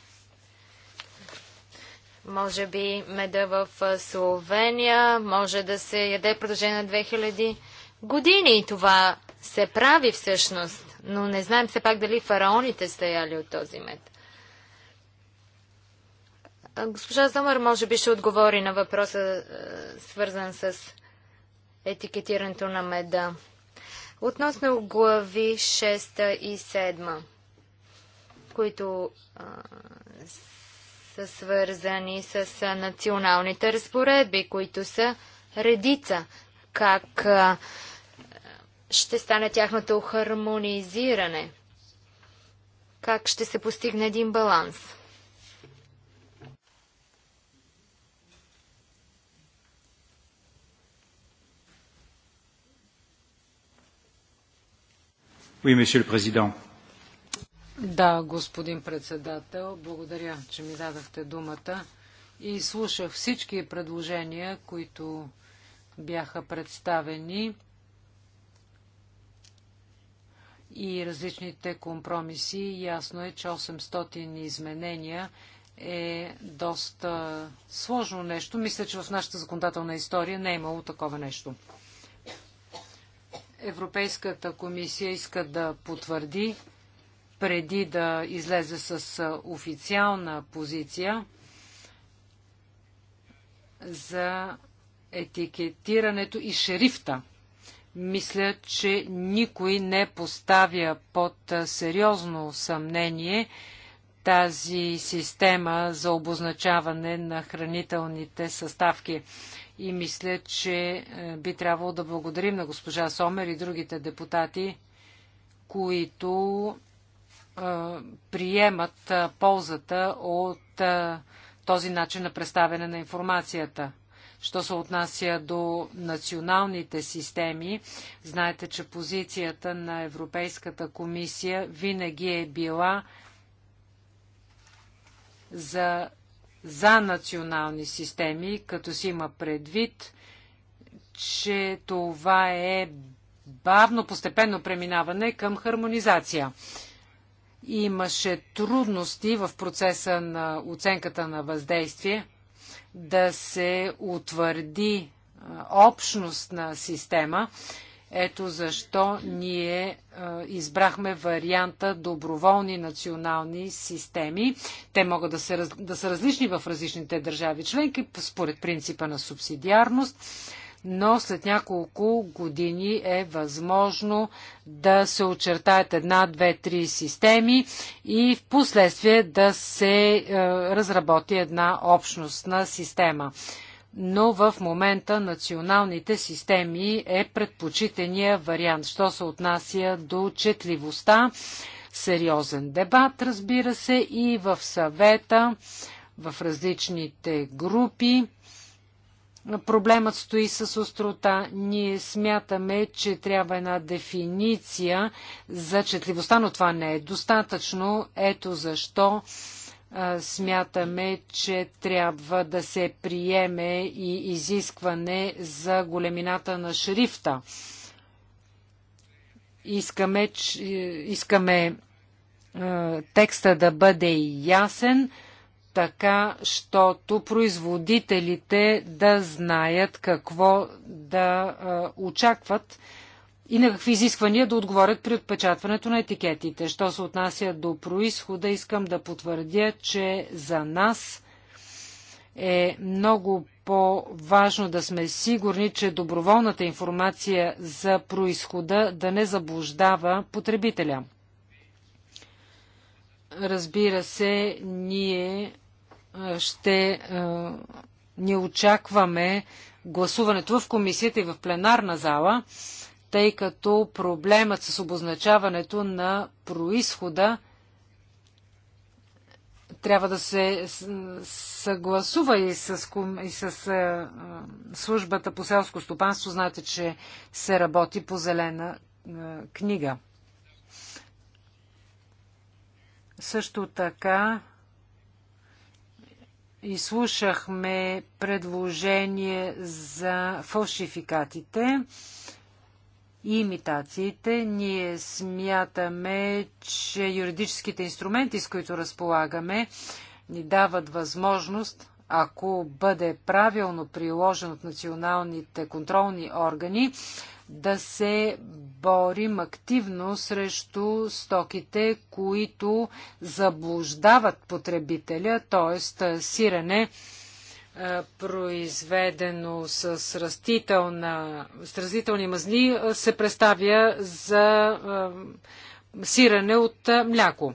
Може би меда в Словения може да се яде в продължение на 2000 години. Това се прави всъщност, но не знаем все пак дали фараоните стояли от този мед. Госпожа Зомър може би ще отговори на въпроса, свързан с етикетирането на меда. Относно глави 6 и 7, които а, са свързани с националните разпоредби, които са редица, как а, ще стане тяхното хармонизиране, как ще се постигне един баланс. Oui, monsieur le président. Да, господин председател, благодаря, че ми дадахте думата и слушах всички предложения, които бяха представени и различните компромиси. Ясно е, че 800 изменения е доста сложно нещо. Мисля, че в нашата законодателна история не е имало такова нещо. Европейската комисия иска да потвърди преди да излезе с официална позиция за етикетирането и шерифта. Мисля, че никой не поставя под сериозно съмнение тази система за обозначаване на хранителните съставки и мисля, че е, би трябвало да благодарим на госпожа Сомер и другите депутати, които е, приемат е, ползата от този начин на представяне на информацията. Що се отнася до националните системи, знаете, че позицията на Европейската комисия винаги е била за за национални системи, като си има предвид, че това е бавно, постепенно преминаване към хармонизация. Имаше трудности в процеса на оценката на въздействие да се утвърди общностна система, ето защо ние е, избрахме варианта доброволни национални системи. Те могат да, се, да са различни в различните държави членки, според принципа на субсидиарност но след няколко години е възможно да се очертаят една, две, три системи и в последствие да се е, разработи една общностна система но в момента националните системи е предпочитания вариант. Що се отнася до четливостта, сериозен дебат, разбира се, и в съвета, в различните групи. Проблемът стои с острота. Ние смятаме, че трябва една дефиниция за четливостта, но това не е достатъчно. Ето защо смятаме, че трябва да се приеме и изискване за големината на шрифта. Искаме, искаме текста да бъде ясен, така, щото производителите да знаят какво да очакват и на какви изисквания да отговорят при отпечатването на етикетите. Що се отнася до происхода, искам да потвърдя, че за нас е много по-важно да сме сигурни, че доброволната информация за происхода да не заблуждава потребителя. Разбира се, ние ще ни очакваме гласуването в комисията и в пленарна зала тъй като проблемът с обозначаването на происхода трябва да се съгласува и с, и с службата по селско стопанство. Знаете, че се работи по зелена книга. Също така изслушахме предложение за фалшификатите и имитациите. Ние смятаме, че юридическите инструменти, с които разполагаме, ни дават възможност, ако бъде правилно приложен от националните контролни органи, да се борим активно срещу стоките, които заблуждават потребителя, т.е. сирене произведено с, растителна, с растителни мазни, се представя за сиране от мляко.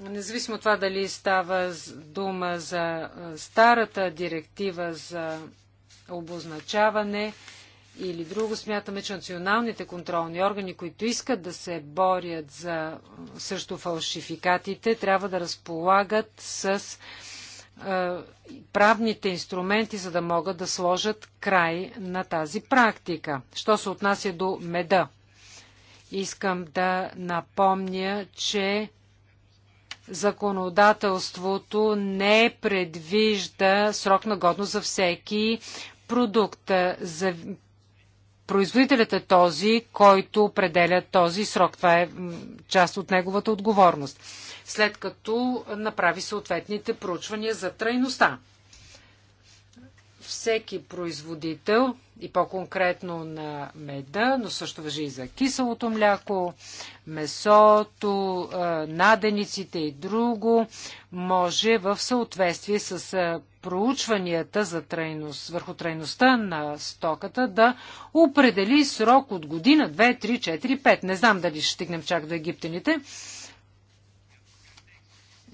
Независимо от това дали става дума за старата директива за обозначаване или друго, смятаме, че националните контролни органи, които искат да се борят за, срещу фалшификатите, трябва да разполагат с е, правните инструменти, за да могат да сложат край на тази практика. Що се отнася до меда? Искам да напомня, че законодателството не предвижда срок на годност за всеки продукт. За производителят е този, който определя този срок. Това е част от неговата отговорност след като направи съответните проучвания за трайността. Всеки производител и по-конкретно на меда, но също въжи и за киселото мляко, месото, надениците и друго, може в съответствие с проучванията за трайност, върху трайността на стоката да определи срок от година 2, 3, 4, 5. Не знам дали ще стигнем чак до египтените,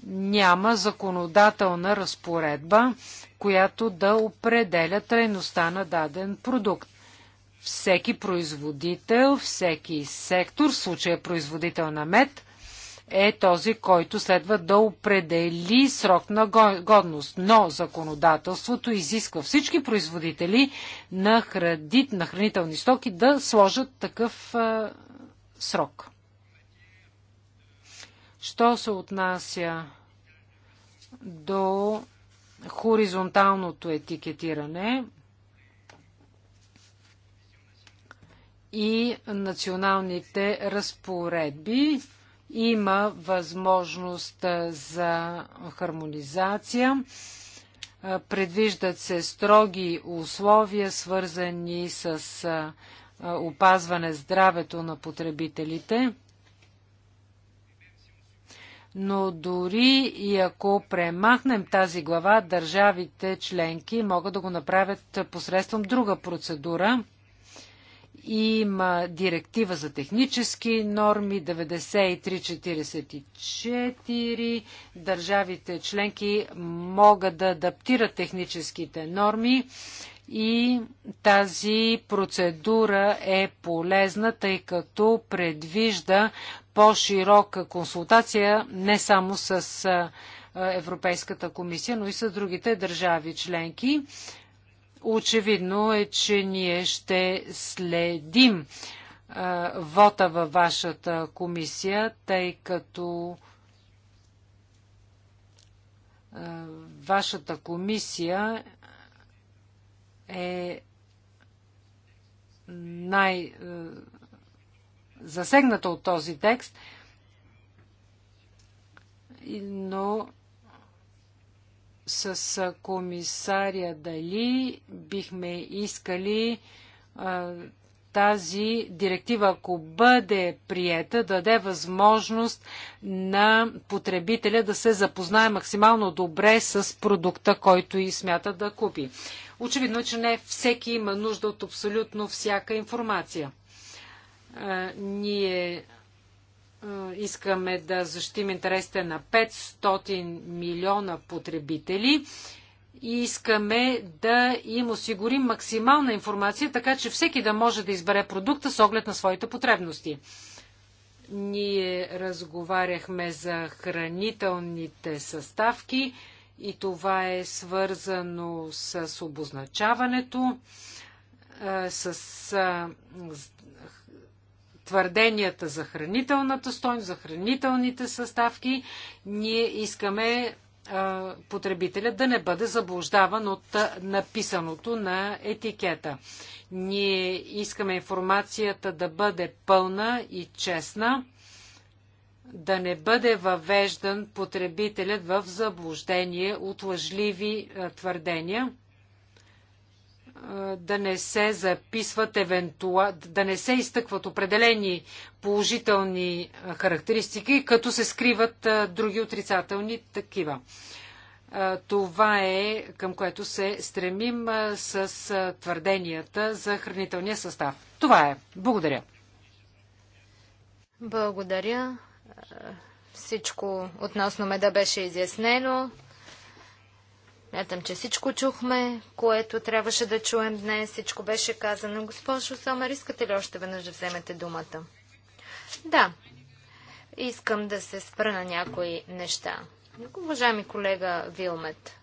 няма законодателна разпоредба, която да определя трайността на даден продукт. Всеки производител, всеки сектор, в случая производител на мед, е този, който следва да определи срок на годност. Но законодателството изисква всички производители на, хради, на хранителни стоки да сложат такъв а, срок. Що се отнася до хоризонталното етикетиране и националните разпоредби. Има възможност за хармонизация. Предвиждат се строги условия, свързани с опазване здравето на потребителите но дори и ако премахнем тази глава, държавите членки могат да го направят посредством друга процедура. Има директива за технически норми 9344. Държавите членки могат да адаптират техническите норми и тази процедура е полезна, тъй като предвижда по-широка консултация не само с Европейската комисия, но и с другите държави членки. Очевидно е, че ние ще следим вота във вашата комисия, тъй като вашата комисия е най- засегната от този текст, но с комисаря Дали бихме искали а, тази директива, ако бъде приета, даде възможност на потребителя да се запознае максимално добре с продукта, който и смята да купи. Очевидно, че не всеки има нужда от абсолютно всяка информация ние искаме да защитим интересите на 500 милиона потребители и искаме да им осигурим максимална информация, така че всеки да може да избере продукта с оглед на своите потребности. Ние разговаряхме за хранителните съставки и това е свързано с обозначаването, с твърденията за хранителната стойност, за хранителните съставки, ние искаме а, потребителя да не бъде заблуждаван от написаното на етикета. Ние искаме информацията да бъде пълна и честна, да не бъде въвеждан потребителят в заблуждение от лъжливи а, твърдения да не се записват евентуа... да не се изтъкват определени положителни характеристики, като се скриват други отрицателни такива. Това е към което се стремим с твърденията за хранителния състав. Това е. Благодаря. Благодаря. Всичко относно меда беше изяснено. Мятам, че всичко чухме, което трябваше да чуем днес. Всичко беше казано. Госпожо Сомер, искате ли още веднъж да вземете думата? Да. Искам да се спра на някои неща. Уважаеми колега Вилмет,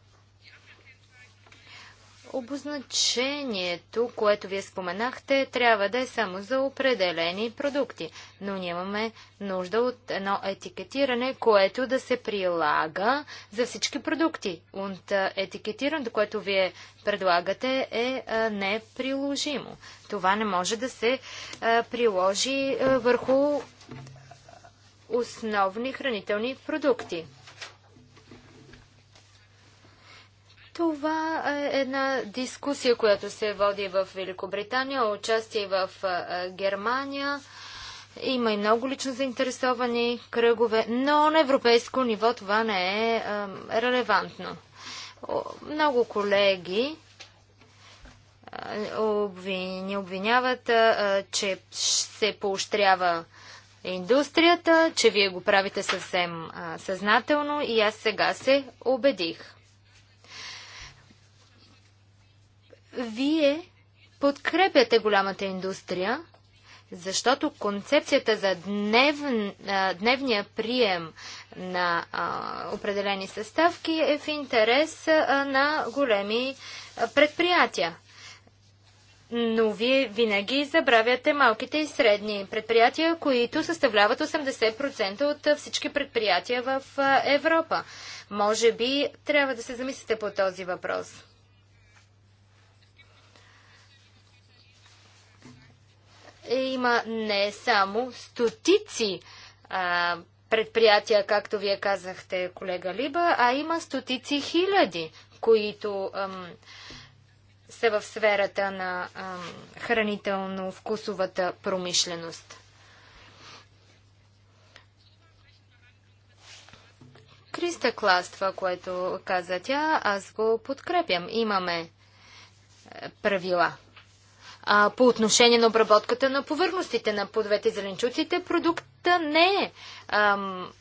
Обозначението, което вие споменахте, трябва да е само за определени продукти, но нямаме нужда от едно етикетиране, което да се прилага за всички продукти. От етикетирането, което вие предлагате, е неприложимо. Това не може да се приложи върху основни хранителни продукти. Това е една дискусия, която се води в Великобритания, участие в Германия. Има и много лично заинтересовани кръгове, но на европейско ниво това не е релевантно. Много колеги ни обвиняват, че се поощрява индустрията, че вие го правите съвсем съзнателно и аз сега се убедих. Вие подкрепяте голямата индустрия, защото концепцията за днев, дневния прием на определени съставки е в интерес на големи предприятия. Но вие винаги забравяте малките и средни предприятия, които съставляват 80% от всички предприятия в Европа. Може би трябва да се замислите по този въпрос. Е, има не само стотици а, предприятия, както вие казахте, колега Либа, а има стотици хиляди, които ам, са в сферата на хранително-вкусовата промишленост. Криста Клас, това, което каза тя, аз го подкрепям. Имаме е, правила. А, по отношение на обработката на повърхностите на плодовете и зеленчуците, продукта не е ам,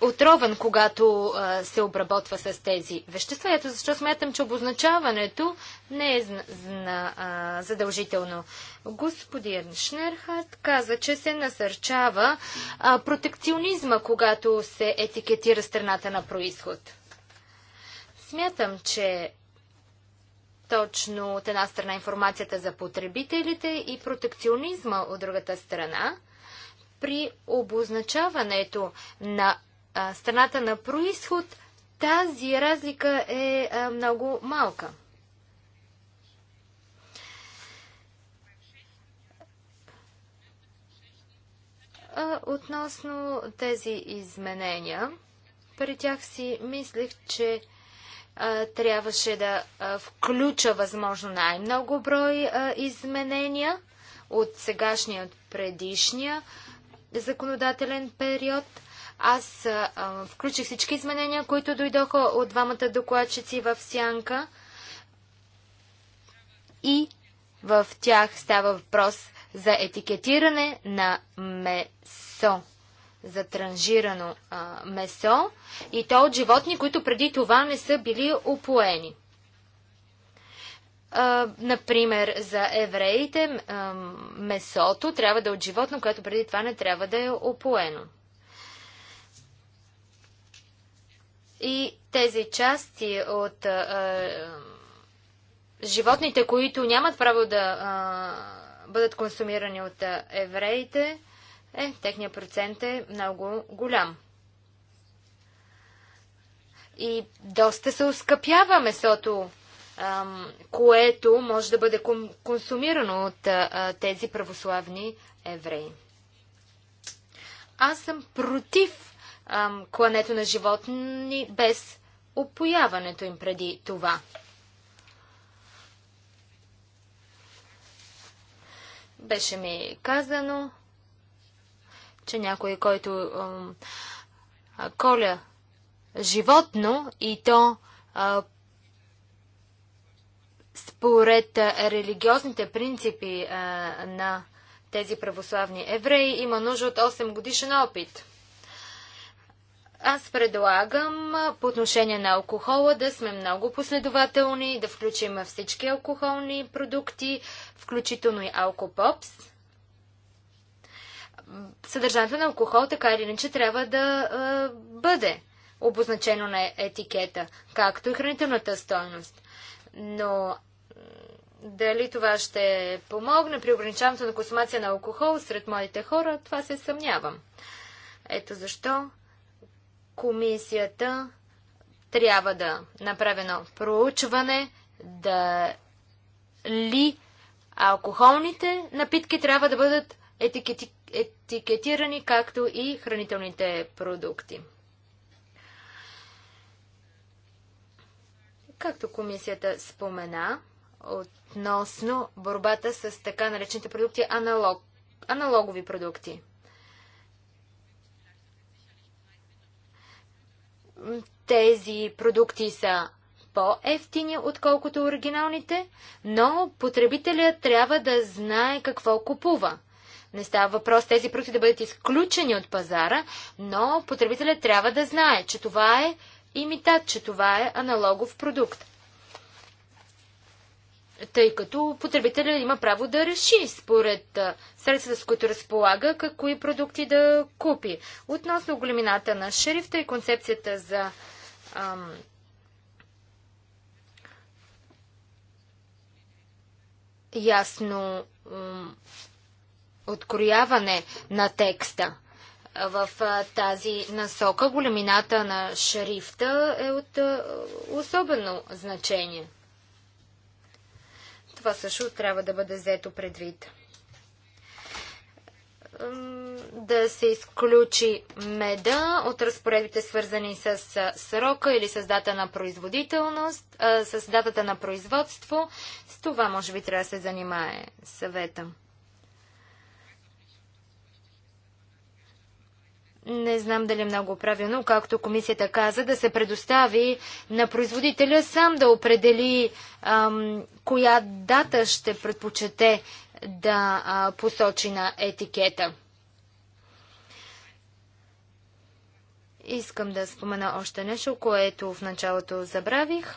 отровен, когато а, се обработва с тези вещества. Ето защо смятам, че обозначаването не е зна, зна, а, задължително. Господин Шнерхат каза, че се насърчава а, протекционизма, когато се етикетира страната на происход. Смятам, че точно от една страна информацията за потребителите и протекционизма от другата страна. При обозначаването на страната на происход тази разлика е много малка. относно тези изменения, при тях си мислих, че трябваше да включа възможно най-много брой изменения от сегашния от предишния законодателен период. Аз включих всички изменения, които дойдоха от двамата докладчици в Сянка и в тях става въпрос за етикетиране на месо за транжирано а, месо и то от животни, които преди това не са били опоени. А, например, за евреите а, месото трябва да е от животно, което преди това не трябва да е опоено. И тези части от а, животните, които нямат право да бъдат консумирани от евреите, е, техният процент е много голям. И доста се ускъпява месото, което може да бъде консумирано от тези православни евреи. Аз съм против клането на животни без опояването им преди това. Беше ми казано, че някой, който а, коля животно и то а, според а, религиозните принципи а, на тези православни евреи, има нужда от 8 годишен опит. Аз предлагам по отношение на алкохола да сме много последователни, да включим всички алкохолни продукти, включително и алкопопс съдържанието на алкохол така или иначе трябва да а, бъде обозначено на етикета, както и хранителната стойност. Но дали това ще помогне при ограничаването на консумация на алкохол сред моите хора, това се съмнявам. Ето защо комисията трябва да направи едно проучване, да ли алкохолните напитки трябва да бъдат етикети, етикетирани, както и хранителните продукти. Както комисията спомена, относно борбата с така наречените продукти аналог, аналогови продукти. Тези продукти са по-ефтини, отколкото оригиналните, но потребителят трябва да знае какво купува. Не става въпрос тези продукти да бъдат изключени от пазара, но потребителят трябва да знае, че това е имитат, че това е аналогов продукт. Тъй като потребителят има право да реши според средствата, с които разполага, какви продукти да купи. Относно големината на шрифта и концепцията за ам, ясно ам, открояване на текста в тази насока. Големината на шрифта е от особено значение. Това също трябва да бъде взето предвид. Да се изключи меда от разпоредбите свързани с срока или с дата на производителност, с датата на производство. С това може би трябва да се занимае съвета. не знам дали е много правилно, както комисията каза, да се предостави на производителя сам да определи ам, коя дата ще предпочете да а, посочи на етикета. Искам да спомена още нещо, което в началото забравих.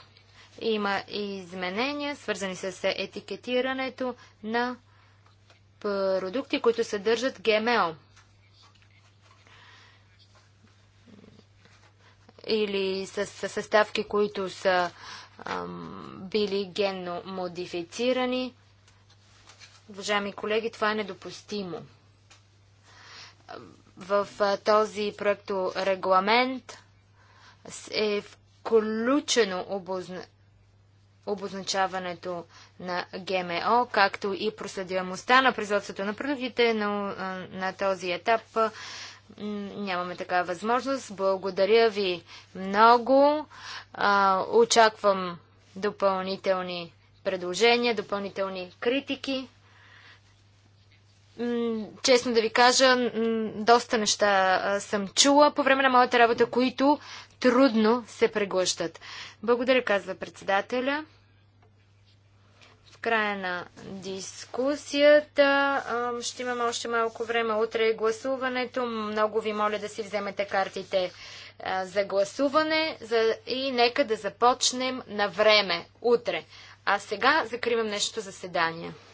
Има и изменения, свързани с етикетирането на продукти, които съдържат ГМО. или с съставки, които са били генно модифицирани. Уважаеми колеги, това е недопустимо. В а, този проект регламент е включено обозна... обозначаването на ГМО, както и проследимостта на производството на продуктите, но а, на този етап а, Нямаме такава възможност. Благодаря ви много. А, очаквам допълнителни предложения, допълнителни критики. Честно да ви кажа, доста неща съм чула по време на моята работа, които трудно се преглъщат. Благодаря, казва председателя в края на дискусията. Ще имаме още малко време. Утре е гласуването. Много ви моля да си вземете картите за гласуване и нека да започнем на време утре. А сега закривам нещо заседание.